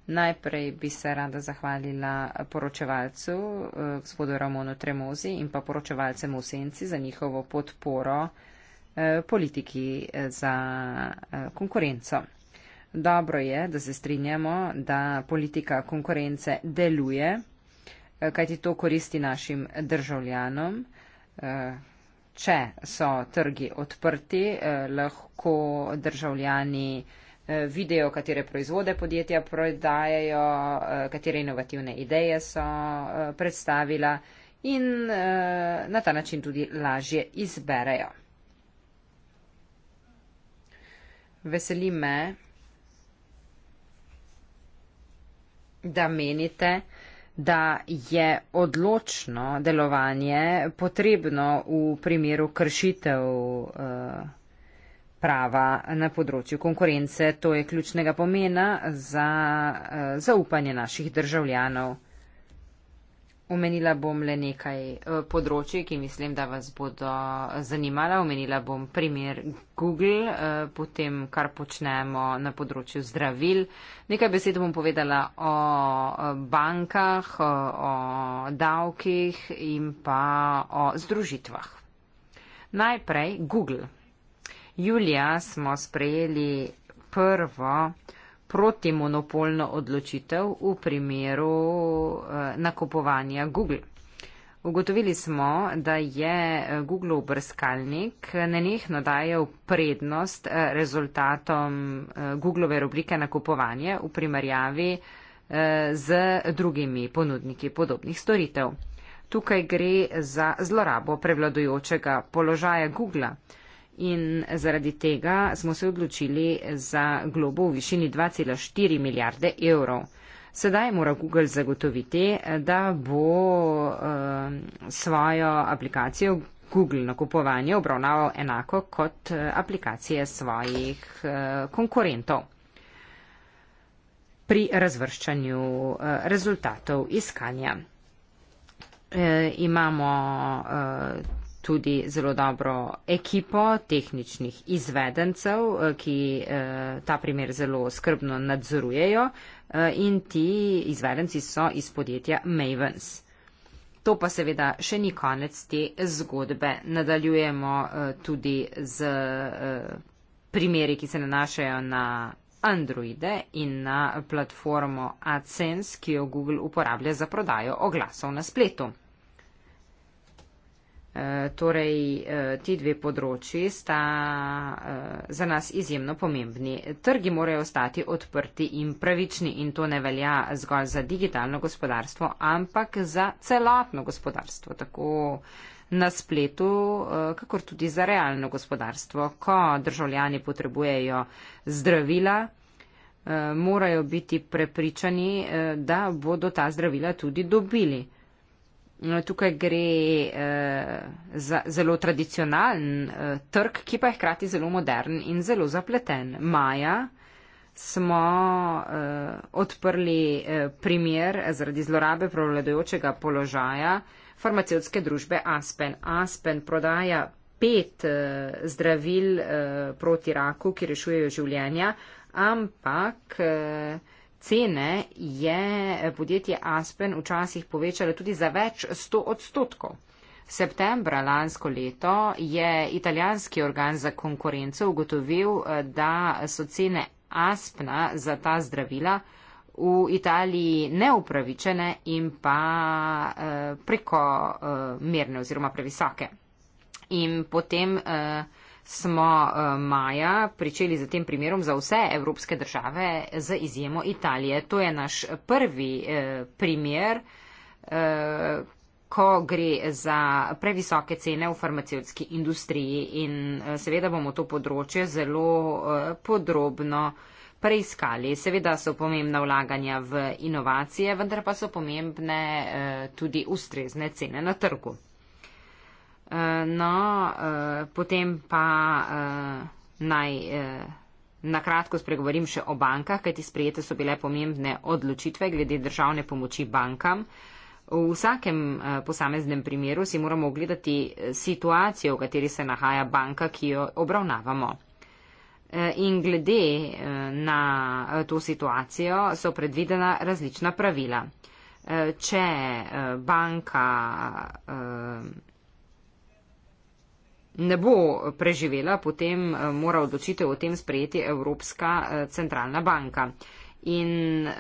Najprej bi se rada zahvalila poročevalcu, eh, gospodu Ramonu Tremozi in pa poročevalcem v Senci za njihovo podporo. Eh, politiki eh, za eh, konkurenco. Dobro je, da se strinjamo, da politika konkurence deluje, kajti to koristi našim državljanom. Če so trgi odprti, lahko državljani vidijo, katere proizvode podjetja prodajajo, katere inovativne ideje so predstavila in na ta način tudi lažje izberejo. Veseli me, da menite, da je odločno delovanje potrebno v primeru kršitev eh, prava na področju konkurence. To je ključnega pomena za eh, zaupanje naših državljanov. Omenila bom le nekaj eh, področji, ki mislim, da vas bodo eh, zanimala. Omenila bom primer Google, eh, potem kar počnemo na področju zdravil. Nekaj besed bom povedala o bankah, o davkih in pa o združitvah. Najprej Google. Julija smo sprejeli prvo protimonopolno odločitev v primeru eh, nakupovanja Google. Ugotovili smo, da je eh, Google brskalnik nenehno dajal prednost eh, rezultatom Googleove rubrike nakupovanje v primerjavi z drugimi ponudniki podobnih storitev. Tukaj gre za zlorabo prevladojočega položaja Google. -a. In zaradi tega smo se odločili za globo v višini 2,4 milijarde evrov. Sedaj mora Google zagotoviti, da bo eh, svojo aplikacijo Google nakupovanje obravnaval enako kot eh, aplikacije svojih eh, konkurentov pri razvrščanju rezultatov iskanja. Imamo tudi zelo dobro ekipo tehničnih izvedencev, eh, ki eh, ta primer zelo skrbno nadzorujejo eh, in ti izvedenci so iz podjetja Mavens. To pa seveda še ni konec te zgodbe. Nadaljujemo tudi z primeri, ki se nanašajo na Androide in na platformo AdSense, ki jo Google uporablja za prodajo oglasov na spletu. Eh, torej, eh, ti dve področji sta eh, za nas izjemno pomembni. Trgi morajo ostati odprti in pravični in to ne velja zgolj za digitalno gospodarstvo, ampak za celotno gospodarstvo, tako na spletu, kakor tudi za realno gospodarstvo. Ko državljani potrebujejo zdravila, morajo biti prepričani, da bodo ta zdravila tudi dobili. No, tukaj gre eh, za zelo tradicionalen eh, trg, ki pa je hkrati zelo modern in zelo zapleten. Maja smo eh, odprli eh, primer zaradi zlorabe prevladojočega položaja farmacevtske družbe Aspen. Aspen prodaja pet eh, zdravil eh, proti raku, ki rešujejo življenja, ampak. Eh, cene je podjetje Aspen včasih povečalo tudi za več 100 odstotkov. Septembra lansko leto je italijanski organ za konkurenco ugotovil, da so cene Aspna za ta zdravila v Italiji neupravičene in pa eh, preko eh, merne oziroma previsake. In potem eh, smo eh, maja pričeli z tem primerom za vse evropske države, z izjemo Italije. To je naš prvi eh, primer, eh, ko gre za previsoke cene v farmacevtski industriji in seveda bomo to področje zelo podrobno. Preiskali. Seveda so pomembna vlaganja v inovacije, vendar pa so pomembne tudi ustrezne cene na trgu. Eh, no, eh, potem pa eh, naj na kratko spregovorim še o bankah, kajti sprejete so bile pomembne odločitve glede državne pomoči bankam. V vsakem posameznem primeru si moramo ogledati situacijo, v kateri se nahaja banka, ki jo obravnavamo. In glede na to situacijo so predvidena različna pravila. Če banka ne bo preživela, potem eh, mora odločitev o tem sprejeti Evropska eh, centralna banka. In eh,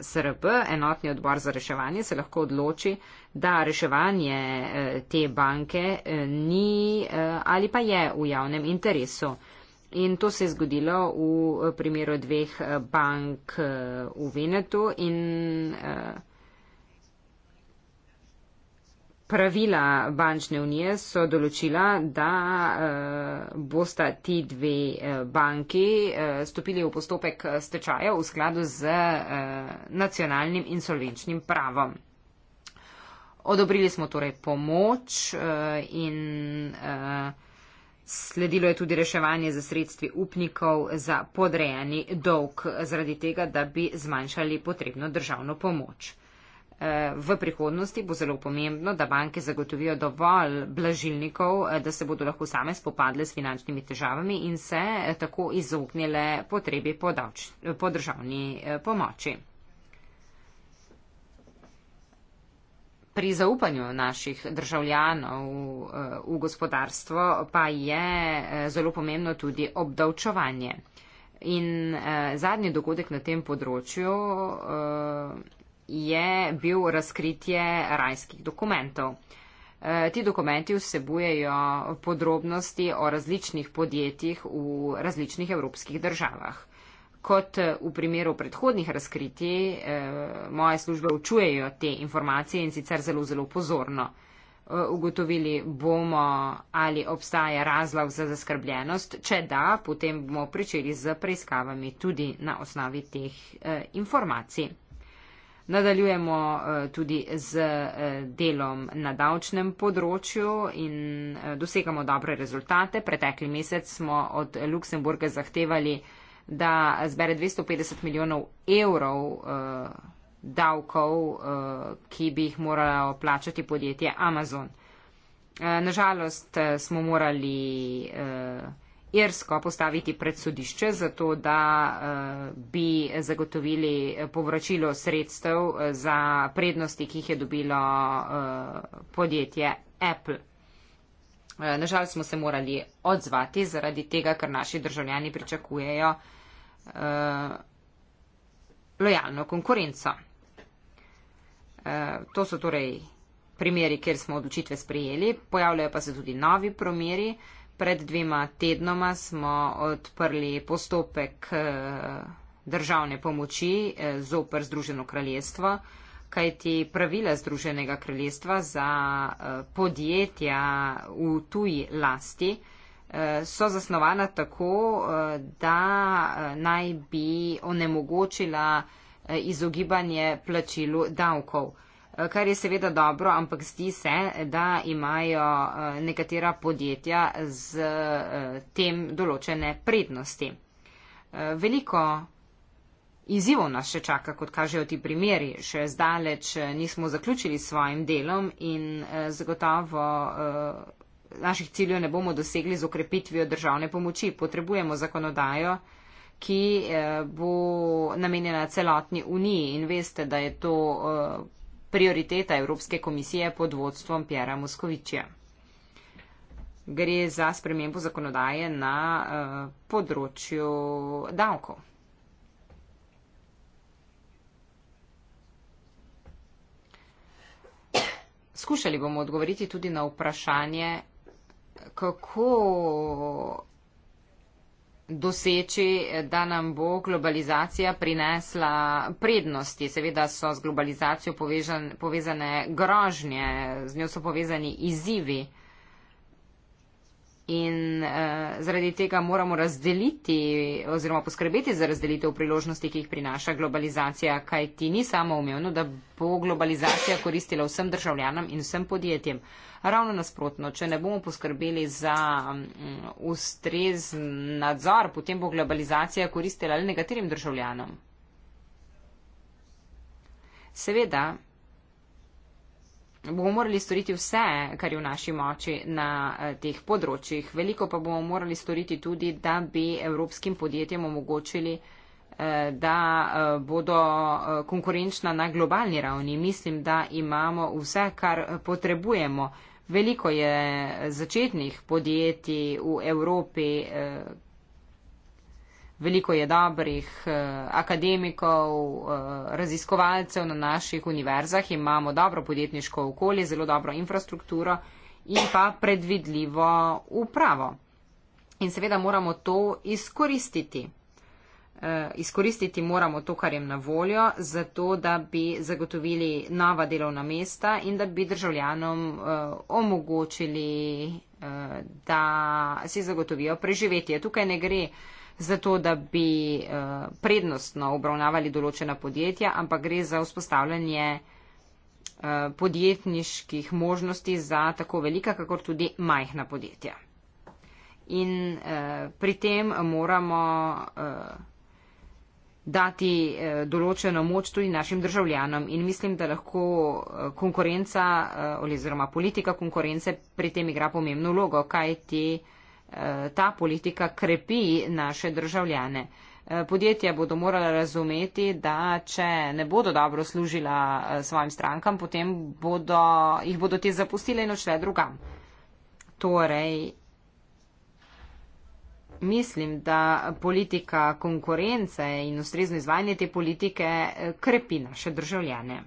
SRP, enotni odbor za reševanje, se lahko odloči, da reševanje eh, te banke eh, ni eh, ali pa je v javnem interesu. In to se je zgodilo v eh, primeru dveh bank eh, v Venetu in eh, Pravila bančne unije so določila, da eh, bosta ti dve eh, banki eh, stopili v postopek eh, stečaja v skladu z eh, nacionalnim insolvenčnim pravom. Odobrili smo torej pomoč eh, in eh, sledilo je tudi reševanje za sredstvi upnikov za podrejeni dolg zaradi tega, da bi zmanjšali potrebno državno pomoč. Eh, v prihodnosti bo zelo pomembno, da banke zagotovijo dovolj blažilnikov, eh, da se bodo lahko same spopadle s finančnimi težavami in se eh, tako izognile potrebi po, davč, po državni pomoči. Pri zaupanju naših državljanov v gospodarstvo pa je zelo pomembno tudi obdavčovanje. In zadnji dogodek na tem področju je bil razkritje rajskih dokumentov. E, ti dokumenti vsebujejo podrobnosti o različnih podjetjih v različnih evropskih državah. Kot v primeru predhodnih razkritij, e, moje službe učujejo te informacije in sicer zelo, zelo pozorno. E, ugotovili bomo, ali obstaja razlog za zaskrbljenost. Če da, potem bomo pričeli z preiskavami tudi na osnovi teh informacij. Nadaljujemo eh, tudi z eh, delom na davčnem področju in eh, dosegamo dobre rezultate. Pretekli mesec smo od Luksemburga zahtevali, da zbere 250 milijonov evrov davkov, ki bi jih moralo plačati podjetje Amazon. Nažalost smo morali Irsko postaviti pred sodišče, zato da eh, bi zagotovili povračilo sredstev eh, za prednosti, ki jih je dobilo eh, podjetje Apple. Nažal smo se morali odzvati zaradi tega, ker naši državljani pričakujejo lojalno konkurenco. To so torej primeri, kjer smo odločitve sprejeli, pojavljajo pa se tudi novi primeri. Pred dvema tednoma smo odprli postopek eh, državne pomoči eh, zoper Združeno kraljestvo, kajti pravila Združenega kraljestva za eh, podjetja v tuji lasti so zasnovana tako, da naj bi onemogočila izogibanje plačilu davkov. Eh, kar je seveda dobro, ampak zdi se, da imajo eh, nekatera podjetja z eh, tem določene prednosti. Veliko izzivov nas še čaka, kot kažejo ti primeri. Še zdaleč nismo zaključili s svojim delom in zagotovo naših ciljev ne bomo dosegli z okrepitvijo državne pomoči. Potrebujemo zakonodajo ki bo namenjena celotni uniji in veste, da je to prioriteta Evropske komisije pod vodstvom Pjera Moskovičja. Gre za spremembo zakonodaje na eh, področju davkov. Skušali bomo odgovoriti tudi na vprašanje, kako doseči, da nam bo globalizacija prinesla prednosti. Seveda so z globalizacijo povežan, povezane grožnje, z njo so povezani izzivi in uh, zaradi tega moramo razdeliti oziroma poskrbeti za razdelitev priložnosti, ki jih prinaša globalizacija, kaj ti ni samo umevno, da bo globalizacija koristila vsem državljanom in vsem podjetjem. Ravno nasprotno, če ne bomo poskrbeli za um, mm, ustrezen nadzor, potem bo globalizacija koristila le negativnim državljanom. Seveda, bomo morali storiti vse, kar je v naši moči na eh, teh področjih. Veliko pa bomo morali storiti tudi, da bi evropskim podjetjem omogočili, eh, da eh, bodo konkurenčna na globalni ravni. Mislim, da imamo vse, kar potrebujemo. Veliko je začetnih podjetij v Evropi, veliko je dobrih eh, akademikov, eh, raziskovalcev na naših univerzah, imamo dobro podjetniško okolje, zelo dobro infrastrukturo in pa predvidljivo upravo. In seveda moramo to izkoristiti. Eh, izkoristiti moramo to, kar je na voljo, zato da bi zagotovili nova delovna mesta in da bi državljanom omogočili, da si zagotovijo preživetje. Tukaj ne gre zato da bi eh, prednostno obravnavali določena podjetja, ampak gre za vzpostavljanje eh, podjetniških možnosti za tako velika, kakor tudi majhna podjetja. In eh, pri tem moramo dati določeno moč tudi našim državljanom in mislim, da lahko konkurenca oziroma politika konkurence pri tem igra pomembno vlogo, kaj ti ta politika krepi naše državljane. Eh, podjetja bodo morala razumeti, da če ne bodo dobro služila eh, svojim strankam, potem bodo, jih bodo te zapustile in odšle drugam. Torej, mislim, da politika konkurence in ustrezno izvajanje te politike eh, krepi naše državljane.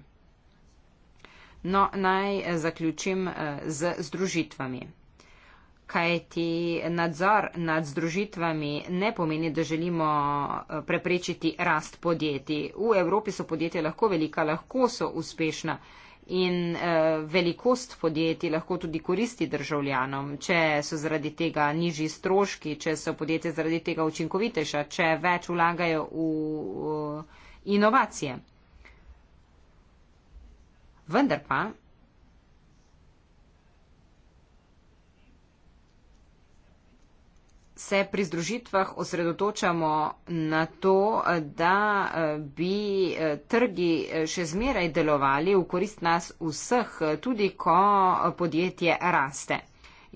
No, naj zaključim z združitvami kajti nadzor nad združitvami ne pomeni, da želimo eh, preprečiti rast podjetij. V Evropi so podjetja lahko velika, lahko so uspešna. In eh, velikost podjetij lahko tudi koristi državljanom, če so zaradi tega nižji stroški, če so podjetje zaradi tega učinkovitejša, če več vlagajo v, v eh, inovacije. Vendar pa se pri združitvah osredotočamo na to, da eh, bi eh, trgi eh, še zmeraj delovali v korist nas vseh, tudi ko podjetje raste.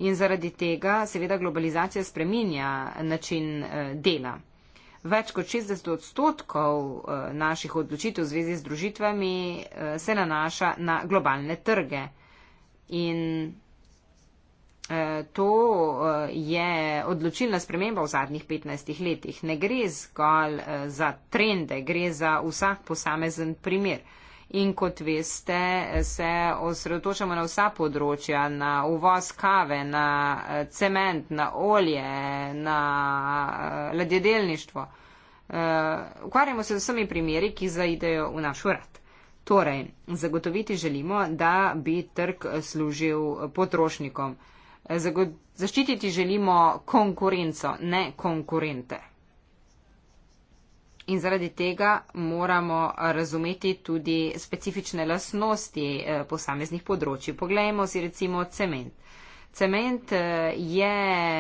In zaradi tega seveda globalizacija spreminja način dela. Več kot 60 odstotkov naših odločitev v zvezi z združitvami se nanaša na globalne trge. In Eh, to eh, je odločilna sprememba v zadnjih 15 letih. Ne gre zgolj eh, za trende, gre za vsak posamezen primer. In kot veste, se osredotočamo na vsa področja, na uvoz kave, na cement, na olje, na ladjedelništvo. Ukvarjamo se z vsemi primeri, ki zaidejo v naš urad. Torej, zagotoviti želimo, da bi trg služil potrošnikom zaščititi želimo konkurenco, ne konkurente. In zaradi tega moramo razumeti tudi specifične lasnosti eh, posameznih področji. Poglejmo si recimo cement. Cement eh, je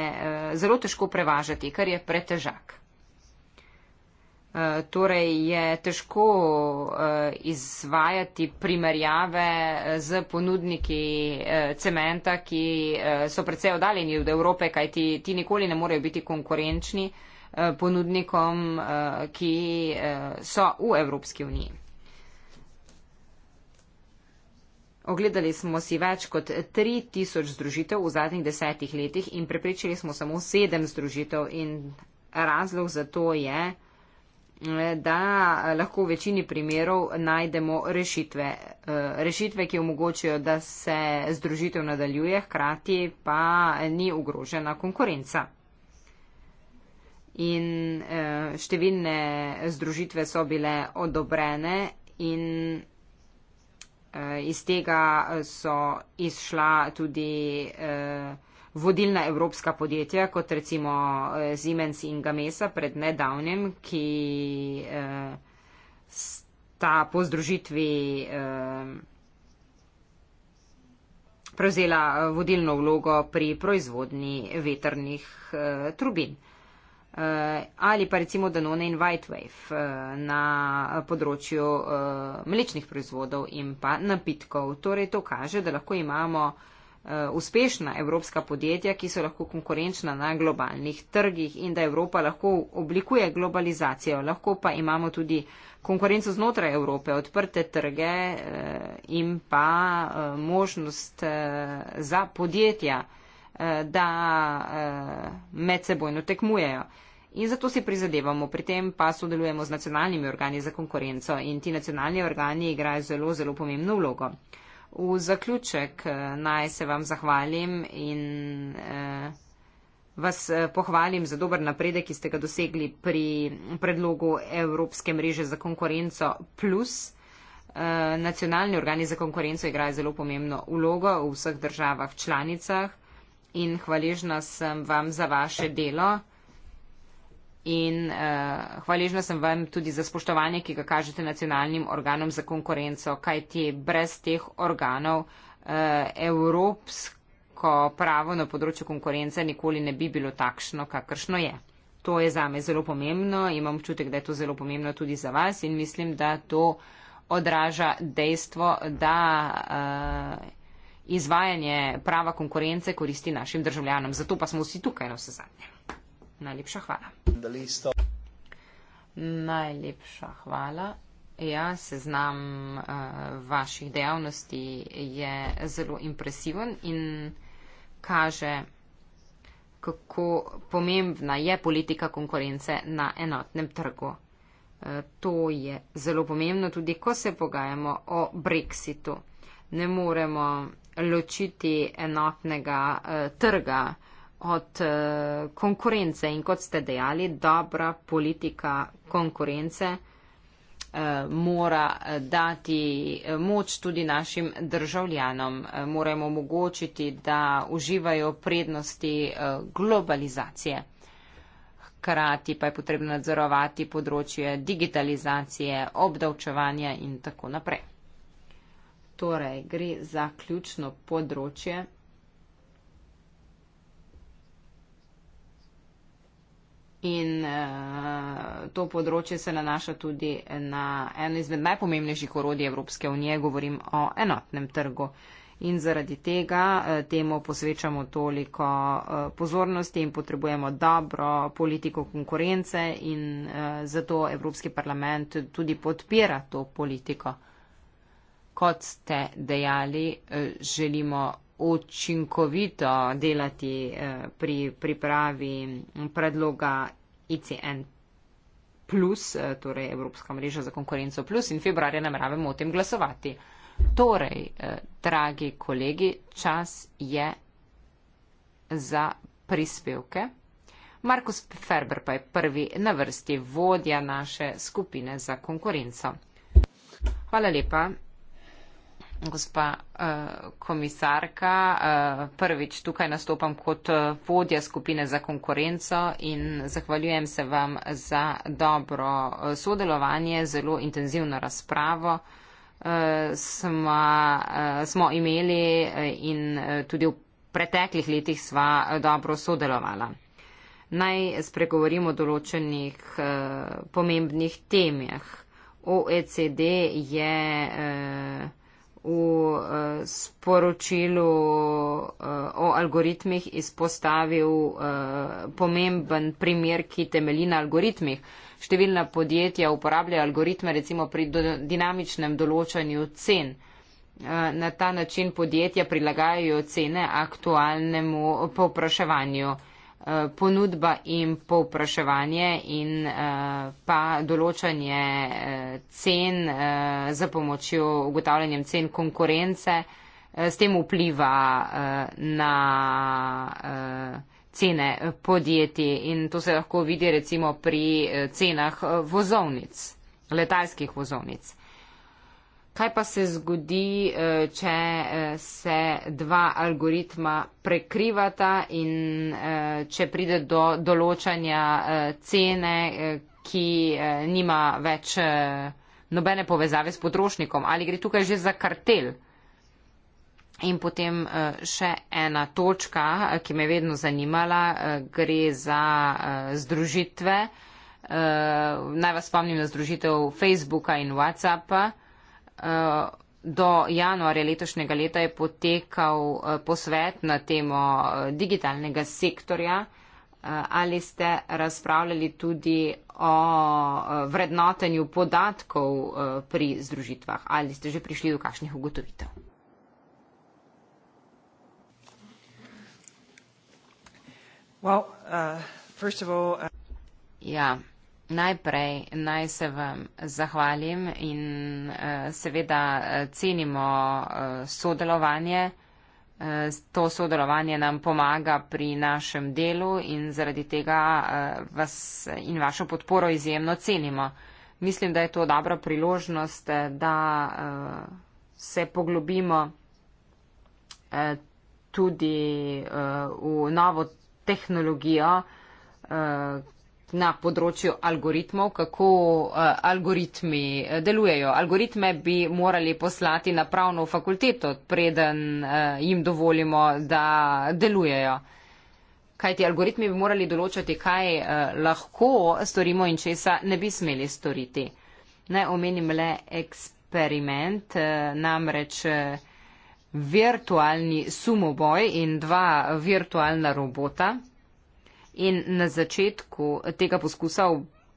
eh, zelo težko prevažati, ker je pretežak torej je težko eh, izvajati primerjave eh, z ponudniki eh, cementa, ki so precej oddaljeni od Evrope, kaj ti, ti nikoli ne morejo biti konkurenčni ponudnikom, ki so v Evropski uniji. Ogledali smo si več kot 3000 združitev v zadnjih desetih letih in prepričali smo samo sedem združitev in razlog za to je, da lahko v večini primerov najdemo rešitve. Eh, rešitve, ki omogočajo, da se združitev nadaljuje, hkrati pa ni ogrožena konkurenca. In eh, številne združitve so bile odobrene in eh, iz tega so izšla tudi vodilna evropska podjetja, kot recimo eh, Siemens in Gamesa pred nedavnim, ki eh, sta po združitvi eh, prevzela vodilno vlogo pri proizvodni veternih trubin. Ali pa recimo Danone in Whitewave na področju mlečnih proizvodov in pa napitkov. Torej to kaže, da lahko imamo Eh, uspešna evropska podjetja, ki so lahko konkurenčna na globalnih trgih in da Evropa lahko oblikuje globalizacijo. Lahko pa imamo tudi konkurenco znotraj Evrope, odprte trge eh, in pa eh, možnost za podjetja, da med sebojno tekmujejo. In zato si prizadevamo, pri tem pa sodelujemo z nacionalnimi organi za konkurenco in ti nacionalni organi igrajo zelo, zelo pomembno vlogo. V zaključek eh, naj se vam zahvalim in eh, vas eh, pohvalim za dober napredek, ki ste ga dosegli pri predlogu Evropske mreže za konkurenco plus. Eh, nacionalni organi za konkurenco igrajo zelo pomembno vlogo v vseh državah članicah in hvaležna sem vam za vaše delo in uh, hvaležna sem vam tudi za spoštovanje, ki ga kažete nacionalnim organom za konkurenco, kaj ti brez teh organov uh, evropsko pravo na področju konkurence nikoli ne bi bilo takšno, kakršno je. To je zame zelo pomembno, imam občutek, da je to zelo pomembno tudi za vas in mislim, da to odraža dejstvo, da uh, izvajanje prava konkurence koristi našim državljanom. Zato pa smo vsi tukaj na vse zadnje. Najlepša hvala. Najlepša hvala. Ja, seznam uh, vaših dejavnosti je zelo impresiven in kaže, kako pomembna je politika konkurence na enotnem trgu. Eh, to je zelo pomembno tudi, ko se pogajamo o Brexitu. Ne moremo ločiti enotnega eh, trga od uh, eh, konkurence in kot ste dejali, dobra politika konkurence eh, mora eh, dati moč tudi našim državljanom, moramo omogočiti, da uživajo prednosti globalizacije. Hkrati pa je potrebno nadzorovati področje digitalizacije, obdavčevanja in tako naprej. Torej, gre za ključno področje In uh, to področje se nanaša tudi na eno izmed najpomembnejših orodij Evropske unije, govorim o enotnem trgu. In zaradi tega uh, temu posvečamo toliko uh, pozornosti in potrebujemo dobro politiko konkurence in uh, zato Evropski parlament tudi podpira to politiko. Kot ste dejali, uh, želimo učinkovito delati eh, pri pripravi predloga ICN. Plus, eh, torej Evropska mreža za konkurenco plus in februarja nameravamo o tem glasovati. Torej, eh, dragi kolegi, čas je za prispevke. Markus Ferber pa je prvi na vrsti vodja naše skupine za konkurenco. Hvala lepa. Gospa eh, komisarka, eh, prvič tukaj nastopam kot eh, vodja skupine za konkurenco in zahvaljujem se vam za dobro sodelovanje, zelo intenzivno razpravo smo, smo imeli in tudi v preteklih letih sva dobro sodelovala. Naj spregovorimo o določenih pomembnih temah. OECD je v uh, sporočilu uh, o algoritmih izpostavil uh, pomemben primer, ki temelji na algoritmih. Številna podjetja uporabljajo algoritme recimo pri do, dinamičnem določanju cen. Na ta način podjetja prilagajajo cene aktualnemu povpraševanju. Eh, ponudba in povpraševanje in eh, pa določanje eh, cen za pomočjo ugotavljanjem cen konkurence, s tem vpliva na cene podjetij in to se lahko vidi recimo pri cenah vozovnic, letalskih vozovnic. Kaj pa se zgodi, eh, če eh, se dva algoritma prekrivata in eh, če pride do določanja cene, ki nima več nobene povezave s potrošnikom? Ali gre tukaj že za kartel? In potem še ena točka, ki me je vedno zanimala, gre za združitve. Naj vas spomnim na združitev Facebooka in WhatsAppa do januarja letošnjega leta je potekal eh, posvet na temo eh, digitalnega sektorja. Eh, ali ste razpravljali tudi o vrednotenju podatkov pri združitvah? Ali ste že prišli do kakšnih ugotovitev? Well, uh, all, uh... Ja, Najprej naj se vam zahvalim in eh, seveda eh, cenimo eh, sodelovanje. To sodelovanje nam pomaga pri našem delu in zaradi tega vas in vašo podporo izjemno cenimo. Mislim, da je to dobra priložnost, da se poglobimo tudi v novo tehnologijo, na področju algoritmov, kako uh, algoritmi eh, delujejo. Algoritme bi morali poslati na pravno fakulteto, preden uh, jim dovolimo, da delujejo. Kaj ti algoritmi bi morali določati, kaj uh, lahko storimo in česa ne bi smeli storiti. Naj omenim le eksperiment, uh, namreč. Uh, Virtualni sumoboj in dva virtualna robota in na začetku tega poskusa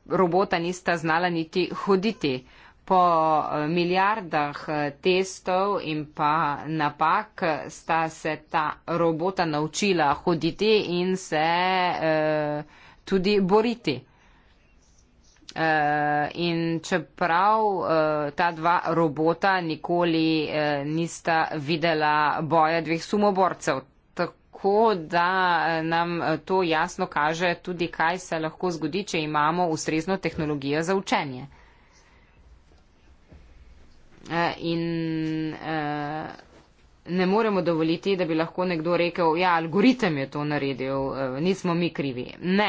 robota nista znala niti hoditi. Po eh, milijardah eh, testov in pa napak eh, sta se ta robota naučila hoditi in se e, tudi boriti. E, in čeprav e, ta dva robota nikoli e, nista videla boja dveh sumoborcev, tako, da eh, nam eh, to jasno kaže tudi, kaj se lahko zgodi, če imamo ustrezno tehnologijo za učenje. Eh, in ne moremo dovoliti, da bi lahko nekdo rekel, ja, algoritem je to naredil, nismo mi krivi. Ne,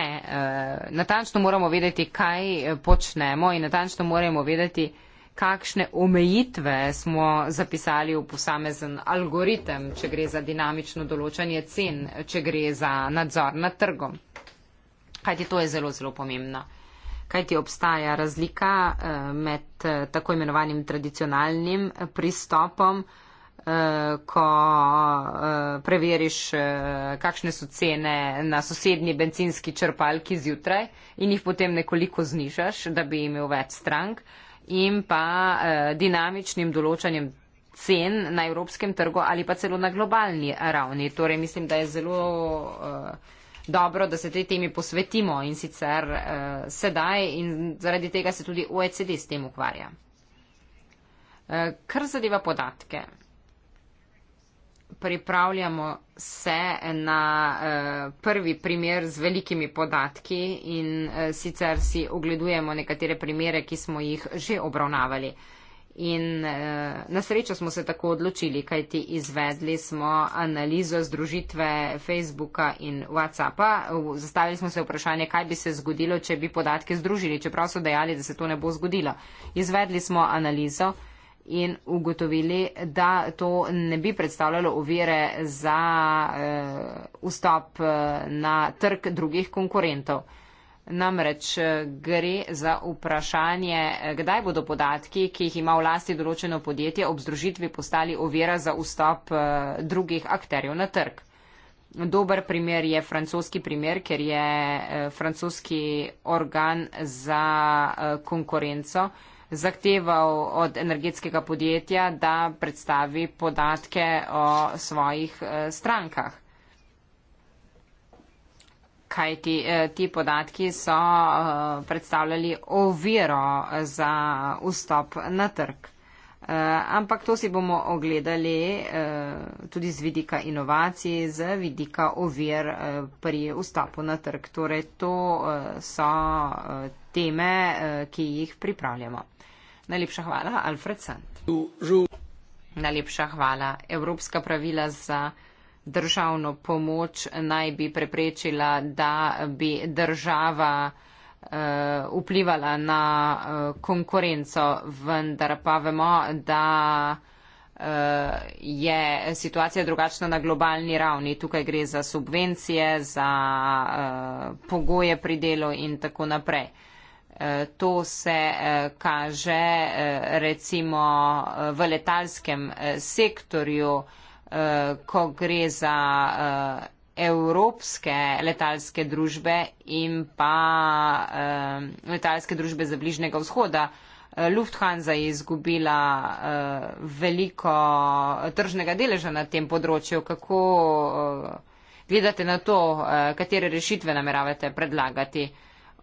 natančno moramo vedeti, kaj počnemo in natančno moramo vedeti, kakšne omejitve smo zapisali v posamezen algoritem, če gre za dinamično določanje cen, če gre za nadzor nad trgom. Kaj ti to je zelo, zelo pomembno? Kaj ti obstaja razlika eh, med eh, tako imenovanim tradicionalnim eh, pristopom, ko preveriš, kakšne so cene na sosednji benzinski črpalki zjutraj in jih potem nekoliko znižaš, da bi imel več strank? in pa eh, dinamičnim določanjem cen na evropskem trgu ali pa celo na globalni ravni. Torej mislim, da je zelo eh, dobro, da se tej temi posvetimo in sicer eh, sedaj in zaradi tega se tudi OECD s tem ukvarja. Eh, kar zadeva podatke pripravljamo se na eh, prvi primer z velikimi podatki in eh, sicer si ogledujemo nekatere primere, ki smo jih že obravnavali. In eh, na srečo smo se tako odločili, kajti izvedli smo analizo združitve Facebooka in WhatsAppa. Zastavili smo se vprašanje, kaj bi se zgodilo, če bi podatke združili, čeprav so dejali, da se to ne bo zgodilo. Izvedli smo analizo in ugotovili, da to ne bi predstavljalo ovire za eh, vstop eh, na trg drugih konkurentov. Namreč eh, gre za vprašanje, kdaj bodo podatki, ki jih ima v lasti določeno podjetje, ob združitvi postali ovira za vstop drugih akterjev na trg. Dober primer je francoski primer, ker je francoski organ za konkurenco zahteval od energetskega podjetja, da predstavi podatke o svojih eh, strankah. Kaj ti, eh, ti podatki so eh, predstavljali oviro za vstop na trg. Ampak to si bomo ogledali tudi z vidika inovacij, z vidika ovir pri vstopu na trg. Torej, to so teme, ki jih pripravljamo. Najlepša hvala, Alfred Sant. Najlepša hvala. Evropska pravila za državno pomoč naj bi preprečila, da bi država eh, vplivala na eh, konkurenco, vendar pa vemo, da eh, je situacija drugačna na globalni ravni. Tukaj gre za subvencije, za pogoje pri delu in tako naprej. To se eh, kaže eh, recimo eh, v letalskem sektorju, ko gre za evropske letalske družbe in pa letalske družbe za bližnjega vzhoda. Lufthansa je izgubila veliko tržnega deleža na tem področju. Kako gledate na to, katere rešitve nameravate predlagati?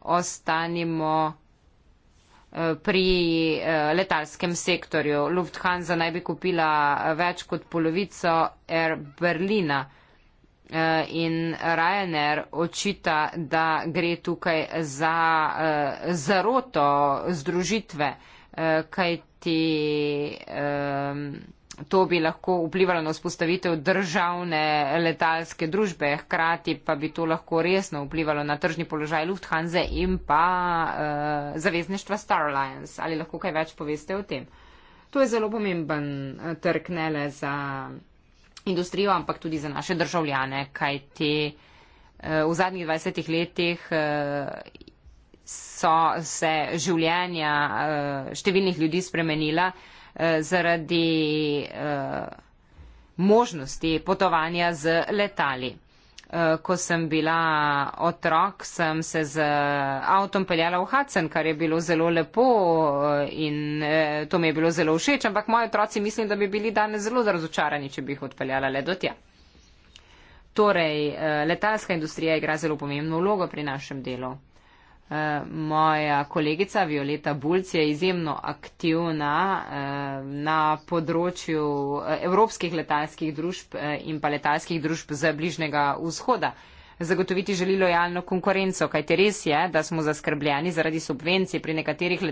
ostanimo eh, pri eh, letalskem sektorju. Lufthansa naj bi kupila eh, več kot polovico Air Berlina in Ryanair očita, da gre tukaj za zaroto združitve, kajti um, to bi lahko vplivalo na vzpostavitev državne letalske družbe, hkrati pa bi to lahko resno vplivalo na tržni položaj Lufthansa in pa uh, zavezništva Star Alliance. Ali lahko kaj več poveste o tem? To je zelo pomemben eh, trg ne le za industrijo, ampak tudi za naše državljane, kaj te uh, v zadnjih 20 letih. Uh, so se življenja številnih ljudi spremenila Eh, zaradi eh, možnosti potovanja z letali. Eh, ko sem bila otrok, sem se z avtom peljala v Hudson, kar je bilo zelo lepo in to mi je bilo zelo všeč, ampak moji otroci mislim, da bi bili danes zelo razočarani, če bi jih odpeljala le do tja. Torej, letalska industrija igra zelo pomembno vlogo pri našem delu. Eh, moja kolegica Violeta Bulc je izjemno aktivna eh, na področju eh, evropskih letalskih družb in pa letalskih družb z bližnjega vzhoda. Zagotoviti želi lojalno konkurenco, kajte res je, da smo zaskrbljeni zaradi subvencij pri nekaterih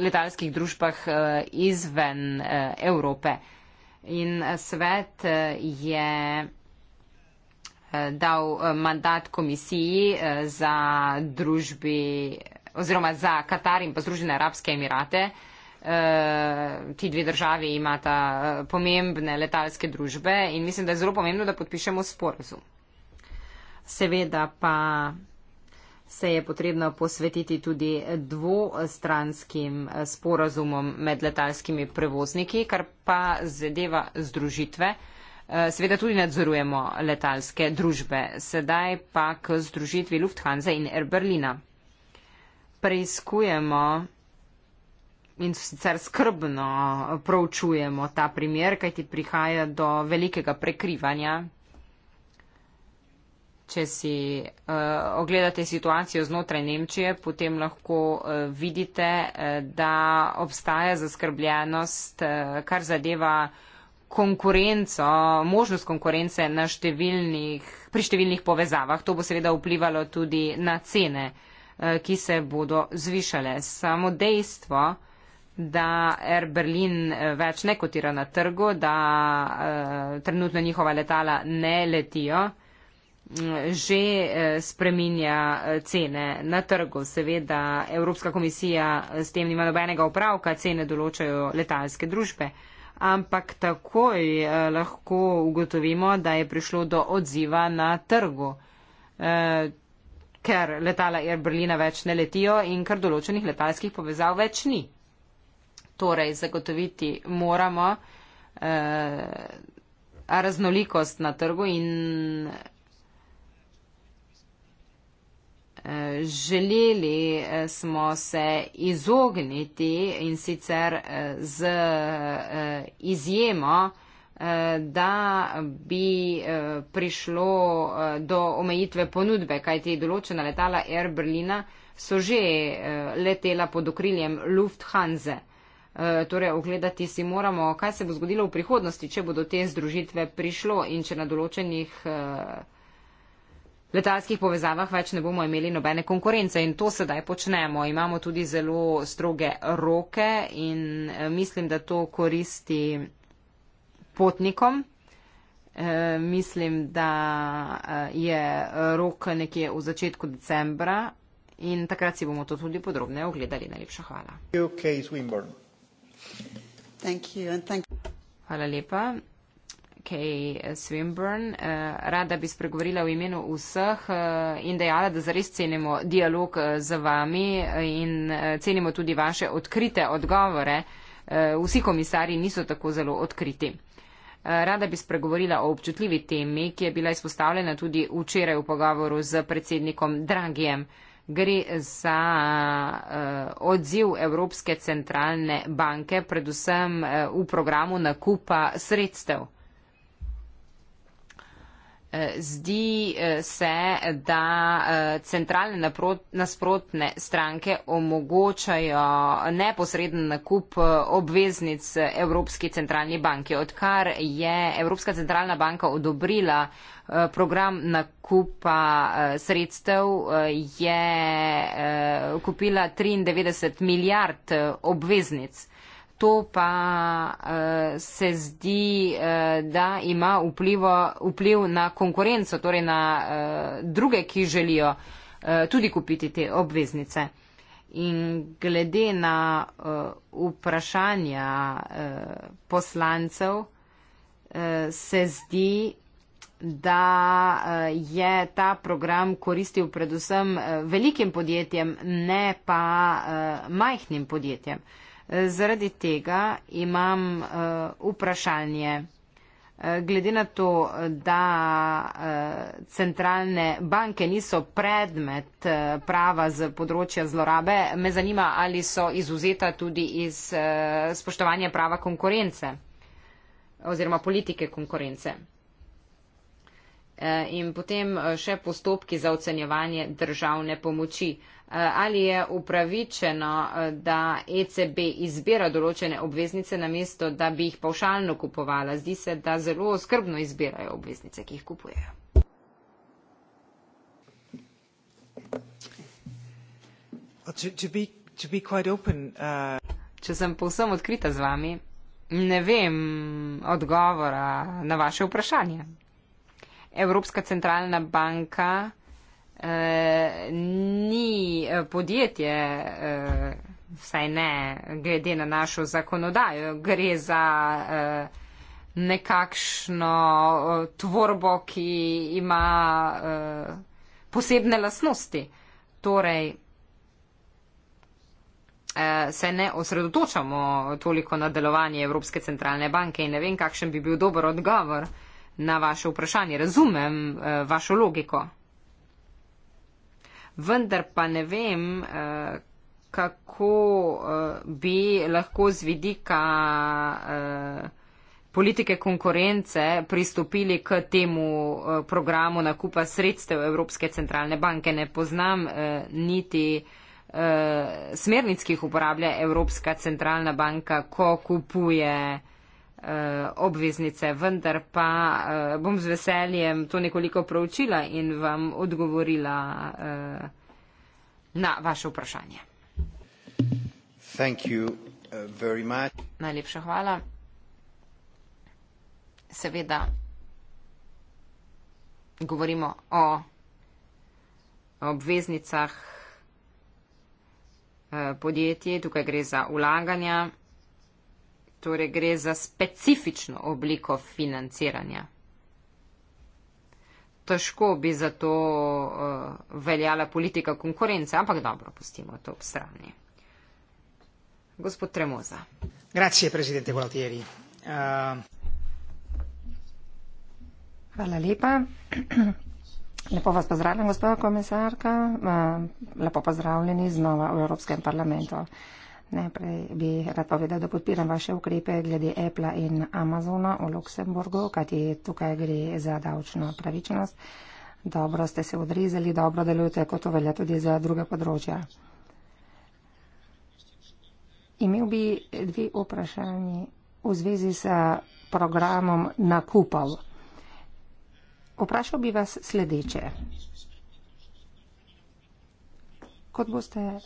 letalskih družbah izven Evrope. In svet je dal eh, mandat komisiji eh, za družbi oziroma za Katar in pa Združene arabske emirate. Eh, ti dve državi imata pomembne letalske družbe in mislim, da je zelo pomembno, da podpišemo sporozum. Seveda pa se je potrebno posvetiti tudi dvostranskim sporozumom med letalskimi prevozniki, kar pa zadeva združitve. Eh, seveda tudi nadzorujemo letalske družbe, sedaj pa k združitvi Lufthansa in Air Berlina. Preiskujemo in sicer skrbno proučujemo ta primer, kajti prihaja do velikega prekrivanja. Če si uh, ogledate situacijo znotraj Nemčije, potem lahko uh, vidite, da obstaja zaskrbljenost, uh, kar zadeva uh, konkurenco, možnost konkurence na številnih, pri številnih povezavah. To bo seveda vplivalo tudi na cene, eh, ki se bodo zvišale. Samo dejstvo, da Air Berlin eh, več ne kotira na trgu, da eh, trenutno njihova letala ne letijo, mm, že spreminja cene na trgu. Seveda Evropska komisija s tem nima nobenega upravka, cene določajo letalske družbe ampak takoj eh, lahko ugotovimo, da je prišlo do odziva na trgu, eh, ker letala Air Berlina več ne letijo in ker določenih letalskih povezav več ni. Torej, zagotoviti moramo eh, raznolikost na trgu in Želeli eh, smo se izogniti in sicer eh, z eh, izjemo, da bi prišlo do omejitve ponudbe, kajti določena letala Air Berlina so že letela pod okriljem Lufthansa. Torej, ogledati si moramo, kaj se bo zgodilo v prihodnosti, če bodo te združitve prišlo in če na določenih letalskih povezavah več ne bomo imeli nobene konkurence in to sedaj počnemo. Imamo tudi zelo stroge roke in eh, mislim, da to koristi potnikom. Eh, mislim, da eh, je rok nekje v začetku decembra in takrat si bomo to tudi podrobneje ogledali. Najlepša hvala. Thank you, Kate Thank you, and thank you. Hvala lepa. Kay Swinburne. Eh, rada bi spregovorila v imenu vseh eh, in dejala, da zares cenimo dialog eh, z vami in cenimo tudi vaše odkrite odgovore. Vsi komisari niso tako zelo odkriti. Rada bi spregovorila o občutljivi temi, ki je bila izpostavljena tudi včeraj v pogovoru z predsednikom Dragijem. Gre za uh, odziv Evropske centralne banke, predvsem uh, v programu nakupa sredstev. Uh, Zdi eh, se, da eh, centralne nasprotne stranke omogočajo neposreden nakup eh, obveznic Evropski centralni banki. Odkar je Evropska centralna banka odobrila program nakupa sredstev, je kupila 93 milijard obveznic to pa uh, se zdi, uh, da ima vplivo, vpliv na konkurenco, torej na uh, druge, ki želijo uh, tudi kupiti te obveznice. In glede na uh, vprašanja uh, poslancev uh, se zdi, da je ta program koristil predvsem velikim podjetjem, ne pa majhnim podjetjem. Zaradi tega imam eh, vprašanje. Eh, glede na to, da eh, centralne banke niso predmet prava z področja zlorabe, me zanima, ali so izuzeta tudi iz spoštovanja prava konkurence oziroma politike konkurence. Eh, in potem eh, še postopki za ocenjevanje državne pomoči. Eh, ali je upravičeno, da ECB izbira določene obveznice na mesto, da bi jih pavšalno kupovala? Zdi se, da zelo skrbno izbirajo obveznice, ki jih kupujejo. Uh, Če sem povsem odkrita z vami, ne vem odgovora na vaše vprašanje. Evropska centralna banka eh, ni eh, podjetje, eh, vsaj ne glede na našo zakonodajo. Gre za eh, nekakšno eh, tvorbo, ki ima eh, posebne lasnosti. Torej, eh, se ne osredotočamo toliko na delovanje Evropske centralne banke in ne vem, kakšen bi bil dober odgovor. Uh, na vaše vprašanje, razumem eh, vašo logiko. Vendar pa ne vem, eh, kako eh, bi lahko z vidika politike konkurence pristopili k temu programu nakupa sredstev Evropske centralne banke. Ne poznam niti smernic, ki jih uporablja Evropska centralna banka, ko kupuje Eh, obveznice, vendar pa eh, bom z veseljem to nekoliko proučila in vam odgovorila eh, na vaše vprašanje. Najlepša hvala. Seveda govorimo o obveznicah podjetij, tukaj gre za vlaganja. Torej gre za specifično obliko financiranja. Težko bi za to uh, veljala politika konkurence, ampak dobro, pustimo to ob strani. Gospod Tremoza. Grazie, predsednik Gualtieri. Uh... Hvala lepa. Lepo vas pozdravljam, gospod komisarka. Eh, lepo pozdravljeni znova v Evropskem parlamentu. Uh, Najprej bi rad povedal, da podpiram vaše ukrepe glede Apple in Amazona v Luksemburgu, kajti tukaj gre za davčno pravičnost. Dobro ste se odrezali, dobro delujete, kot to velja tudi za druga področja. Imel bi dve vprašanje v zvezi s programom nakupov. Vprašal bi vas sledeče. Kot boste eh,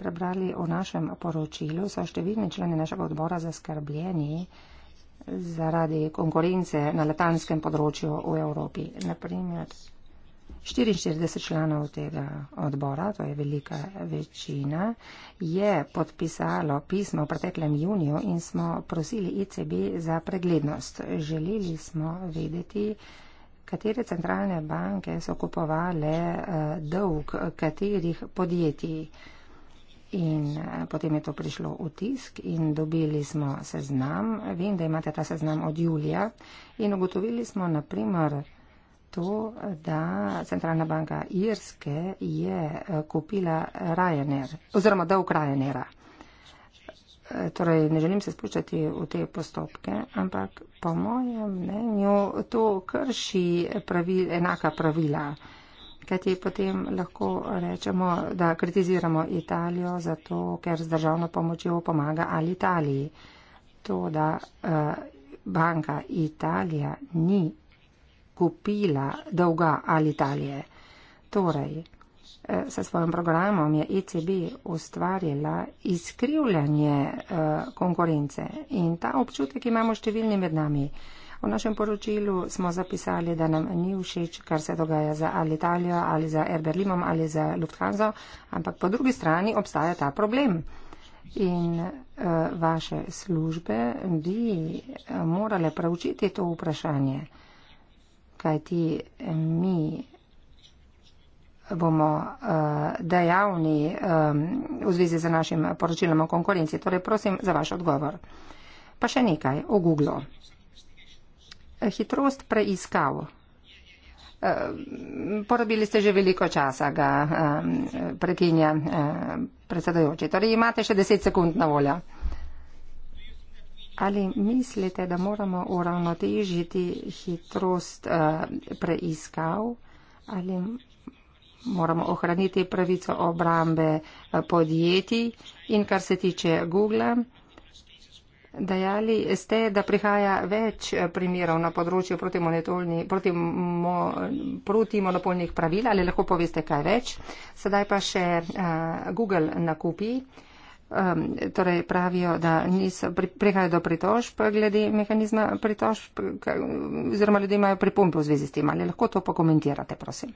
prebrali v našem poročilu, so številni člani našega odbora zaskrbljeni zaradi konkurence na letalskem področju v Evropi. Naprimer, 44 članov tega odbora, to je velika večina, je podpisalo pismo v preteklem juniju in smo prosili ICB za preglednost. Želeli smo vedeti, katere centralne banke so kupovale uh, dolg katerih podjetij. In eh, potem je to prišlo v tisk in dobili smo seznam. Vem, da imate ta seznam od julija in ugotovili smo naprimer to, da Centralna banka Irske je eh, kupila Ryanair oziroma dolg Ryanaira. Torej, ne želim se spuščati v te postopke, ampak po mojem mnenju to krši pravil, enaka pravila. Kajti potem lahko rečemo, da kritiziramo Italijo zato, ker z državno pomočjo pomaga ali Italiji. To, da eh, banka Italija ni kupila dolga ali Italije. Torej, Se svojim programom je ECB ustvarila izkrivljanje eh, konkurence in ta občutek imamo številni med nami. V našem poročilu smo zapisali, da nam ni všeč, kar se dogaja za Alitalijo ali za Air Berlinom ali za Lufthansa, ampak po drugi strani obstaja ta problem. In uh, vaše službe bi eh, morale pravčiti to vprašanje, kaj ti mi bomo uh, dejavni um, v zvezi z našim poročilom o konkurenci. Torej, prosim za vaš odgovor. Pa še nekaj o Google. Hitrost preiskav. Eh, porabili ste že veliko časa, ga prekinja predsedojoči. Torej imate še 10 sekund na voljo. Ali mislite, da moramo uravnotežiti hitrost preiskav ali moramo ohraniti pravico obrambe eh, podjetij in kar se tiče Google, dajali ste, da prihaja več eh, primerov na področju protimonopolnih pravil, ali lahko poveste kaj več. Sedaj pa še eh, Google nakupi. Um, torej pravijo, da niso, pri, prihajajo do pritožb glede mehanizma pritožb, oziroma ljudje imajo pripombe v zvezi s tem. Ali lahko to pokomentirate, prosim?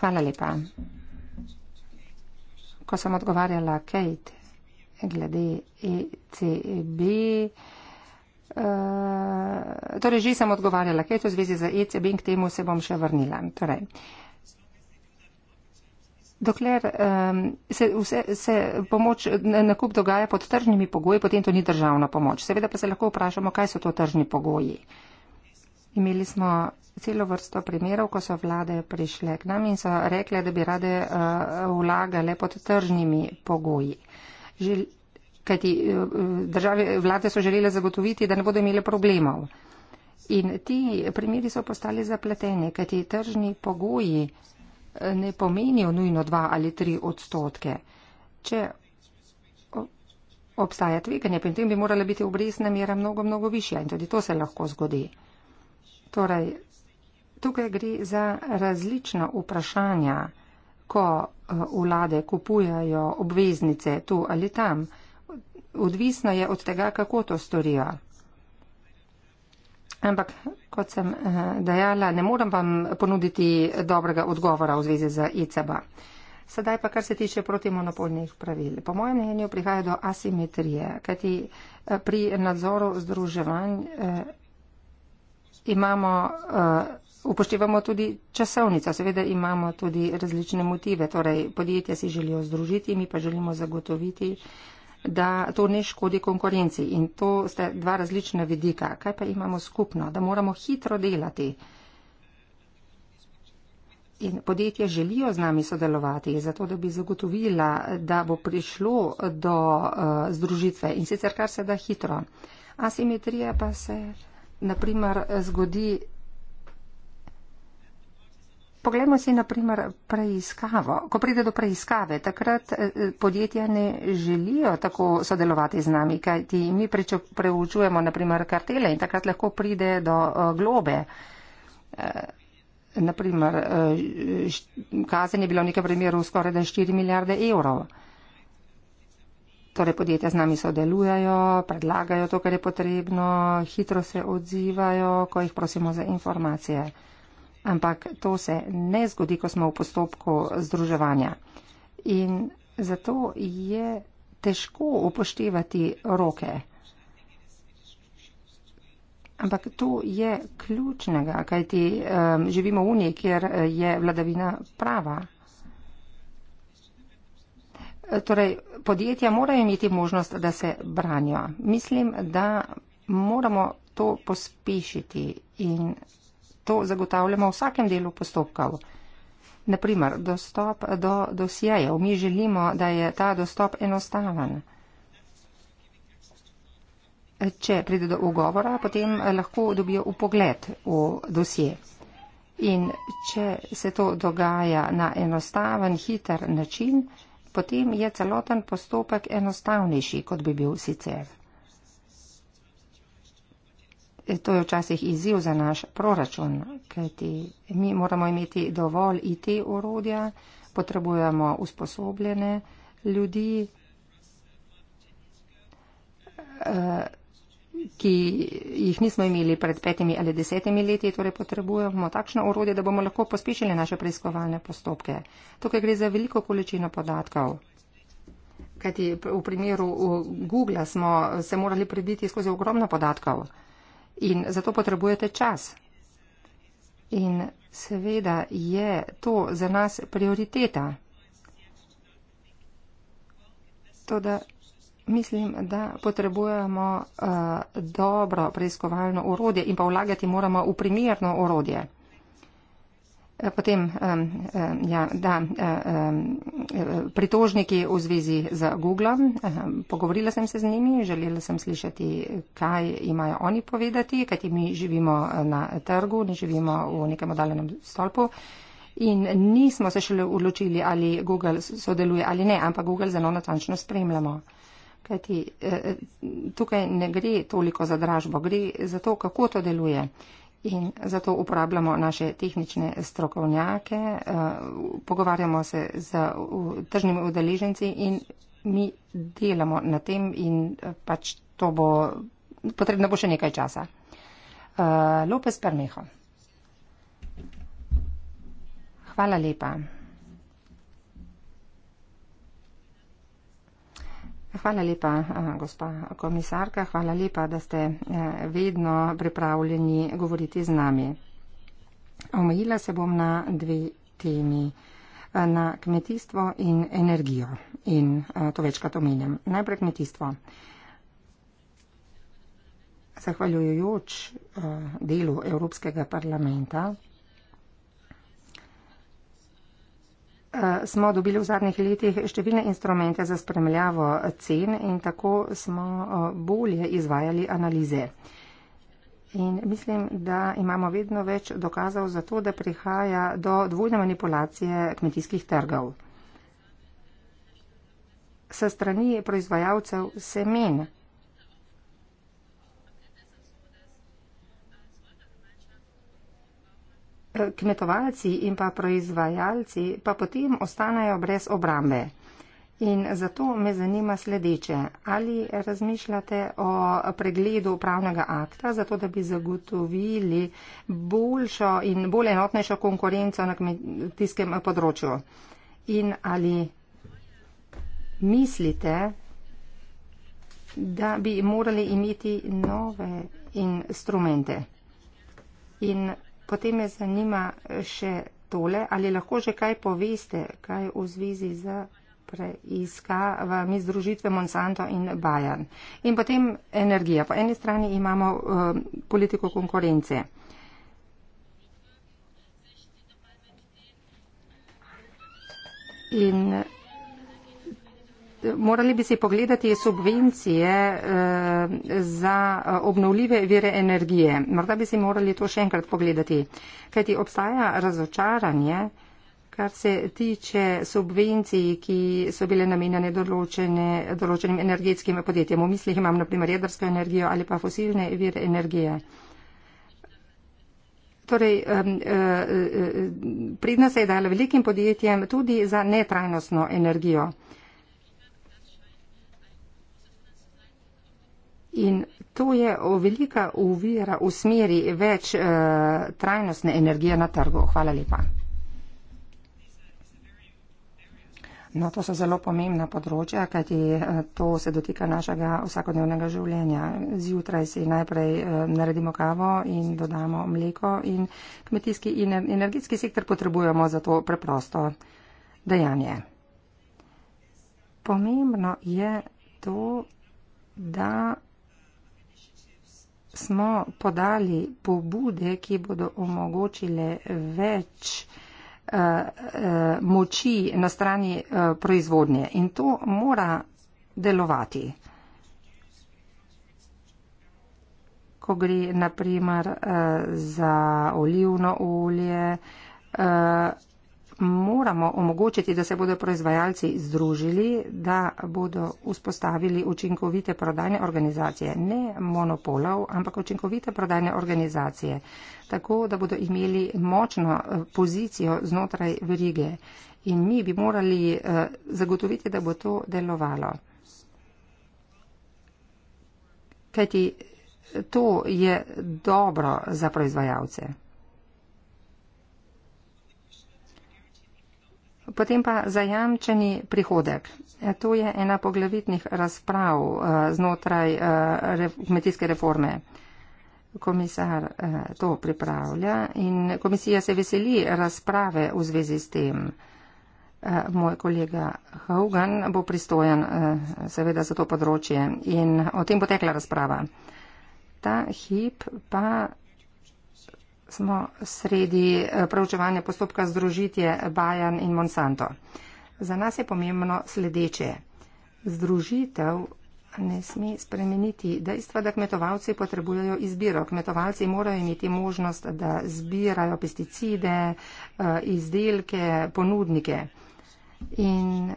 Hvala lepa. Ko sem odgovarjala Kate glede ECB, uh, eh, torej že sem odgovarjala Kate v zvezi z ECB in k temu se bom še vrnila. Torej, Dokler um, se, vse, se pomoč nakup dogaja pod tržnimi pogoji, potem to ni državna pomoč. Seveda pa se lahko vprašamo, kaj so to tržni pogoji. Uh, Imeli smo celo vrsto primerov, ko so vlade prišle k nam in so rekle, da bi rade uh, vlagale pod tržnimi pogoji. Žel, kajti eh, države, vlade so želele zagotoviti, da ne bodo imele problemov. In ti primeri so postali zapleteni, kajti tržni pogoji eh, ne pomenijo nujno dva ali tri odstotke. Če obstaja tveganje, potem bi morala biti obresna mera mnogo, mnogo višja in tudi to se lahko zgodi. Torej, tukaj gre za različna vprašanja, ko eh, vlade kupujajo obveznice tu ali tam. Odvisno je od tega, kako to storijo. Ampak, kot sem eh, dejala, ne moram vam ponuditi dobrega odgovora v zvezi z ECB. Sedaj pa, kar se tiče protimonopolnih pravil. Po mojem mnenju prihaja do asimetrije, kajti eh, pri nadzoru združevanj. Eh, imamo, uh, upoštevamo tudi časovnico, seveda imamo tudi različne motive, torej podjetja si želijo združiti, mi pa želimo zagotoviti, da to ne škodi konkurenci. In to sta dva različna vidika. Kaj pa imamo skupno? Da moramo hitro delati. In podjetja želijo z nami sodelovati, zato da bi zagotovila, da bo prišlo do uh, združitve in sicer kar se da hitro. Asimetrija pa se naprimer zgodi. Poglejmo si naprimer preiskavo. Ko pride do preiskave, takrat eh, podjetja ne želijo tako sodelovati z nami, kajti mi preučujemo naprimer kartele in takrat lahko pride do eh, globe. Eh, naprimer, kazen je bilo v nekem primeru skoraj da 4 milijarde evrov torej podjetja z nami sodelujajo, predlagajo to, kar je potrebno, hitro se odzivajo, ko jih prosimo za informacije. Ampak to se ne zgodi, ko smo v postopku združevanja. In zato je težko upoštevati roke. Ampak to je ključnega, kajti um, živimo v uniji, kjer je vladavina prava. Torej, podjetja morajo imeti možnost, da se branijo. Mislim, da moramo to pospešiti in to zagotavljamo v vsakem delu postopkov. Naprimer, dostop do dosjejev. Mi želimo, da je ta dostop enostaven. Če pride do ugovora, potem lahko dobijo upogled v dosje. In če se to dogaja na enostaven, hiter način, potem je celoten postopek enostavnejši, kot bi bil sicer. To je včasih izziv za naš proračun, kajti mi moramo imeti dovolj IT urodja, potrebujemo usposobljene ljudi. E, ki jih nismo imeli pred petimi ali desetimi leti, torej potrebujemo takšno orodje, da bomo lahko pospešili naše preiskovalne postopke. Tukaj gre za veliko količino podatkov. Kajti v primeru Google smo se morali prebiti skozi ogromno podatkov in zato potrebujete čas. In seveda je to za nas prioriteta. Toda Mislim, da potrebujemo uh, dobro preiskovalno urodje in pa vlagati moramo v primerno urodje. Eh, potem, um, um, ja, da, um, pritožniki v zvezi z Google, um, pogovorila sem se z njimi, želela sem slišati, kaj imajo oni povedati, kajti mi živimo eh, na trgu, ne živimo v nekem oddaljenem stolpu. In nismo se šele odločili, ali Google sodeluje ali ne, ampak Google zelo natančno spremljamo. Kajti eh, tukaj ne gre toliko za dražbo, gre za to, kako to deluje. In zato uporabljamo naše tehnične strokovnjake, eh, pogovarjamo se z tržnimi udeleženci in mi delamo na tem in eh, pač to bo potrebno bo še nekaj časa. Lopes Permeho. Hvala lepa. Hvala lepa, eh, gospa komisarka. Hvala lepa, da ste eh, vedno pripravljeni govoriti z nami. Omejila se bom na dve temi. Eh, na kmetijstvo in energijo. In to večkrat omenjam. Najprej kmetijstvo. Zahvaljujoč delu Evropskega parlamenta Eh, smo dobili v zadnjih letih številne instrumente za spremljavo cen in tako smo eh, bolje izvajali analize. In mislim, da imamo vedno več dokazov za to, da prihaja do dvojne manipulacije kmetijskih trgov. Sa strani proizvajalcev semen kmetovalci in pa proizvajalci pa potem ostanejo brez obrambe. In zato me zanima sledeče, ali razmišljate o pregledu upravnega akta, zato da bi zagotovili boljšo in bolj enotnejšo konkurenco na kmetijskem področju. In ali mislite, da bi morali imeti nove instrumente. In Potem me zanima še tole, ali lahko že kaj poveste, kaj v zvezi z preiskavami združitve Monsanto in Bayern. In potem energija. Po eni strani imamo um, politiko konkurence. In morali bi si pogledati subvencije eh, za eh, obnovljive vire energije. Morda bi si morali to še enkrat pogledati, kajti obstaja razočaranje, kar se tiče subvencij, ki so bile namenjene določenim energetskim podjetjem. V mislih imam naprimer jedrsko energijo ali pa fosilne vire energije. Torej, eh, prednost se je dala velikim podjetjem tudi za netrajnostno energijo. In to je velika uvira v smeri več e, trajnostne energije na trgu. Hvala lepa. No, to so zelo pomembna področja, kajti eh, to se dotika našega vsakodnevnega življenja. Zjutraj si najprej eh, naredimo kavo in dodamo mleko in kmetijski in energetski sektor potrebujemo za to preprosto dejanje. Pomembno je to, da smo podali pobude, ki bodo omogočile več eh, eh, moči na strani eh, proizvodnje in to mora delovati. Ko gre naprimer za olivno olje, moramo omogočiti, da se bodo proizvajalci združili, da bodo vzpostavili učinkovite prodajne organizacije, ne monopolov, ampak učinkovite prodajne organizacije, tako da bodo imeli močno eh, pozicijo znotraj verige in mi bi morali eh, zagotoviti, da bo to delovalo. Kajti to je dobro za proizvajalce. Potem pa zajamčeni prihodek. E, to je ena poglavitnih razprav e, znotraj e, kmetijske reforme. Komisar to pripravlja in komisija se veseli razprave v zvezi s tem. Moj kolega Haugan bo pristojen seveda za to področje in o tem bo tekla razprava. Ta hip pa smo sredi eh, preučevanja postopka združitje Bajan in Monsanto. Za nas je pomembno sledeče. Združitev ne sme spremeniti dejstva, da kmetovalci potrebujejo izbiro. Kmetovalci morajo imeti možnost, da zbirajo pesticide, eh, izdelke, ponudnike. In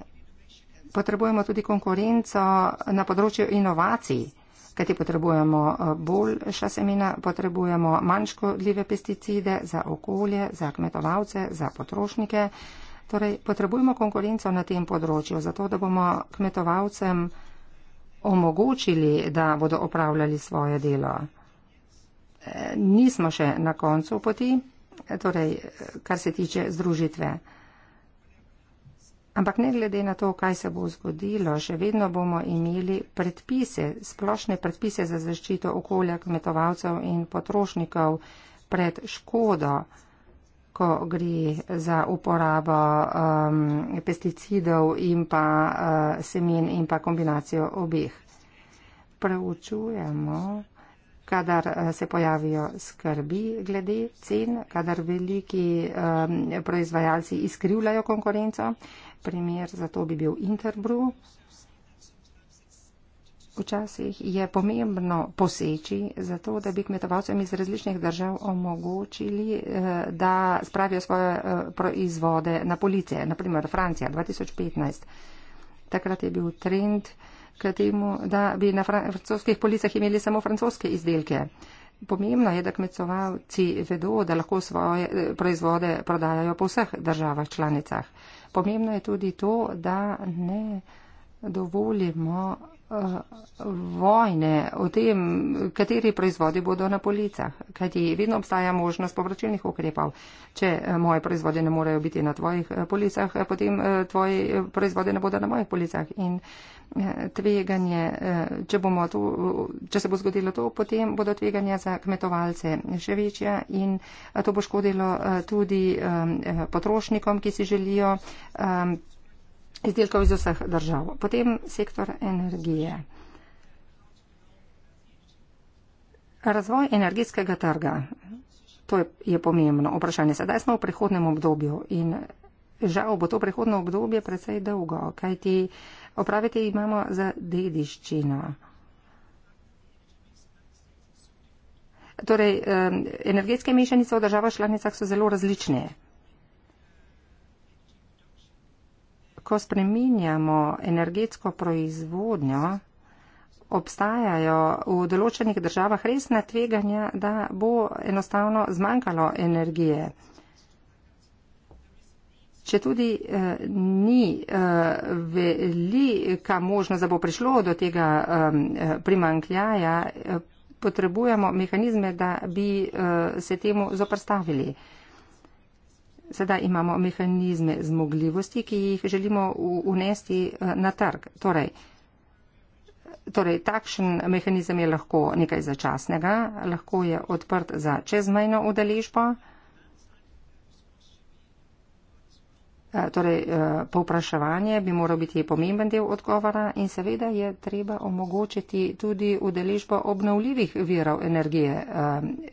potrebujemo tudi konkurenco na področju inovacij kajti potrebujemo eh, boljša semena, potrebujemo manj škodljive pesticide za okolje, za kmetovalce, za potrošnike. Torej, potrebujemo konkurenco na tem področju, zato da bomo kmetovalcem omogočili, da bodo opravljali svoje delo. Eh, nismo še na koncu poti, torej, eh, kar se tiče združitve. Ampak ne glede na to, kaj se bo zgodilo, še vedno bomo imeli predpise, splošne predpise za zaščito okolja kmetovalcev in potrošnikov pred škodo, ko gre za uporabo um, pesticidov in pa uh, semen in pa kombinacijo obeh. Preučujemo, kadar uh, se pojavijo skrbi glede cen, kadar veliki um, proizvajalci izkrivljajo konkurenco, Primer za to bi bil Interbrew. Včasih je pomembno poseči za to, da bi kmetovalcem iz različnih držav omogočili, eh, da spravijo svoje eh, proizvode na police. Naprimer, Francija 2015. Takrat je bil trend k temu, da bi na francoskih policah imeli samo francoske izdelke. Pomembno je, da kmetovalci vedo, da lahko svoje eh, proizvode prodajajo po vseh državah članicah. Pomembno je tudi to, da ne dovolimo eh, vojne o tem, kateri proizvodi bodo na policah. Kajti vedno obstaja možnost povračilnih ukrepov. Če eh, moje proizvode ne morejo biti na tvojih eh, policah, potem tvoje proizvode ne bodo na mojih policah. In tveganje, če, bomo to, če se bo zgodilo to, potem bodo tveganja za kmetovalce še večja in to bo škodilo tudi potrošnikom, ki si želijo izdelkov iz vseh držav. Potem sektor energije. Razvoj energetskega trga. To je, je pomembno vprašanje. Sedaj smo v prihodnem obdobju in žal bo to prihodno obdobje predvsej dolgo, kajti opraviti imamo za dediščino. Torej, energetske mešanice v državah članicah so zelo različne. ko spreminjamo energetsko proizvodnjo, obstajajo v določenih državah resna tveganja, da bo enostavno zmanjkalo energije. Če tudi eh, ni eh, velika možnost, da bo prišlo do tega eh, eh primankljaja, eh, potrebujemo mehanizme, da bi eh, se temu zoprstavili. Eh, Sedaj imamo mehanizme zmogljivosti, ki jih želimo unesti eh, na trg. Torej, torej, takšen mehanizem je lahko nekaj začasnega, lahko je odprt za čezmejno udeležbo. Eh, torej, eh, povpraševanje bi moral biti pomemben del odgovora in seveda je treba omogočiti tudi udeležbo obnovljivih virov energije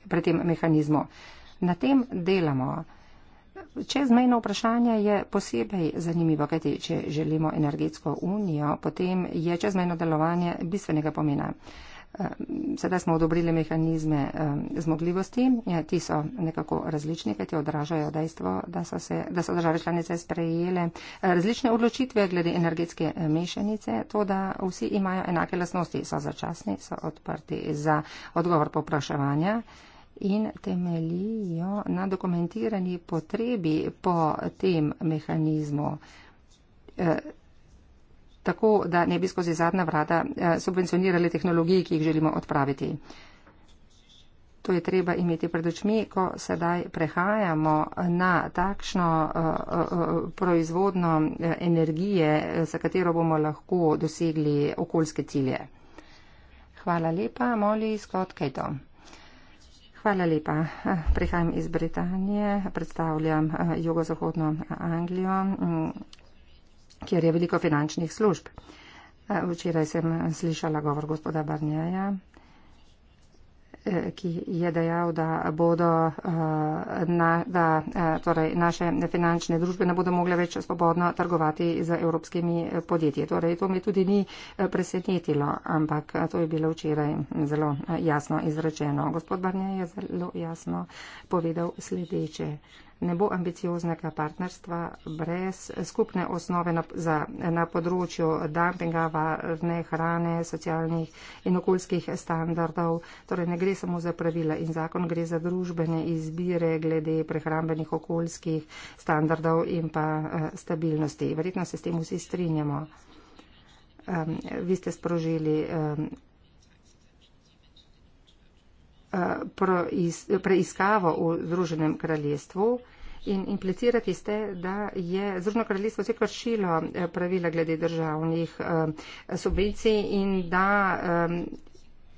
pri tem mehanizmu. Na tem delamo. Čezmejno vprašanje je posebej zanimivo, kajti če želimo energetsko unijo, potem je čezmejno delovanje bistvenega pomena. Eh, sedaj smo odobrili mehanizme eh, zmogljivosti, eh, ti so nekako različni, kajti odražajo dejstvo, da so, se, da so države članice sprejele različne odločitve glede energetske mešanice, to da vsi imajo enake lasnosti, so začasni, so odprti za odgovor popraševanja. Po in temelijo na dokumentirani potrebi po tem mehanizmu. E, tako, da ne bi skozi zadnja vrata e, subvencionirali tehnologiji, ki jih želimo odpraviti. To je treba imeti pred očmi, ko sedaj prehajamo na takšno e, proizvodno energije, za katero bomo lahko dosegli okoljske cilje. Hvala lepa, Moli Scott Kato. Hvala lepa. Prihajam iz Britanije, predstavljam eh, jugozahodno eh, Anglijo, kjer je veliko finančnih služb. Eh, včeraj sem slišala govor gospoda Barnjaja ki je dejal, da bodo eh, na, da, eh, torej, naše finančne družbe ne bodo mogle več spobodno trgovati z evropskimi eh, podjetji. Torej, to me tudi ni presenetilo, ampak to je bilo včeraj mm, zelo jasno izrečeno. Gospod Barnje je zelo jasno povedal sledeče ne bo ambicioznega partnerstva brez skupne osnove na, za, na področju dumpinga, varne hrane, socialnih in okoljskih standardov. Torej ne gre samo za pravila in zakon, gre za družbene izbire glede prehrambenih okoljskih standardov in pa eh, stabilnosti. Verjetno se s tem vsi strinjamo. Um, vi ste sprožili um, Eh, preiskavo v Združenem kraljestvu in implicirati ste, da je Združeno kraljestvo vse kršilo eh, pravila glede državnih eh, subvencij in da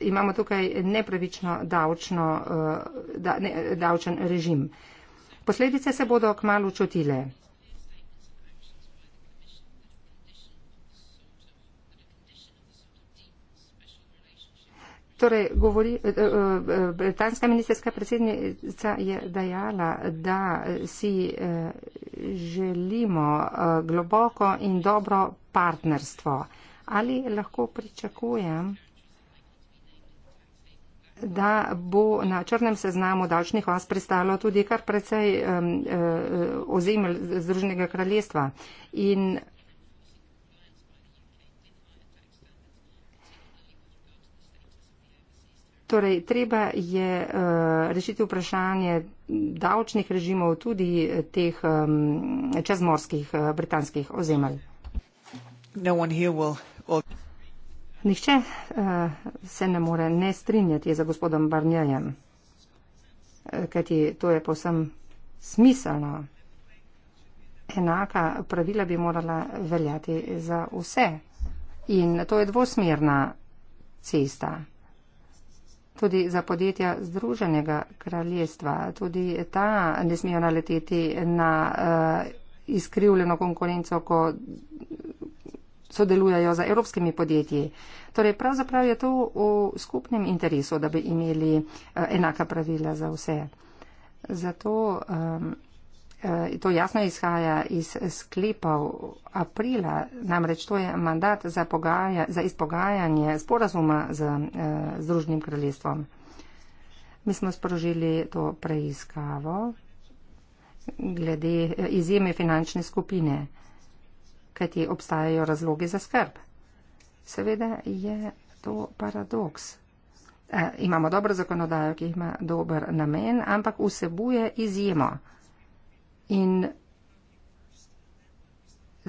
imamo tukaj nepravično davčno, da, ne, davčen režim. Posledice se bodo kmalo čutile. Torej, govori, eh, eh, eh, britanska ministerska predsednica je dejala, da si eh, želimo eh, globoko in dobro partnerstvo. Ali lahko pričakujem, da bo na črnem seznamu davčnih vas pristalo tudi kar precej eh, eh, ozemelj Združenega kraljestva? In Torej, treba je uh, rešiti vprašanje davčnih režimov tudi teh um, čezmorskih uh, britanskih ozemelj. No will, or... Nihče uh, se ne more ne strinjati za gospodom Barnjajem, kajti to je posem smiselno. Enaka pravila bi morala veljati za vse. In to je dvosmerna cesta tudi za podjetja Združenega kraljestva. Tudi ta ne smijo naleteti na uh, izkrivljeno konkurenco, ko sodelujajo z evropskimi podjetji. Torej, pravzaprav je to v skupnem interesu, da bi imeli uh, enaka pravila za vse. Zato um, Eh, to jasno izhaja iz sklepov aprila, namreč to je mandat za, pogaja, za izpogajanje sporazuma z eh, Združnim kraljestvom. Mi smo sprožili to preiskavo glede eh, izjeme finančne skupine, kajti obstajajo razloge za skrb. Seveda je to paradoks. Imamo dobro zakonodajo, ki ima dober namen, ampak vsebuje izjemo. In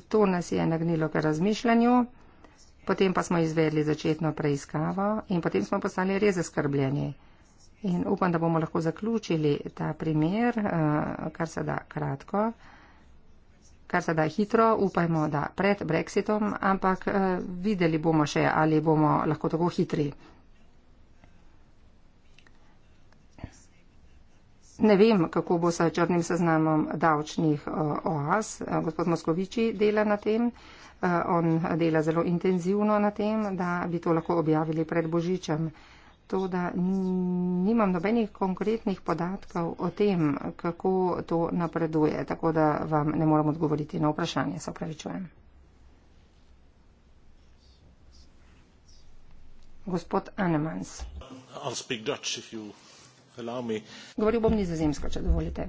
to nas je nagnilo k razmišljanju. Potem pa smo izvedli začetno preiskavo in potem smo postali res zaskrbljeni. In upam, da bomo lahko zaključili ta primer, eh, kar se da kratko, kar se da hitro, upajmo, da pred Brexitom, ampak eh, videli bomo še, ali bomo lahko tako hitri. ne vem, kako bo s črnim seznamom davčnih eh, oaz. Eh, gospod Moskoviči dela na tem. Eh, on dela zelo intenzivno na tem, da bi to lahko objavili pred Božičem. To, da nimam nobenih konkretnih podatkov o tem, kako to napreduje, tako da vam ne moram odgovoriti na vprašanje, se opravičujem. Gospod Anemans. Hlami. Govoril bom nizozemsko, če dovolite.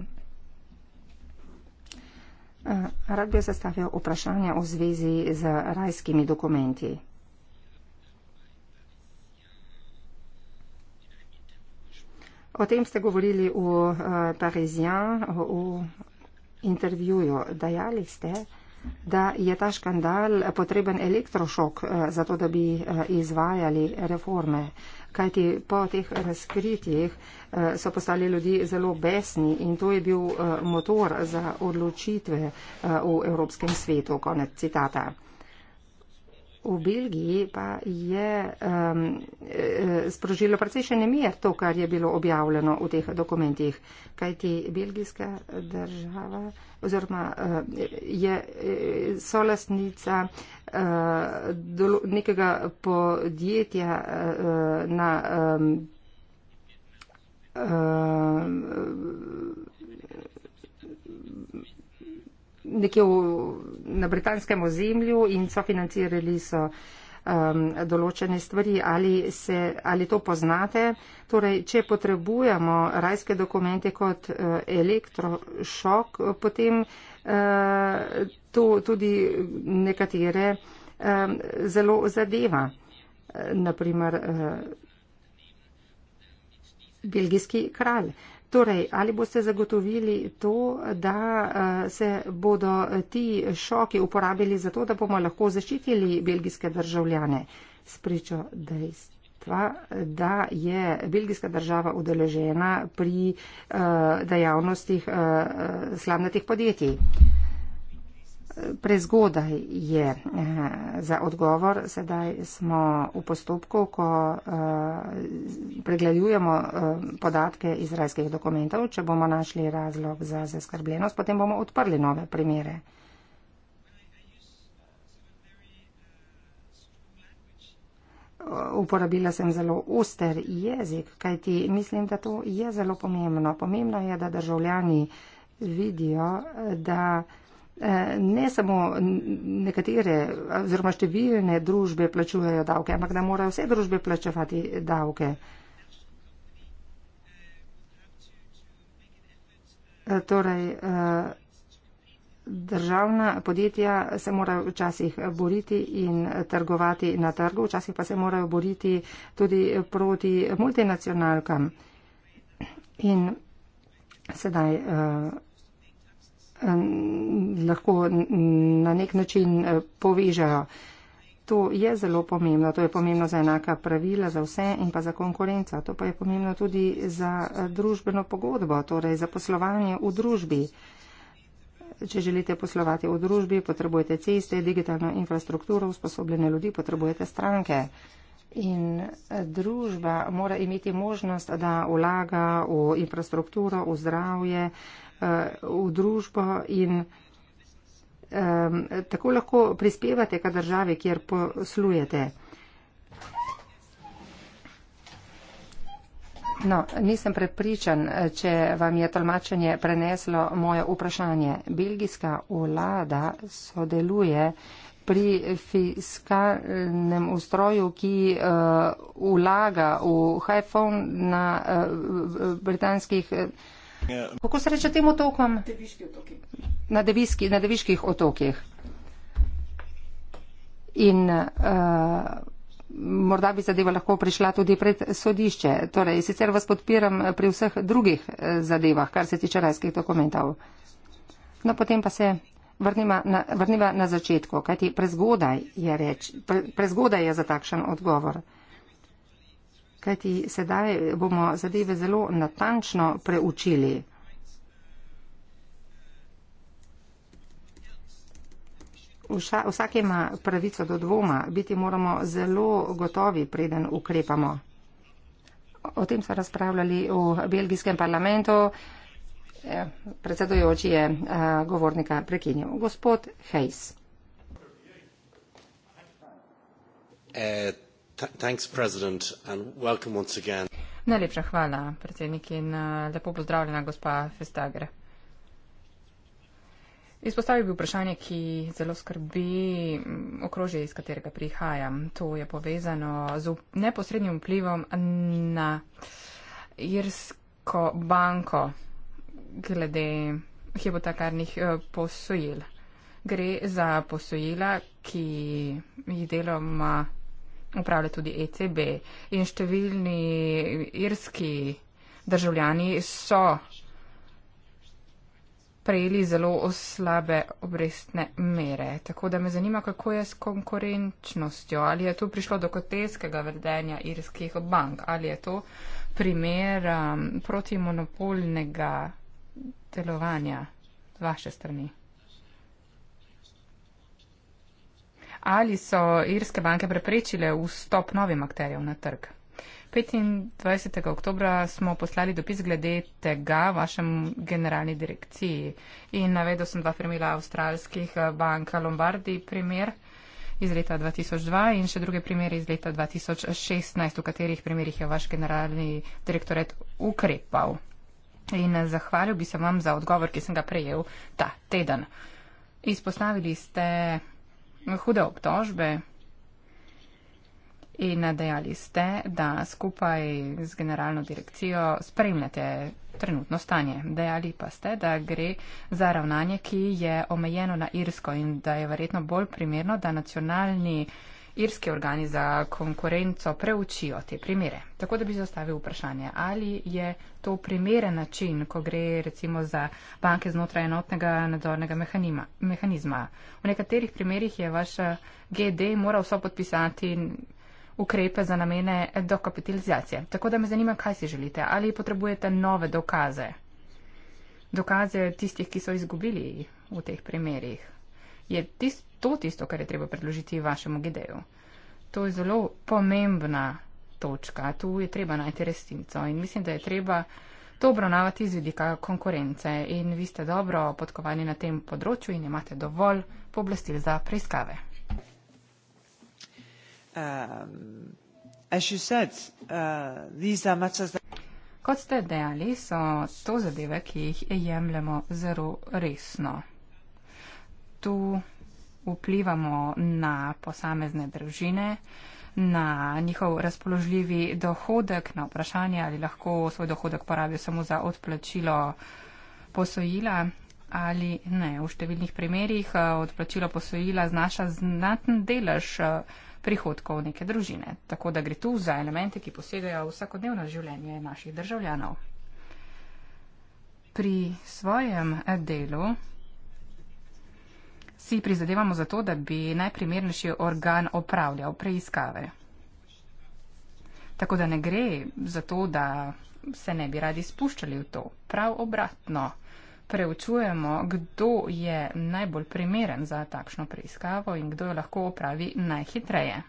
Eh, rad bi zastavil vprašanje v zvezi z rajskimi dokumenti. O tem ste govorili v eh, Parizijan, v intervjuju. Dajali ste, da je ta škandal potreben elektrošok, eh, zato da bi eh, izvajali reforme. Kajti po teh razkritjih eh, so postali ljudi zelo besni in to je bil motor za odločitve v Evropskem svetu. Konec citata v Belgiji pa je um, eh, sprožilo precejšen nemir to, kar je bilo objavljeno v teh dokumentih. Kajti belgijska država oziroma uh, je eh, solastnica uh, nekega podjetja uh, na. Um, uh, nekje v, na britanskem ozemlju in so financirali so um, določene stvari. Ali, se, ali to poznate? Torej, če potrebujemo rajske dokumente kot uh, elektrošok, potem uh, to tudi nekatere um, zelo zadeva. Uh, naprimer, uh, belgijski kralj. Uh, Torej, ali boste zagotovili to, da eh, se bodo eh, ti šoki uporabili za to, da bomo lahko zaščitili belgijske državljane s pričo dejstva? da je belgijska država udeležena pri uh, dejavnostih uh, slamnatih podjetij. Uh, prezgodaj je eh, za odgovor. Sedaj smo v postopku, ko eh, pregledujemo eh, podatke izraelskih dokumentov. Če bomo našli razlog za zaskrbljenost, potem bomo odprli nove primere. Uporabila sem zelo oster jezik, kajti mislim, da to je zelo pomembno. Pomembno je, da državljani vidijo, da. Eh, ne samo nekatere oziroma številne družbe plačujejo davke, ampak da morajo vse družbe plačevati davke. Eh, torej, eh, državna podjetja se morajo včasih boriti in trgovati na trgu, včasih pa se morajo boriti tudi proti multinacionalkam. In sedaj uh, lahko na nek način eh, povežajo. To je zelo pomembno. To je pomembno za enaka pravila za vse in pa za konkurenca. To pa je pomembno tudi za eh, družbeno pogodbo, torej za poslovanje v družbi. Če želite poslovati v družbi, potrebujete ceste, digitalno infrastrukturo, usposobljene ljudi, potrebujete stranke. In eh, družba mora imeti možnost, da vlaga v infrastrukturo, v zdravje, Eh, v družbo in um, tako lahko prispevate ka državi, kjer poslujete. No, nisem prepričan, če vam je tolmačenje preneslo moje vprašanje. Belgijska vlada sodeluje pri fiskalnem ustroju, ki uh, vlaga v high phone na uh, britanskih. Uh, Ja. Kako se reče tem otokom? Na, deviski, na deviških otokih. In uh, morda bi zadeva lahko prišla tudi pred sodišče. Torej, sicer vas podpiram pri vseh drugih eh, zadevah, kar se tiče rajskih dokumentov. No, potem pa se vrnima na, vrnima na začetku, kajti prezgodaj je, reč, pre, prezgodaj je za takšen odgovor kajti sedaj bomo zadeve zelo natančno preučili. Vša, vsak ima pravico do dvoma, biti moramo zelo gotovi, preden ukrepamo. O tem so razpravljali v belgijskem parlamentu. Ja, predsedujoči je eh, govornika prekinil. Gospod Hejs. Et. Eh, Najlepša hvala, predsednik, in uh, lepo pozdravljena, gospa Festager. Izpostavil bi vprašanje, ki zelo skrbi mm, okrožje, iz katerega prihajam. To je povezano z neposrednim vplivom na Irsko banko glede hipotekarnih eh, posojil. Gre za posojila, ki jih deloma upravlja tudi ECB in številni irski državljani so prejeli zelo slabe obrestne mere. Tako da me zanima, kako je s konkurenčnostjo. Ali je tu prišlo do koteskega vedenja irskih bank? Ali je to primer um, protimonopolnega delovanja z vaše strani? ali so irske banke preprečile vstop novim akterjev na trg. 25. oktober smo poslali dopis glede tega vašem generalni direkciji in navedel sem dva primera avstralskih eh, bank Lombardi primer iz leta 2002 in še druge primere iz leta 2016, v katerih primerih je vaš generalni direktorat ukrepal. In eh, zahvalil bi se vam za odgovor, ki sem ga prejel ta teden. Izpostavili ste hude obtožbe. In dejali ste, da skupaj z generalno direkcijo spremljate trenutno stanje. Dejali pa ste, da gre za ravnanje, ki je omejeno na Irsko in da je verjetno bolj primerno, da nacionalni. Irski organi za konkurenco preučijo te primere. Tako da bi zastavil vprašanje, ali je to primeren način, ko gre recimo za banke znotraj enotnega nadzornega mehanizma. V nekaterih primerjih je vaš eh, GD moral so podpisati ukrepe za namene dokapitalizacije. Tako da me zanima, kaj si želite. Ali potrebujete nove dokaze? Dokaze tistih, ki so izgubili v teh primerih. Je tisti to tisto, kar je treba predložiti vašemu gedeju. To je zelo pomembna točka, tu je treba najti resnico in mislim, da je treba to obravnavati z vidika konkurence in vi ste dobro podkovani na tem področju in imate dovolj pooblastil za preiskave. Um, said, uh, as... Kot ste dejali, so to zadeve, ki jih jemljemo zelo resno. Tu vplivamo na posamezne družine, na njihov razpoložljivi dohodek, na vprašanje, ali lahko svoj dohodek porabijo samo za odplačilo posojila ali ne. V številnih primerjih eh, odplačilo posojila znaša znaten delež eh, prihodkov neke družine. Tako da gre tu za elemente, ki posegajo vsakodnevno življenje naših državljanov. Pri svojem delu si prizadevamo za to, da bi najprimernejši organ opravljal preiskave. Tako da ne gre za to, da se ne bi radi spuščali v to. Prav obratno, preučujemo, kdo je najbolj primeren za takšno preiskavo in kdo jo lahko opravi najhitreje.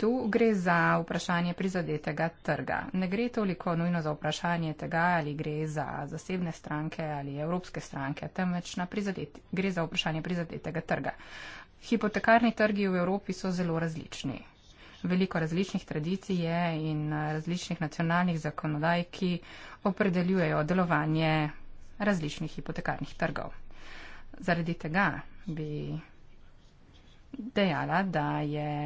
Tu gre za vprašanje prizadetega trga. Ne gre toliko nujno za vprašanje tega, ali gre za zasebne stranke ali evropske stranke, temveč gre za vprašanje prizadetega trga. Hipotekarni trgi v Evropi so zelo različni. Veliko različnih tradicij je in različnih nacionalnih zakonodaj, ki opredeljujejo delovanje različnih hipotekarnih trgov. Zaradi tega bi dejala, da je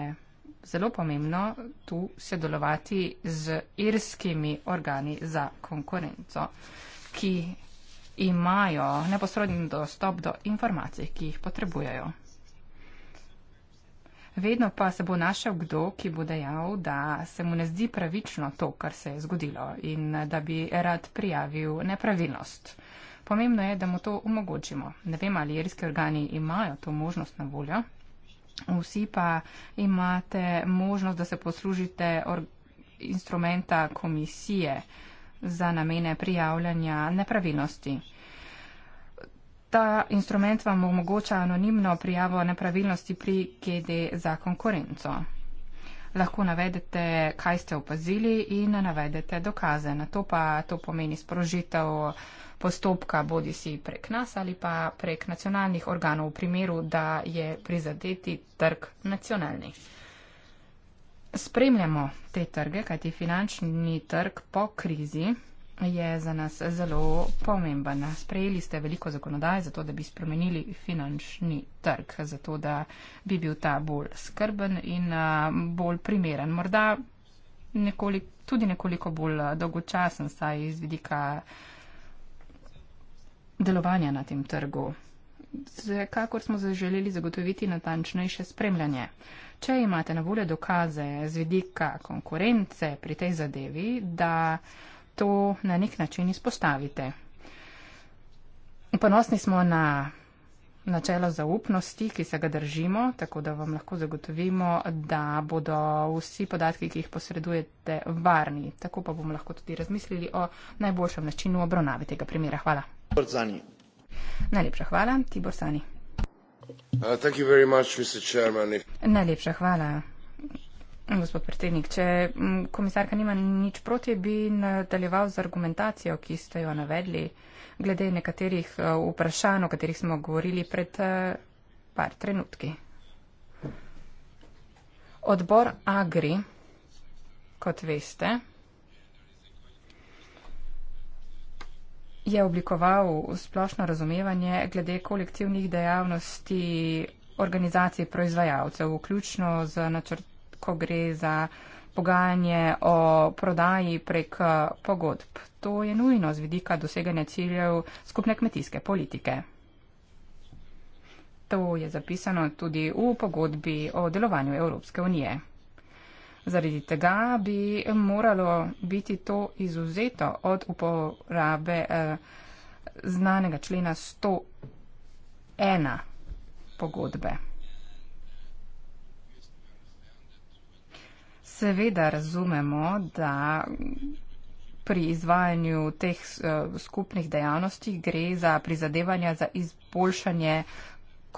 zelo pomembno tu sodelovati z irskimi organi za konkurenco, ki imajo neposreden dostop do informacij, ki jih potrebujejo. Vedno pa se bo našel kdo, ki bo dejal, da se mu ne zdi pravično to, kar se je zgodilo in da bi rad prijavil nepravilnost. Pomembno je, da mu to omogočimo. Ne vem, ali irski organi imajo to možnost na voljo vsi pa imate možnost, da se poslužite instrumenta komisije za namene prijavljanja nepravilnosti. Ta instrument vam omogoča anonimno prijavo nepravilnosti pri GD za konkurenco lahko navedete, kaj ste opazili in navedete dokaze. Na to pa to pomeni sprožitev postopka bodi si prek nas ali pa prek nacionalnih organov v primeru, da je prizadeti trg nacionalni. Spremljamo te trge, kajti finančni trg po krizi je za nas zelo pomemben. Sprejeli ste veliko zakonodaj za to, da bi spremenili finančni trg, za to, da bi bil ta bolj skrben in bolj primeren. Morda nekolik, tudi nekoliko bolj dolgočasen, saj iz vidika delovanja na tem trgu. Zakakor smo zaželeli zagotoviti natančnejše spremljanje. Če imate na voljo dokaze z vidika konkurence pri tej zadevi, da to na nek način izpostavite. Ponosni smo na načelo zaupnosti, ki se ga držimo, tako da vam lahko zagotovimo, da bodo vsi podatki, ki jih posredujete, varni. Tako pa bomo lahko tudi razmislili o najboljšem načinu obravnave tega primera. Hvala. Borsani. Najlepša hvala, Tibor Sani. Uh, much, Najlepša hvala, Gospod predsednik, če komisarka nima nič proti, bi nadaljeval z argumentacijo, ki ste jo navedli glede nekaterih eh, vprašanj, o katerih smo govorili pred eh, par trenutki. Odbor Agri, kot veste, je oblikoval splošno razumevanje glede kolektivnih dejavnosti organizacij proizvajalcev, vključno z načrtom ko gre za pogajanje o prodaji prek pogodb. To je nujno z vidika doseganja ciljev skupne kmetijske politike. To je zapisano tudi v pogodbi o delovanju Evropske unije. Zaradi tega bi moralo biti to izuzeto od uporabe eh, znanega člena 101 pogodbe. Seveda razumemo, da pri izvajanju teh eh, skupnih dejavnosti gre za prizadevanja za izboljšanje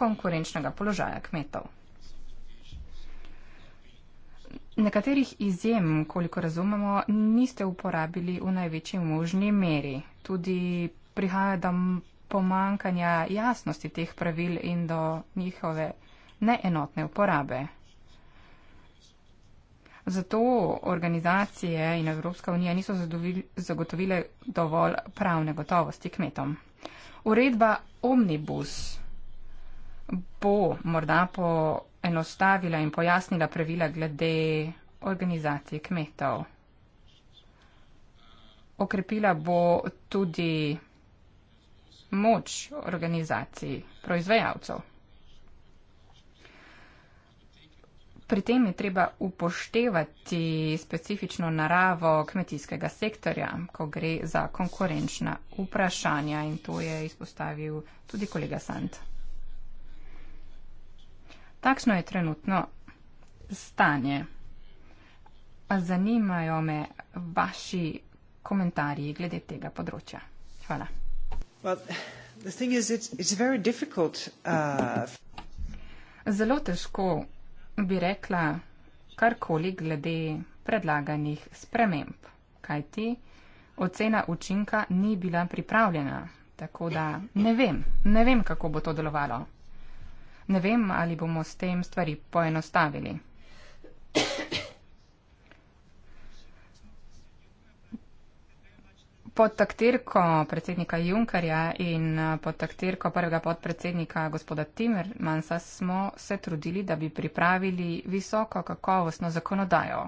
konkurenčnega položaja kmetov. Nekaterih izjem, koliko razumemo, niste uporabili v največji možni meri. Tudi prihaja do pomankanja jasnosti teh pravil in do njihove neenotne uporabe. Zato organizacije in Evropska unija niso zagotovile dovolj pravne gotovosti kmetom. Uredba Omnibus bo morda poenostavila in pojasnila pravila glede organizacije kmetov. Okrepila bo tudi moč organizacij proizvajalcev. pri tem je treba upoštevati specifično naravo kmetijskega sektorja, ko gre za konkurenčna vprašanja in to je izpostavil tudi kolega Sand. Takšno je trenutno stanje. Zanimajo me vaši komentarji glede tega področja. Hvala. Well, is, it's, it's very uh... Zelo težko bi rekla karkoli glede predlaganih sprememb, kajti ocena učinka ni bila pripravljena, tako da ne vem, ne vem, kako bo to delovalo. Ne vem, ali bomo s tem stvari poenostavili. pod taktirko predsednika Junkarja in eh, pod taktirko prvega podpredsednika gospoda Timmermansa smo se trudili, da bi pripravili visoko kakovostno zakonodajo,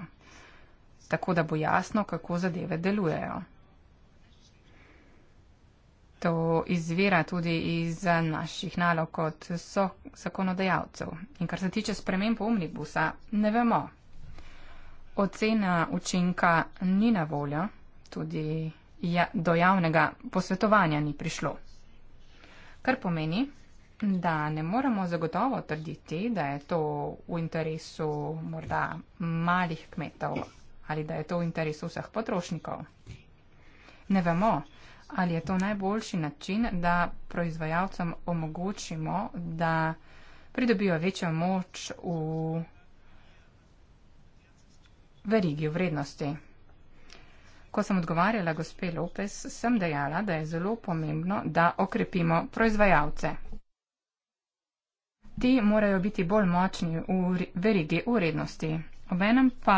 tako da bo jasno, kako zadeve delujejo. To izvira tudi iz naših nalog kot so zakonodajalcev. In kar se tiče sprememb omnibusa, ne vemo. Ocena učinka ni na voljo, tudi ja, do javnega posvetovanja ni prišlo. Kar pomeni, da ne moremo zagotovo trditi, da je to v interesu morda malih kmetov ali da je to v interesu vseh potrošnikov. Ne vemo, ali je to najboljši način, da proizvajalcem omogočimo, da pridobijo večjo moč v verigi vrednosti. Ko sem odgovarjala gospe Lopes, sem dejala, da je zelo pomembno, da okrepimo proizvajalce. Ti morajo biti bolj močni v verigi urednosti, obenem pa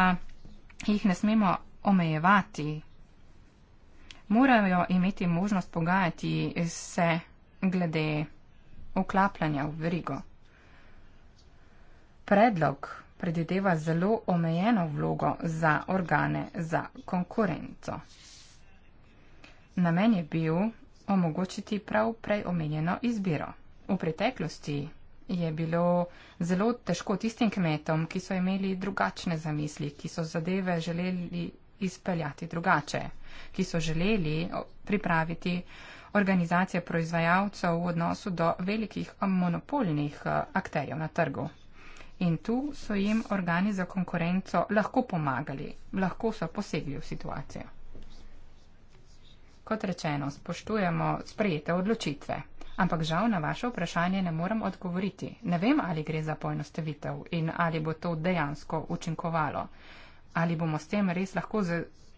jih ne smemo omejevati. Morajo imeti možnost pogajati se glede uklapljanja v verigo. Predlog predvideva zelo omejeno vlogo za organe za konkurenco. Namen je bil omogočiti prav prej omenjeno izbiro. V preteklosti je bilo zelo težko tistim kmetom, ki so imeli drugačne zamisli, ki so zadeve želeli izpeljati drugače, ki so želeli pripraviti organizacije proizvajalcev v odnosu do velikih monopolnih eh, akterjev na trgu. In tu so jim organi za konkurenco lahko pomagali, lahko so posegli v situacijo. Kot rečeno, spoštujemo sprejete odločitve, ampak žal na vaše vprašanje ne morem odgovoriti. Ne vem, ali gre za poenostavitev in ali bo to dejansko učinkovalo, ali bomo s tem res lahko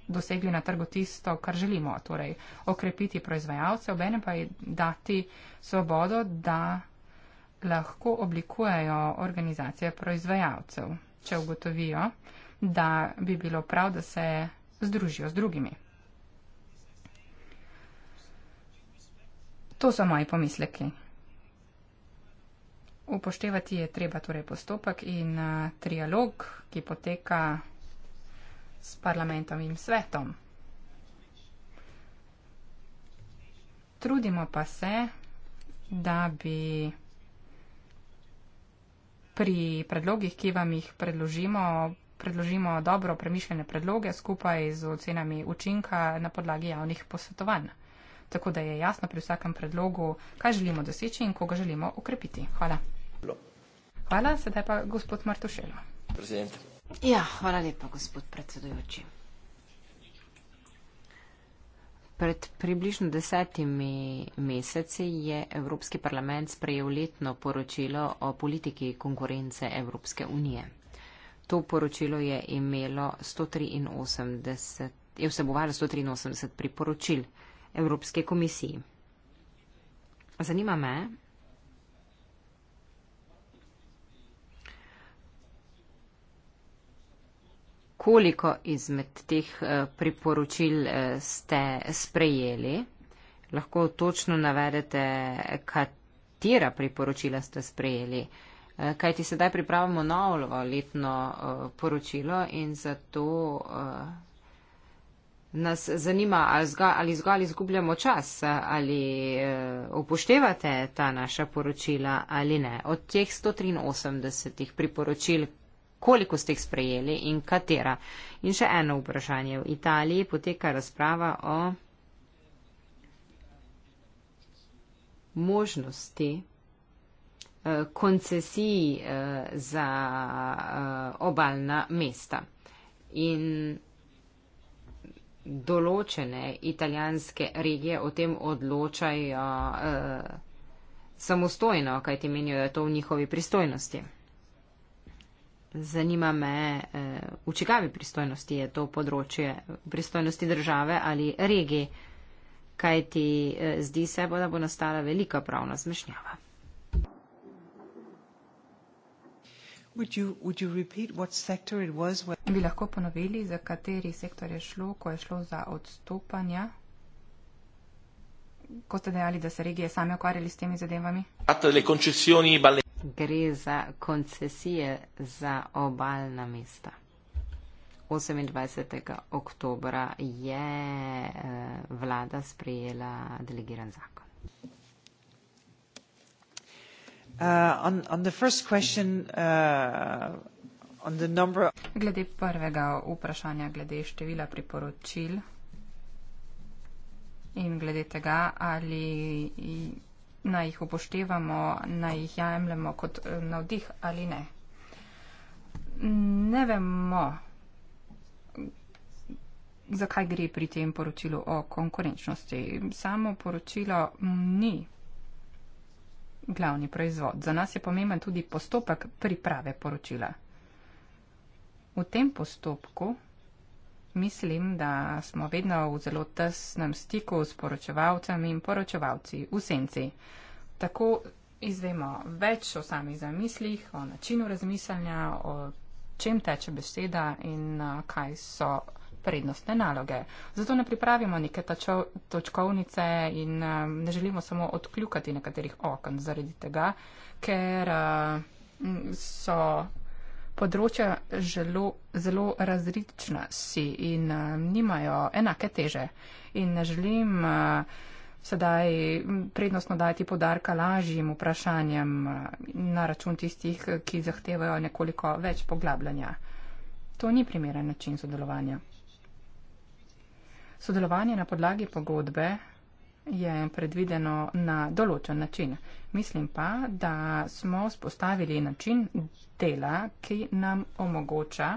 dosegli na trgu tisto, kar želimo, torej okrepiti proizvajalce, obenem pa je dati svobodo, da lahko oblikujejo organizacije proizvajalcev, če ugotovijo, da bi bilo prav, da se združijo z drugimi. To so moji pomisleki. Upoštevati je treba torej postopek in eh, trialog, ki poteka s parlamentom in svetom. Trudimo pa se, da bi pri predlogih, ki vam jih predložimo, predložimo dobro premišljene predloge skupaj z ocenami učinka na podlagi javnih posvetovanj. Tako da je jasno pri vsakem predlogu, kaj želimo doseči in koga želimo ukrepiti. Hvala. Hvala, sedaj pa gospod Martušelo. Ja, hvala lepa, gospod predsedujoči. Pred približno desetimi meseci je Evropski parlament sprejel letno poročilo o politiki konkurence Evropske unije. To poročilo je imelo 183, je vsebovalo 183 priporočil Evropske komisiji. Zanima me, koliko izmed teh eh, priporočil eh, ste sprejeli? Lahko točno navedete, katera priporočila ste sprejeli. Eh, Kaj ti sedaj pripravimo novo letno poročilo in zato nas zanima, ali zgolj izgubljamo čas, ali upoštevate ta naša poročila ali ne. Od teh 183 priporočil, koliko ste jih sprejeli in katera. In še eno vprašanje. V Italiji poteka razprava o možnosti eh, koncesij eh, za eh, obalna mesta. In določene italijanske regije o tem odločajo samostojno, kajti menijo, da je to v njihovi pristojnosti. Zanima me, eh, v čigavi pristojnosti je to področje, v pristojnosti države ali regije, kaj ti eh, zdi se, bo, da bo nastala velika pravna zmešnjava. Would you, would you what it was, what... Bi lahko ponovili, za kateri sektor je šlo, ko je šlo za odstopanja? ko ste dejali, da se regije same ukvarjali s temi zadevami? Gre za koncesije za obaljna mesta. 28. oktobra je eh, vlada sprejela delegiran zakon. Uh, on, on question, uh, number... Glede prvega vprašanja, glede števila priporočil in glede tega, ali naj jih upoštevamo, naj jih jemljemo kot eh, navdih ali ne. Ne vemo, zakaj gre pri tem poročilu o konkurenčnosti. Samo poročilo ni glavni proizvod. Za nas je pomemben tudi postopek priprave poročila. V tem postopku Mislim, da smo vedno v zelo tesnem stiku s poročevalcem in poročevalci v senci. Tako izvemo več o samih zamislih, o načinu razmišljanja, o čem teče beseda in kaj so prednostne naloge. Zato ne pripravimo neke tačo, točkovnice in ne želimo samo odkljukati nekaterih okn zaradi tega, ker so področja želo, zelo različna si in uh, nimajo enake teže. In ne želim uh, sedaj prednostno dajati podarka lažjim vprašanjem uh, na račun tistih, ki zahtevajo nekoliko več poglabljanja. To ni primeren način sodelovanja. Sodelovanje na podlagi pogodbe je predvideno na določen način. Mislim pa, da smo spostavili način dela, ki nam omogoča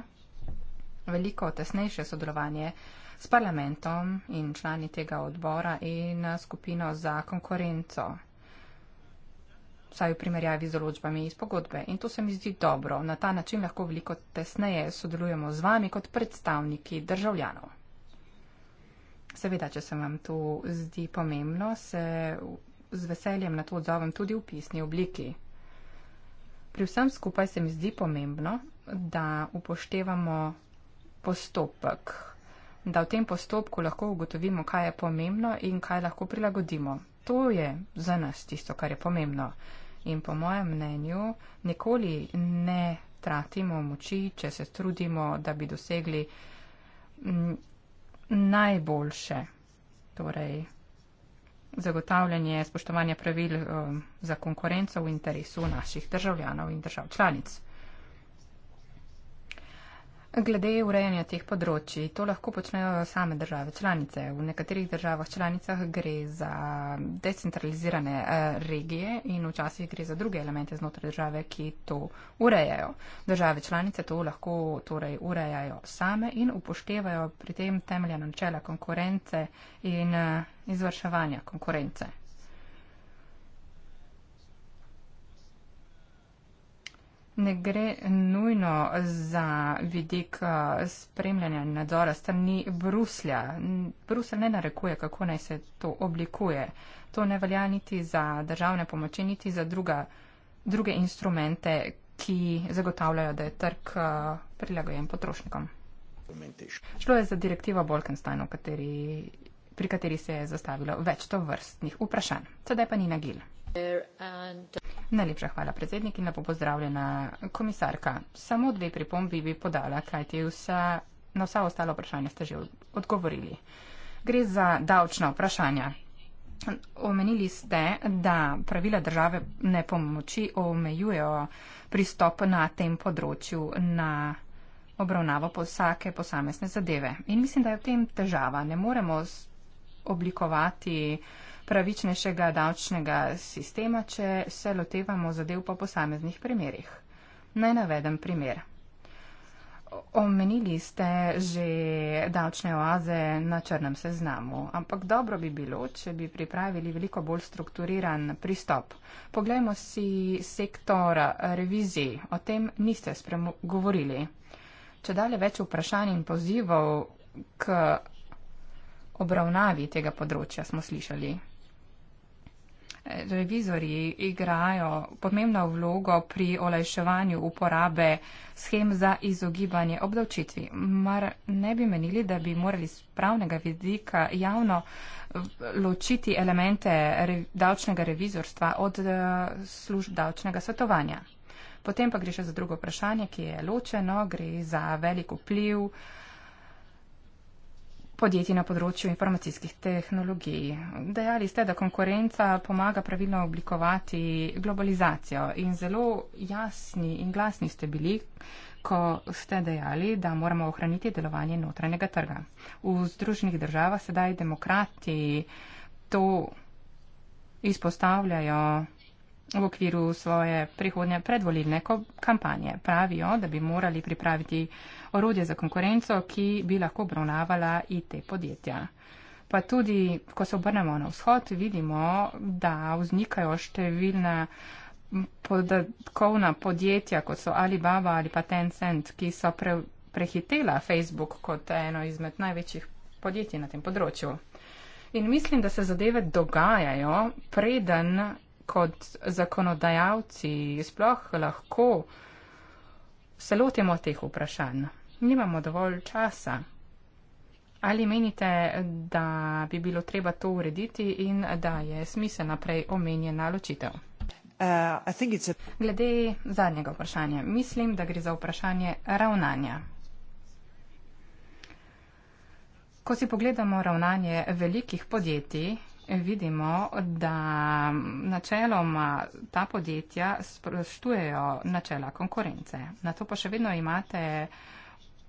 veliko tesnejše sodelovanje s parlamentom in člani tega odbora in skupino za konkurenco, vsaj v primerjavi z določbami iz pogodbe. In to se mi zdi dobro. Na ta način lahko veliko tesneje sodelujemo z vami kot predstavniki državljanov. Seveda, če se vam to zdi pomembno, se z veseljem na to odzovem tudi v pisni obliki. Pri vsem skupaj se mi zdi pomembno, da upoštevamo postopek, da v tem postopku lahko ugotovimo, kaj je pomembno in kaj lahko prilagodimo. To je za nas tisto, kar je pomembno. In po mojem mnenju, nikoli ne tratimo moči, če se trudimo, da bi dosegli najboljše. Torej, zagotavljanje spoštovanja pravil eh, za konkurenco v interesu naših državljanov in držav članic. Glede urejanja teh področji, to lahko počnejo same države članice. V nekaterih državah članicah gre za decentralizirane eh, regije in včasih gre za druge elemente znotraj države, ki to urejajo. Države članice to lahko torej urejajo same in upoštevajo pri tem temeljna načela konkurence in eh, izvrševanja konkurence. ne gre nujno za vidik eh, spremljanja in nadzora strani Bruslja. Brusel ne narekuje, kako naj se to oblikuje. To ne velja niti za državne pomoči, niti za druga, druge instrumente, ki zagotavljajo, da je trg eh, prilagojen potrošnikom. Šlo je za direktivo Bolkenstein, kateri, pri kateri se je zastavilo več to vrstnih vprašanj. Sedaj pa ni nagil. And... Najlepša hvala, predsednik, in lepo pozdravljena, komisarka. Samo dve pripombi bi podala, kajti vsa, na vsa ostala vprašanja ste že odgovorili. Gre za davčna vprašanja. Omenili ste, da pravila države ne pomoči omejujejo pristop na tem področju na obravnavo vsake posamezne zadeve. In mislim, da je v tem težava. Ne moremo oblikovati uh, pravičnejšega davčnega sistema, če se lotevamo zadev po posameznih primerjih. Naj navedem primer. Omenili ste že davčne oaze na črnem seznamu, ampak dobro bi bilo, če bi pripravili veliko bolj strukturiran pristop. Poglejmo si sektor revizij, o tem niste spregovorili. Če dalje več vprašanj in pozivov k obravnavi tega področja smo slišali, revizori igrajo pomembno vlogo pri olajševanju uporabe schem za izogibanje obdavčitvi. Mar ne bi menili, da bi morali z pravnega vidika javno ločiti elemente re, davčnega revizorstva od uh, služb davčnega svetovanja. Potem pa gre še za drugo vprašanje, ki je ločeno, gre za velik vpliv uh, podjetij na področju informacijskih tehnologij. Dejali ste, da konkurenca pomaga pravilno oblikovati globalizacijo in zelo jasni in glasni ste bili, ko ste dejali, da moramo ohraniti delovanje notranjega trga. V Združenih državah sedaj demokrati to izpostavljajo v okviru svoje prihodnje predvolilne kampanje. Pravijo, da bi morali pripraviti orodje za konkurenco, ki bi lahko obravnavala IT podjetja. Pa tudi, ko se obrnemo na vzhod, vidimo, da vznikajo številna podatkovna podjetja, kot so Alibaba ali pa Tencent, ki so pre prehitela Facebook kot eno izmed največjih podjetij na tem področju. In mislim, da se zadeve dogajajo, preden kot zakonodajalci sploh lahko se lotimo teh vprašanj? Nimamo dovolj časa. Ali menite, da bi bilo treba to urediti in da je smisel naprej omenjena ločitev? Uh, a... Glede zadnjega vprašanja, mislim, da gre za vprašanje ravnanja. Ko si pogledamo ravnanje velikih podjetij, Eh, vidimo, da načeloma ta podjetja spoštujejo načela konkurence. Na to pa še vedno imate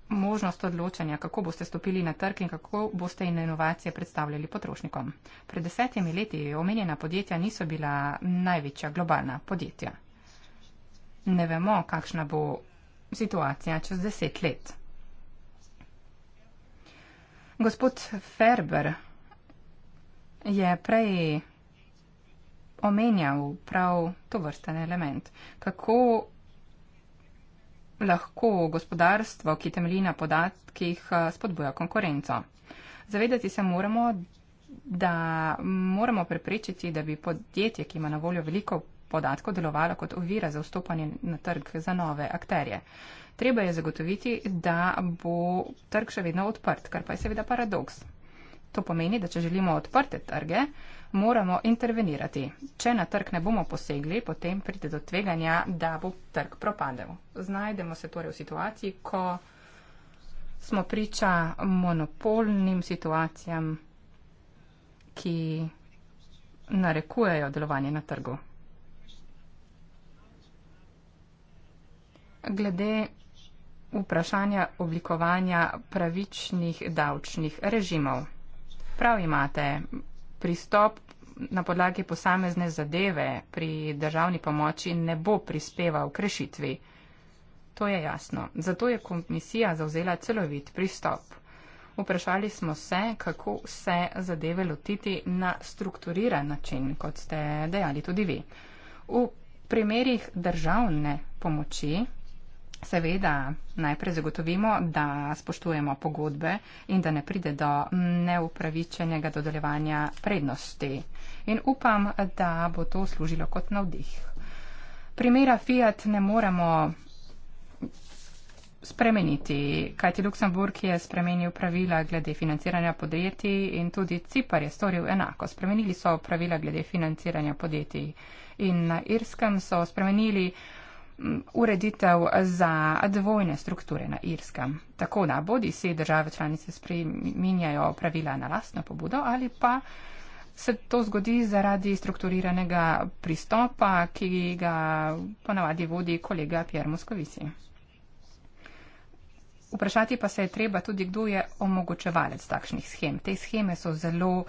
možnost odločanja, kako boste stopili na trg in kako boste in inovacije predstavljali potrošnikom. Pred desetimi leti omenjena podjetja niso bila največja globalna podjetja. Ne vemo, kakšna bo situacija čez deset let. Gospod Ferber, je prej omenjal prav to vrsten element. Kako lahko gospodarstvo, ki temelji na podatkih, eh, spodbuja konkurenco? Zavedati se moramo, da moramo prepričati, da bi podjetje, ki ima na voljo veliko podatkov, delovalo kot ovira za vstopanje na trg za nove akterje. Treba je zagotoviti, da bo trg še vedno odprt, kar pa je seveda paradoks. To pomeni, da če želimo odprte trge, moramo intervenirati. Če na trg ne bomo posegli, potem pride do tveganja, da bo trg propadel. Znajdemo se torej v situaciji, ko smo priča monopolnim situacijam, ki narekujejo delovanje na trgu. Glede vprašanja oblikovanja pravičnih davčnih režimov. Prav imate. Pristop na podlagi posamezne zadeve pri državni pomoči ne bo prispeval k rešitvi. To je jasno. Zato je komisija zauzela celovit pristop. Vprašali smo se, kako se zadeve lotiti na strukturiran način, kot ste dejali tudi vi. V primerih državne pomoči Seveda najprej zagotovimo, da spoštujemo pogodbe in da ne pride do neupravičenega dodeljevanja prednosti. In upam, da bo to služilo kot navdih. Primera Fiat ne moremo spremeniti, kajti Luksemburg je spremenil pravila glede financiranja podjetij in tudi Cipar je storil enako. Spremenili so pravila glede financiranja podjetij in na Irskem so spremenili ureditev za dvojne strukture na Irskem. Tako da bodi si države članice spreminjajo pravila na lastno pobudo ali pa se to zgodi zaradi strukturiranega pristopa, ki ga ponavadi vodi kolega Pierre Moscovici. Vprašati pa se je treba tudi, kdo je omogočevalec takšnih schem. Te scheme so zelo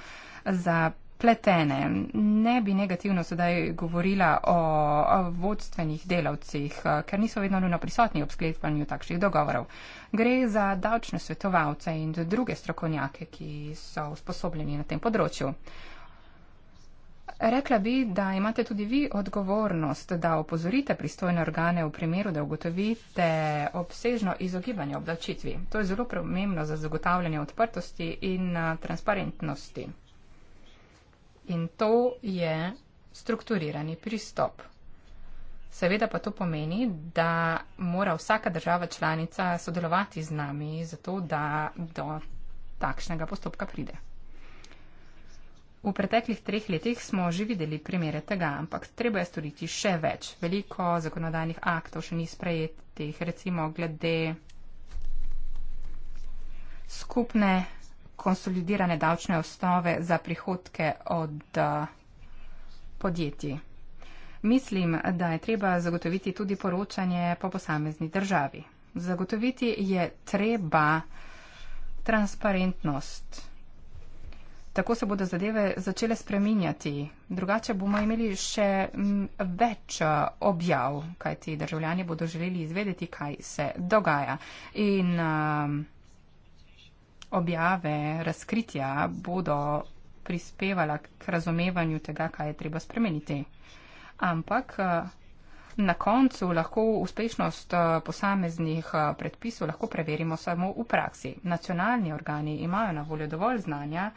za pletene. Ne bi negativno sedaj govorila o vodstvenih delavcih, ker niso vedno nujno prisotni ob sklepanju takšnih dogovorov. Gre za davčne svetovalce in druge strokovnjake, ki so usposobljeni na tem področju. Rekla bi, da imate tudi vi odgovornost, da opozorite pristojne organe v primeru, da ugotovite obsežno izogibanje obdavčitvi. To je zelo pomembno za zagotavljanje odprtosti in eh, transparentnosti. In to je strukturirani pristop. Seveda pa to pomeni, da mora vsaka država članica sodelovati z nami, zato da do takšnega postopka pride. V preteklih treh letih smo že videli primere tega, ampak treba je storiti še več. Veliko zakonodajnih aktov še ni sprejetih, recimo glede skupne konsolidirane davčne osnove za prihodke od eh, podjetij. Mislim, da je treba zagotoviti tudi poročanje po posamezni državi. Zagotoviti je treba transparentnost. Tako se bodo zadeve začele spreminjati. Drugače bomo imeli še več eh, objav, kaj ti državljani bodo želeli izvedeti, kaj se dogaja. In, uh, objave, razkritja bodo prispevala k razumevanju tega, kaj je treba spremeniti. Ampak eh, na koncu lahko uspešnost eh, posameznih eh, predpisov lahko preverimo samo v praksi. Nacionalni organi imajo na voljo dovolj znanja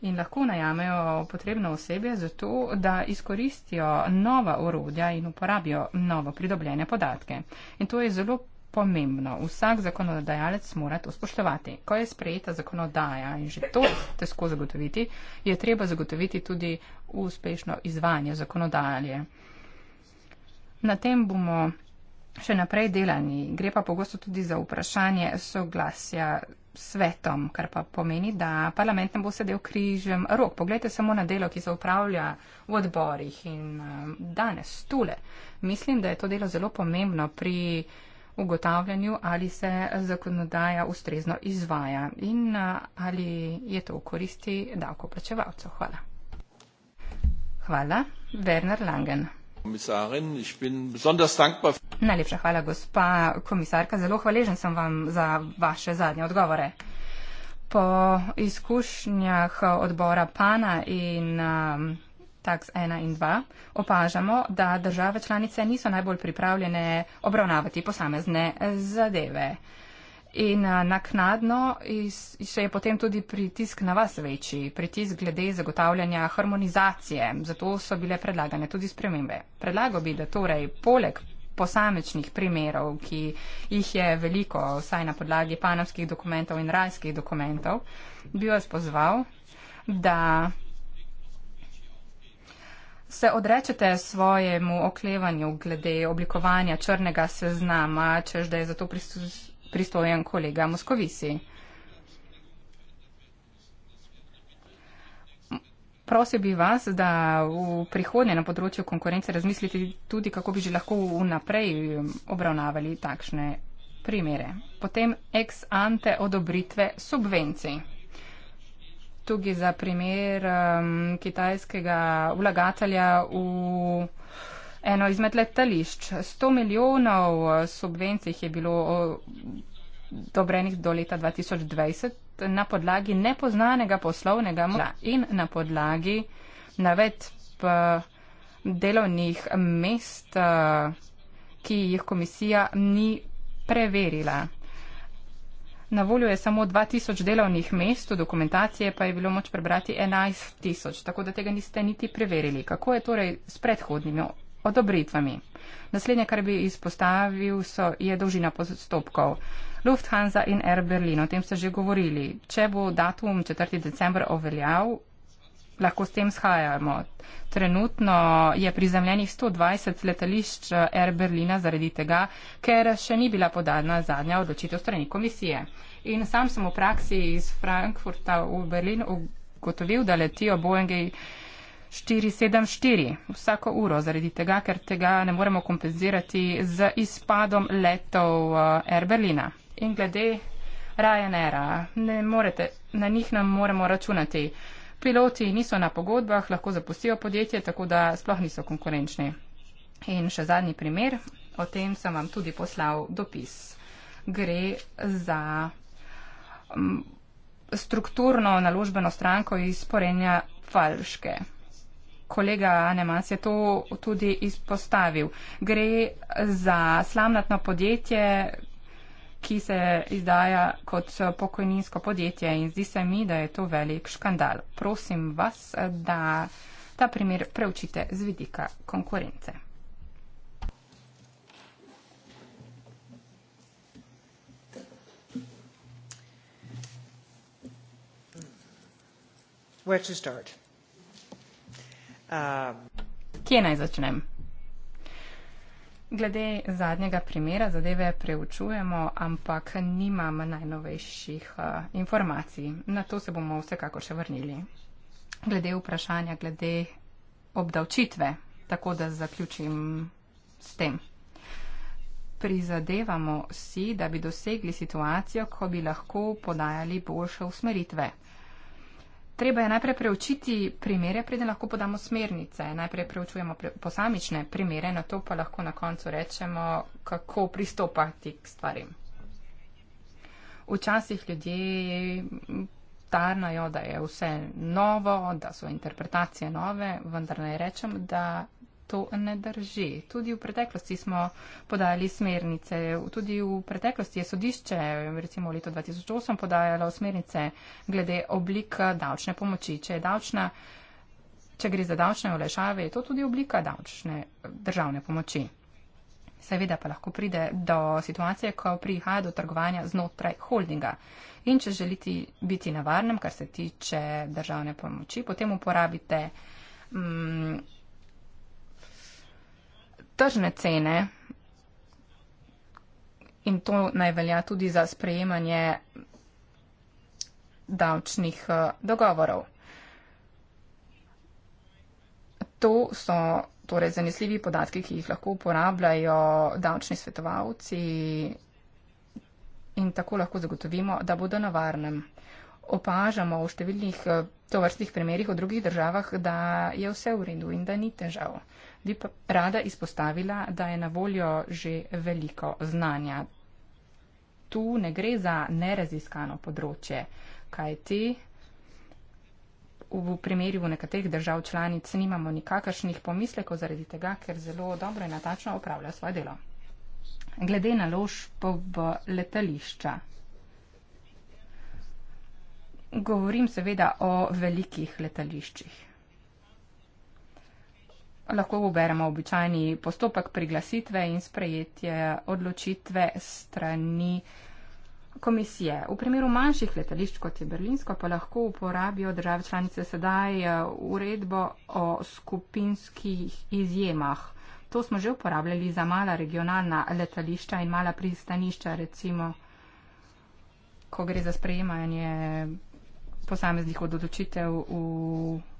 in lahko najamejo potrebno osebje za to, da izkoristijo nova orodja in uporabijo novo pridobljene podatke. In to je zelo pomembno. Vsak zakonodajalec mora to spoštovati. Ko je sprejeta zakonodaja in že to težko zagotoviti, je treba zagotoviti tudi uspešno izvajanje zakonodaje. Na tem bomo še naprej delani. Gre pa pogosto tudi za vprašanje soglasja svetom, kar pa pomeni, da parlament ne bo sedel križem rok. Poglejte samo na delo, ki se upravlja v odborih in eh, danes, tule. Mislim, da je to delo zelo pomembno pri ugotavljanju, ali se zakonodaja ustrezno izvaja in ali je to v koristi davkoplačevalcev. Hvala. Hvala. Werner Langen. Najlepša hvala, gospa komisarka. Zelo hvaležen sem vam za vaše zadnje odgovore. Po izkušnjah odbora Pana in um, tax 1 in 2, opažamo, da države članice niso najbolj pripravljene obravnavati posamezne eh, zadeve. In eh, naknadno se je potem tudi pritisk na vas večji, pritisk glede zagotavljanja harmonizacije, zato so bile predlagane tudi spremembe. Predlago bi, da torej poleg posamečnih primerov, ki jih je veliko, saj na podlagi panamskih dokumentov in rajskih dokumentov, bi vas pozval, da se odrečete svojemu oklevanju glede oblikovanja črnega seznama, čež da je zato pristojen kolega Moskovisi? Prosil bi vas, da v prihodnje na področju konkurence razmislite tudi, kako bi že lahko vnaprej obravnavali takšne primere. Potem ex ante odobritve subvencij tudi za primer um, kitajskega vlagatelja v eno izmed letališč. 100 milijonov eh, subvencij je bilo dobrenih do leta 2020 na podlagi nepoznanega poslovnega modela in na podlagi navedb eh, delovnih mest, eh, ki jih komisija ni preverila. Na voljo je samo 2000 delovnih mest, v dokumentacije pa je bilo moč prebrati 11000, tako da tega niste niti preverili. Kako je torej s predhodnimi odobritvami? Naslednje, kar bi izpostavil, so, je dolžina postopkov. Lufthansa in Air Berlin, o tem ste že govorili. Če bo datum 4. december oveljav, lahko s tem shajamo. Trenutno je prizemljenih 120 letališč eh, Air Berlina zaradi tega, ker še ni bila podana zadnja odločitev strani komisije. In sam sem v praksi iz Frankfurta v Berlin ugotovil, da letijo Boeingi 474 vsako uro zaradi tega, ker tega ne moremo kompenzirati z izpadom letov eh, Air Berlina. In glede Ryanaira, na njih nam moramo računati. Piloti niso na pogodbah, lahko zapustijo podjetje, tako da sploh niso konkurenčni. In še zadnji primer, o tem sem vam tudi poslal dopis. Gre za mm, strukturno naložbeno stranko iz Porenja Falške. Kolega Anemas je to tudi izpostavil. Gre za slamnatno podjetje, ki se izdaja kot pokojninsko podjetje in zdi se mi, da je to velik škandal. Prosim vas, da ta primer preučite z vidika konkurence. Um, Kje naj začnem? Glede zadnjega primera zadeve preučujemo, ampak nimam najnovejših uh, informacij. Na to se bomo vsekako še vrnili. Glede vprašanja, glede obdavčitve, tako da zaključim s tem. Prizadevamo si, da bi dosegli situacijo, ko bi lahko podajali boljše usmeritve treba je najprej preučiti primere, preden lahko podamo smernice. Najprej preučujemo posamične primere, na to pa lahko na koncu rečemo, kako pristopati k stvarim. Včasih ljudje tarnajo, da je vse novo, da so interpretacije nove, vendar naj rečem, da to ne drži. Tudi v preteklosti smo podajali smernice, tudi v preteklosti je sodišče, recimo leto 2008, podajalo smernice glede oblika davčne pomoči. Če, davčna, če gre za davčne olešave, je to tudi oblika davčne državne pomoči. Seveda pa lahko pride do situacije, ko prihaja do trgovanja znotraj holdinga. In če želite biti na varnem, kar se tiče državne pomoči, potem uporabite mm, tržne cene in to naj velja tudi za sprejemanje davčnih eh, dogovorov. To so torej zanesljivi podatki, ki jih lahko uporabljajo davčni svetovalci in tako lahko zagotovimo, da bodo na varnem. Opažamo v številnih eh, tovrstnih primerjih v drugih državah, da je vse v redu in da ni težav bi pa rada izpostavila, da je na voljo že veliko znanja. Tu ne gre za neraziskano področje, kaj ti v primeru nekaterih držav članic nimamo nikakršnih pomislekov zaradi tega, ker zelo dobro in natačno upravlja svoje delo. Glede na lož po letališča. Govorim seveda o velikih letališčih lahko uberemo običajni postopek priglasitve in sprejetje odločitve strani komisije. V primeru manjših letališč, kot je Berlinsko, pa lahko uporabijo države članice sedaj eh, uredbo o skupinskih izjemah. To smo že uporabljali za mala regionalna letališča in mala pristanišča, recimo, ko gre za sprejemanje posameznih odločitev v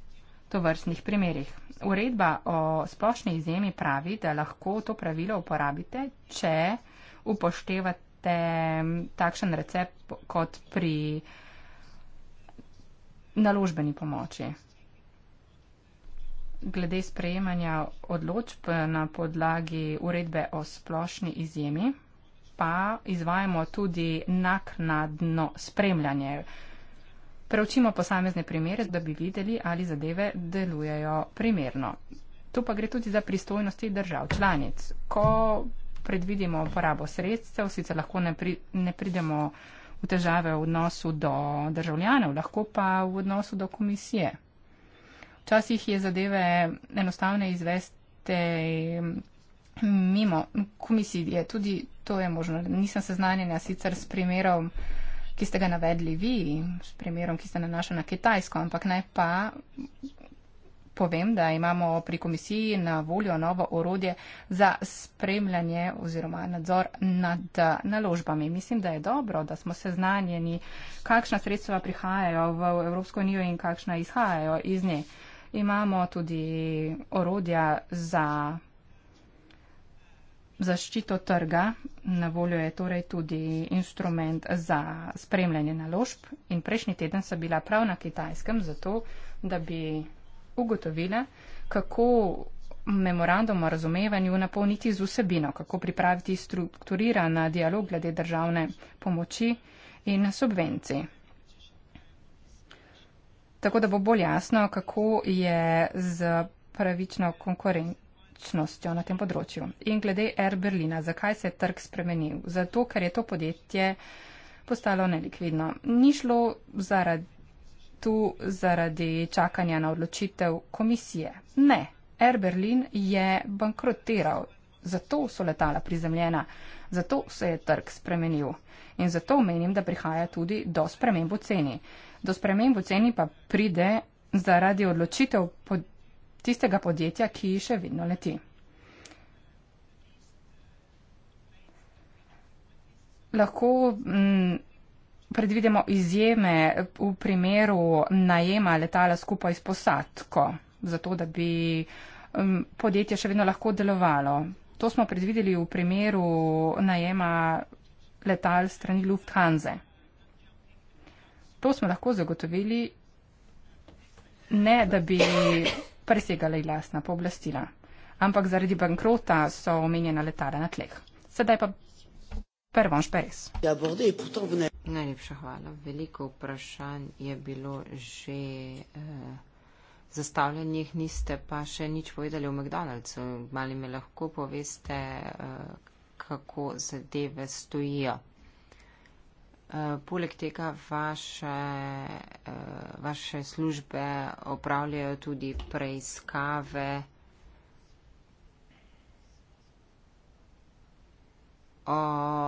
to vrstnih primerjih. Uredba o splošni izjemi pravi, da lahko to pravilo uporabite, če upoštevate takšen recept kot pri naložbeni pomoči. Glede sprejemanja odločb na podlagi uredbe o splošni izjemi, pa izvajamo tudi naknadno spremljanje. Preučimo posamezne primere, da bi videli, ali zadeve delujejo primerno. Tu pa gre tudi za pristojnosti držav članic. Ko predvidimo uporabo sredstev, sicer lahko ne, pri, ne pridemo v težave v odnosu do državljanov, lahko pa v odnosu do komisije. Včasih je zadeve enostavne izveste mimo komisije. Tudi to je možno. Nisem seznanjena sicer s primerom ki ste ga navedli vi, s primerom, ki se nanaša na Kitajsko, ampak naj pa povem, da imamo pri komisiji na voljo novo orodje za spremljanje oziroma nadzor nad naložbami. Mislim, da je dobro, da smo seznanjeni, kakšna sredstva prihajajo v Evropsko unijo in kakšna izhajajo iz nje. Imamo tudi orodja za zaščito trga. Na voljo je torej tudi instrument za spremljanje naložb in prejšnji teden sem bila prav na kitajskem zato, da bi ugotovila, kako memorandum o razumevanju napolniti z vsebino, kako pripraviti strukturirana dialog glede državne pomoči in subvencij. Tako da bo bolj jasno, kako je z pravično konkurenčnostjo močnostjo na tem področju. In glede Air Berlina, zakaj se je trg spremenil? Zato, ker je to podjetje postalo nelikvidno. Ni šlo zaradi, tu zaradi čakanja na odločitev komisije. Ne, Air Berlin je bankrotiral, zato so letala prizemljena, zato se je trg spremenil. In zato menim, da prihaja tudi do spremembo ceni. Do spremembo ceni pa pride zaradi odločitev podjetja tistega podjetja, ki še vedno leti. Lahko m, mm, predvidimo izjeme v primeru najema letala skupaj s posadko, zato da bi m, mm, podjetje še vedno lahko delovalo. To smo predvideli v primeru najema letal strani Lufthansa. To smo lahko zagotovili, ne da bi presegale jasna pooblastila. Ampak zaradi bankrota so omenjena letala na tleh. Sedaj pa prvo šperes. Najlepša hvala. Veliko vprašanj je bilo že eh, zastavljenih, niste pa še nič povedali o McDonald'su. Mali me lahko poveste, eh, kako zadeve stojijo. Eh, poleg tega vaše, eh, vaše službe opravljajo tudi preiskave o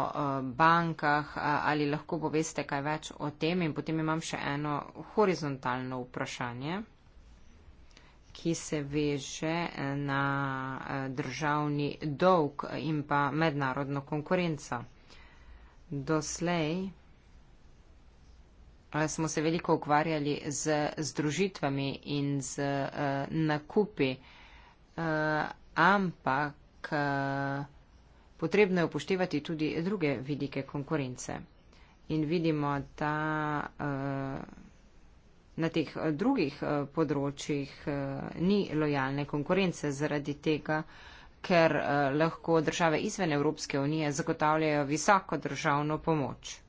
eh, bankah. Ali lahko poveste kaj več o tem? In potem imam še eno horizontalno vprašanje, ki se veže na državni dolg in pa mednarodno konkurenco. Doslej smo se veliko ukvarjali z združitvami in z uh, nakupi, uh, ampak uh, potrebno je upoštevati tudi druge vidike konkurence. In vidimo, da uh, na teh drugih uh, področjih uh, ni lojalne konkurence zaradi tega, ker uh, lahko države izven Evropske unije zagotavljajo visoko državno pomoč.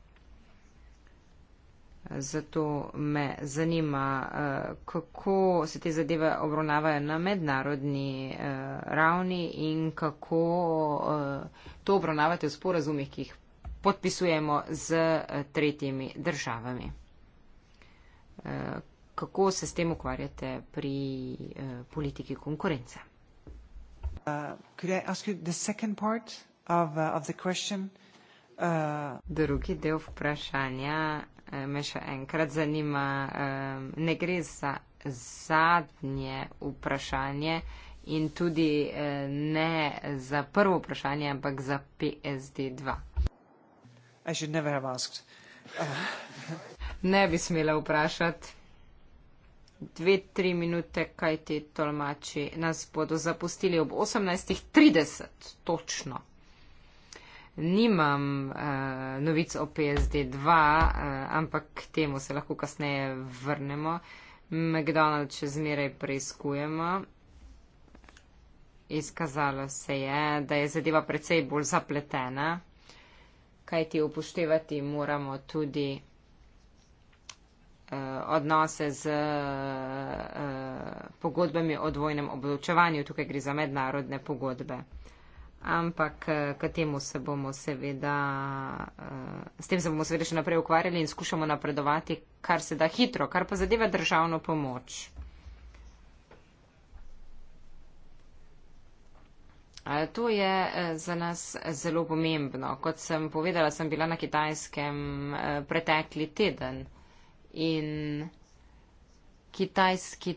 Zato me zanima, eh, kako se te zadeve obravnavajo na mednarodni eh, ravni in kako eh, to obravnavate v sporazumih, ki jih podpisujemo z tretjimi državami. Kako se s tem ukvarjate pri politiki konkurence? Uh, of, uh, of uh... Drugi del vprašanja. Eh, me še enkrat zanima, eh, ne gre za zadnje vprašanje in tudi eh, ne za prvo vprašanje, ampak za PSD2. Uh. Ne bi smela vprašati. Dve, tri minute, kaj ti tolmači nas bodo zapustili ob 18.30, točno nimam uh, novic o PSD2, uh, eh, ampak k temu se lahko kasneje vrnemo. McDonald's še zmeraj preizkujemo. Izkazalo se je, da je zadeva precej bolj zapletena, kajti upoštevati moramo tudi uh, odnose z uh, pogodbami o dvojnem obločevanju. Tukaj gre za mednarodne pogodbe ampak eh, k temu se bomo seveda, eh, s tem se bomo seveda še naprej ukvarjali in skušamo napredovati, kar se da hitro, kar pa zadeva državno pomoč. Eh, to je za nas zelo pomembno. Kot sem povedala, sem bila na kitajskem pretekli teden in Kitajski,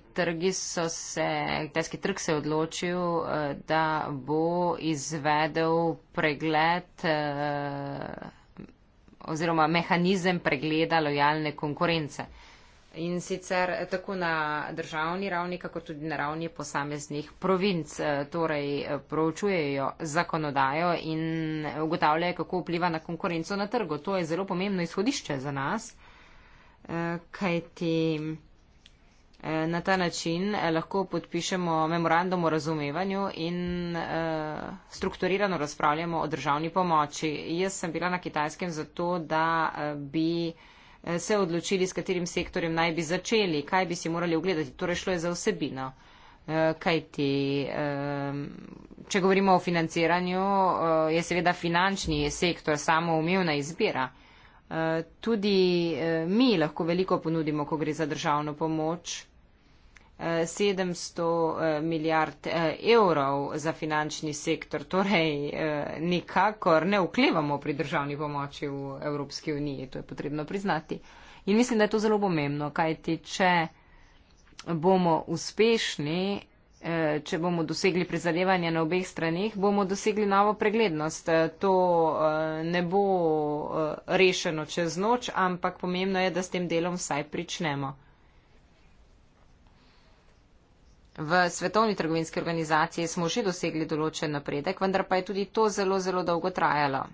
so se, kitajski trg se je odločil, eh, da bo izvedel pregled eh, oziroma mehanizem pregleda lojalne konkurence. In sicer eh, tako na državni ravni, kako tudi na ravni posameznih provinc, torej proučujejo zakonodajo in ugotavljajo, kako vpliva na konkurenco na trgu. To je zelo pomembno izhodišče za nas, kajti. Eh, na ta način eh, lahko podpišemo memorandum o razumevanju in eh, strukturirano razpravljamo o državni pomoči. Jaz sem bila na kitajskem zato, da bi se odločili, s katerim sektorjem naj bi začeli, kaj bi si morali ogledati. Torej šlo je za vsebino. Kaj ti, če govorimo o financiranju, je seveda finančni sektor samoumevna izbira tudi eh, mi lahko veliko ponudimo, ko gre za državno pomoč. 700 eh, eh, milijard evrov za finančni sektor, torej nikakor ne vklevamo pri državni pomoči v Evropski uniji, to je potrebno priznati. In mislim, da je to zelo pomembno, kajti če bomo uspešni, Eh, če bomo dosegli prizadevanje na obeh stranih, bomo dosegli novo preglednost. Eh, to eh, ne bo rešeno čez noč, ampak pomembno je, da s tem delom vsaj pričnemo. V svetovni trgovinski organizaciji smo že dosegli določen napredek, vendar pa je tudi to zelo, zelo dolgo trajalo.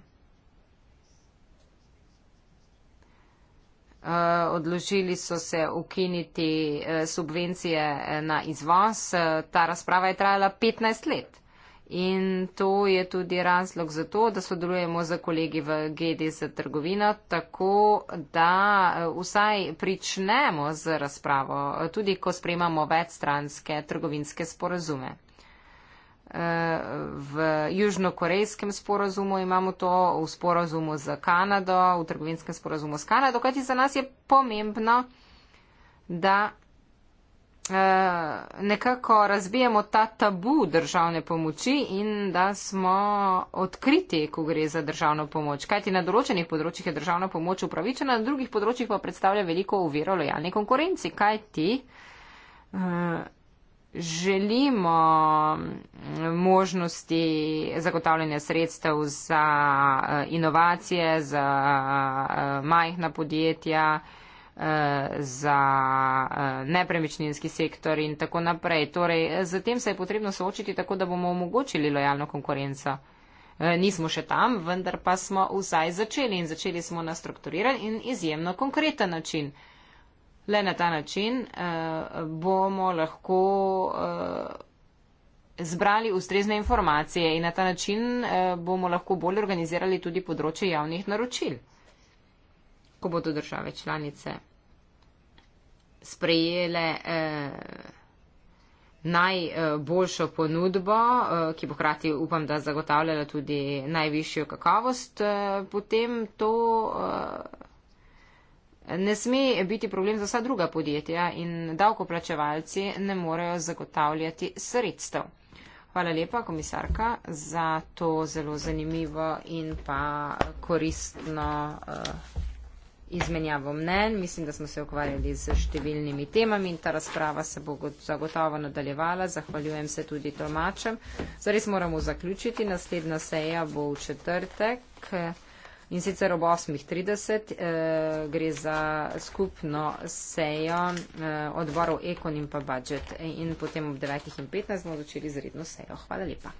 Eh, odločili so se ukiniti eh, subvencije eh, na izvoz. Ta razprava je trajala 15 let. In to je tudi razlog za to, da sodelujemo z kolegi v GD za trgovino, tako da vsaj pričnemo z razpravo, tudi ko sprejemamo večstranske trgovinske sporazume v južnokorejskem sporazumu imamo to, v sporazumu z Kanado, v trgovinskem sporazumu s Kanado, kajti za nas je pomembno, da eh, nekako razbijemo ta tabu državne pomoči in da smo odkriti, ko gre za državno pomoč. Kajti na določenih področjih je državna pomoč upravičena, na drugih področjih pa predstavlja veliko uviro lojalni konkurenci. Kajti uh, želimo mm, možnosti zagotavljanja sredstev za eh, inovacije, za eh, majhna podjetja, eh, za nepremičninski sektor in tako naprej. Torej, zatem se je potrebno soočiti tako, da bomo omogočili lojalno konkurenco. Nismo še tam, vendar pa smo vsaj začeli in začeli smo na strukturiran in izjemno konkreten način. Le na ta način uh, bomo lahko uh, zbrali ustrezne informacije in na ta način uh, bomo lahko bolj organizirali tudi področje javnih naročil, ko bodo države članice sprejele uh, najboljšo ponudbo, uh, ki bo hkrati upam, da zagotavljala tudi najvišjo kakovost, uh, potem to. Uh, ne sme biti problem za vsa druga podjetja in davkoplačevalci ne morejo zagotavljati sredstev. Hvala lepa, komisarka, za to zelo zanimivo in pa koristno uh, izmenjavo mnen. Mislim, da smo se ukvarjali z številnimi temami in ta razprava se bo zagotovo nadaljevala. Zahvaljujem se tudi tolmačem. Zares moramo zaključiti. Naslednja seja bo v četrtek. In sicer ob 8.30 eh, gre za skupno sejo eh, odborov Ekon in pa Budget e, in potem ob 9.15 bomo začeli z redno sejo. Hvala lepa.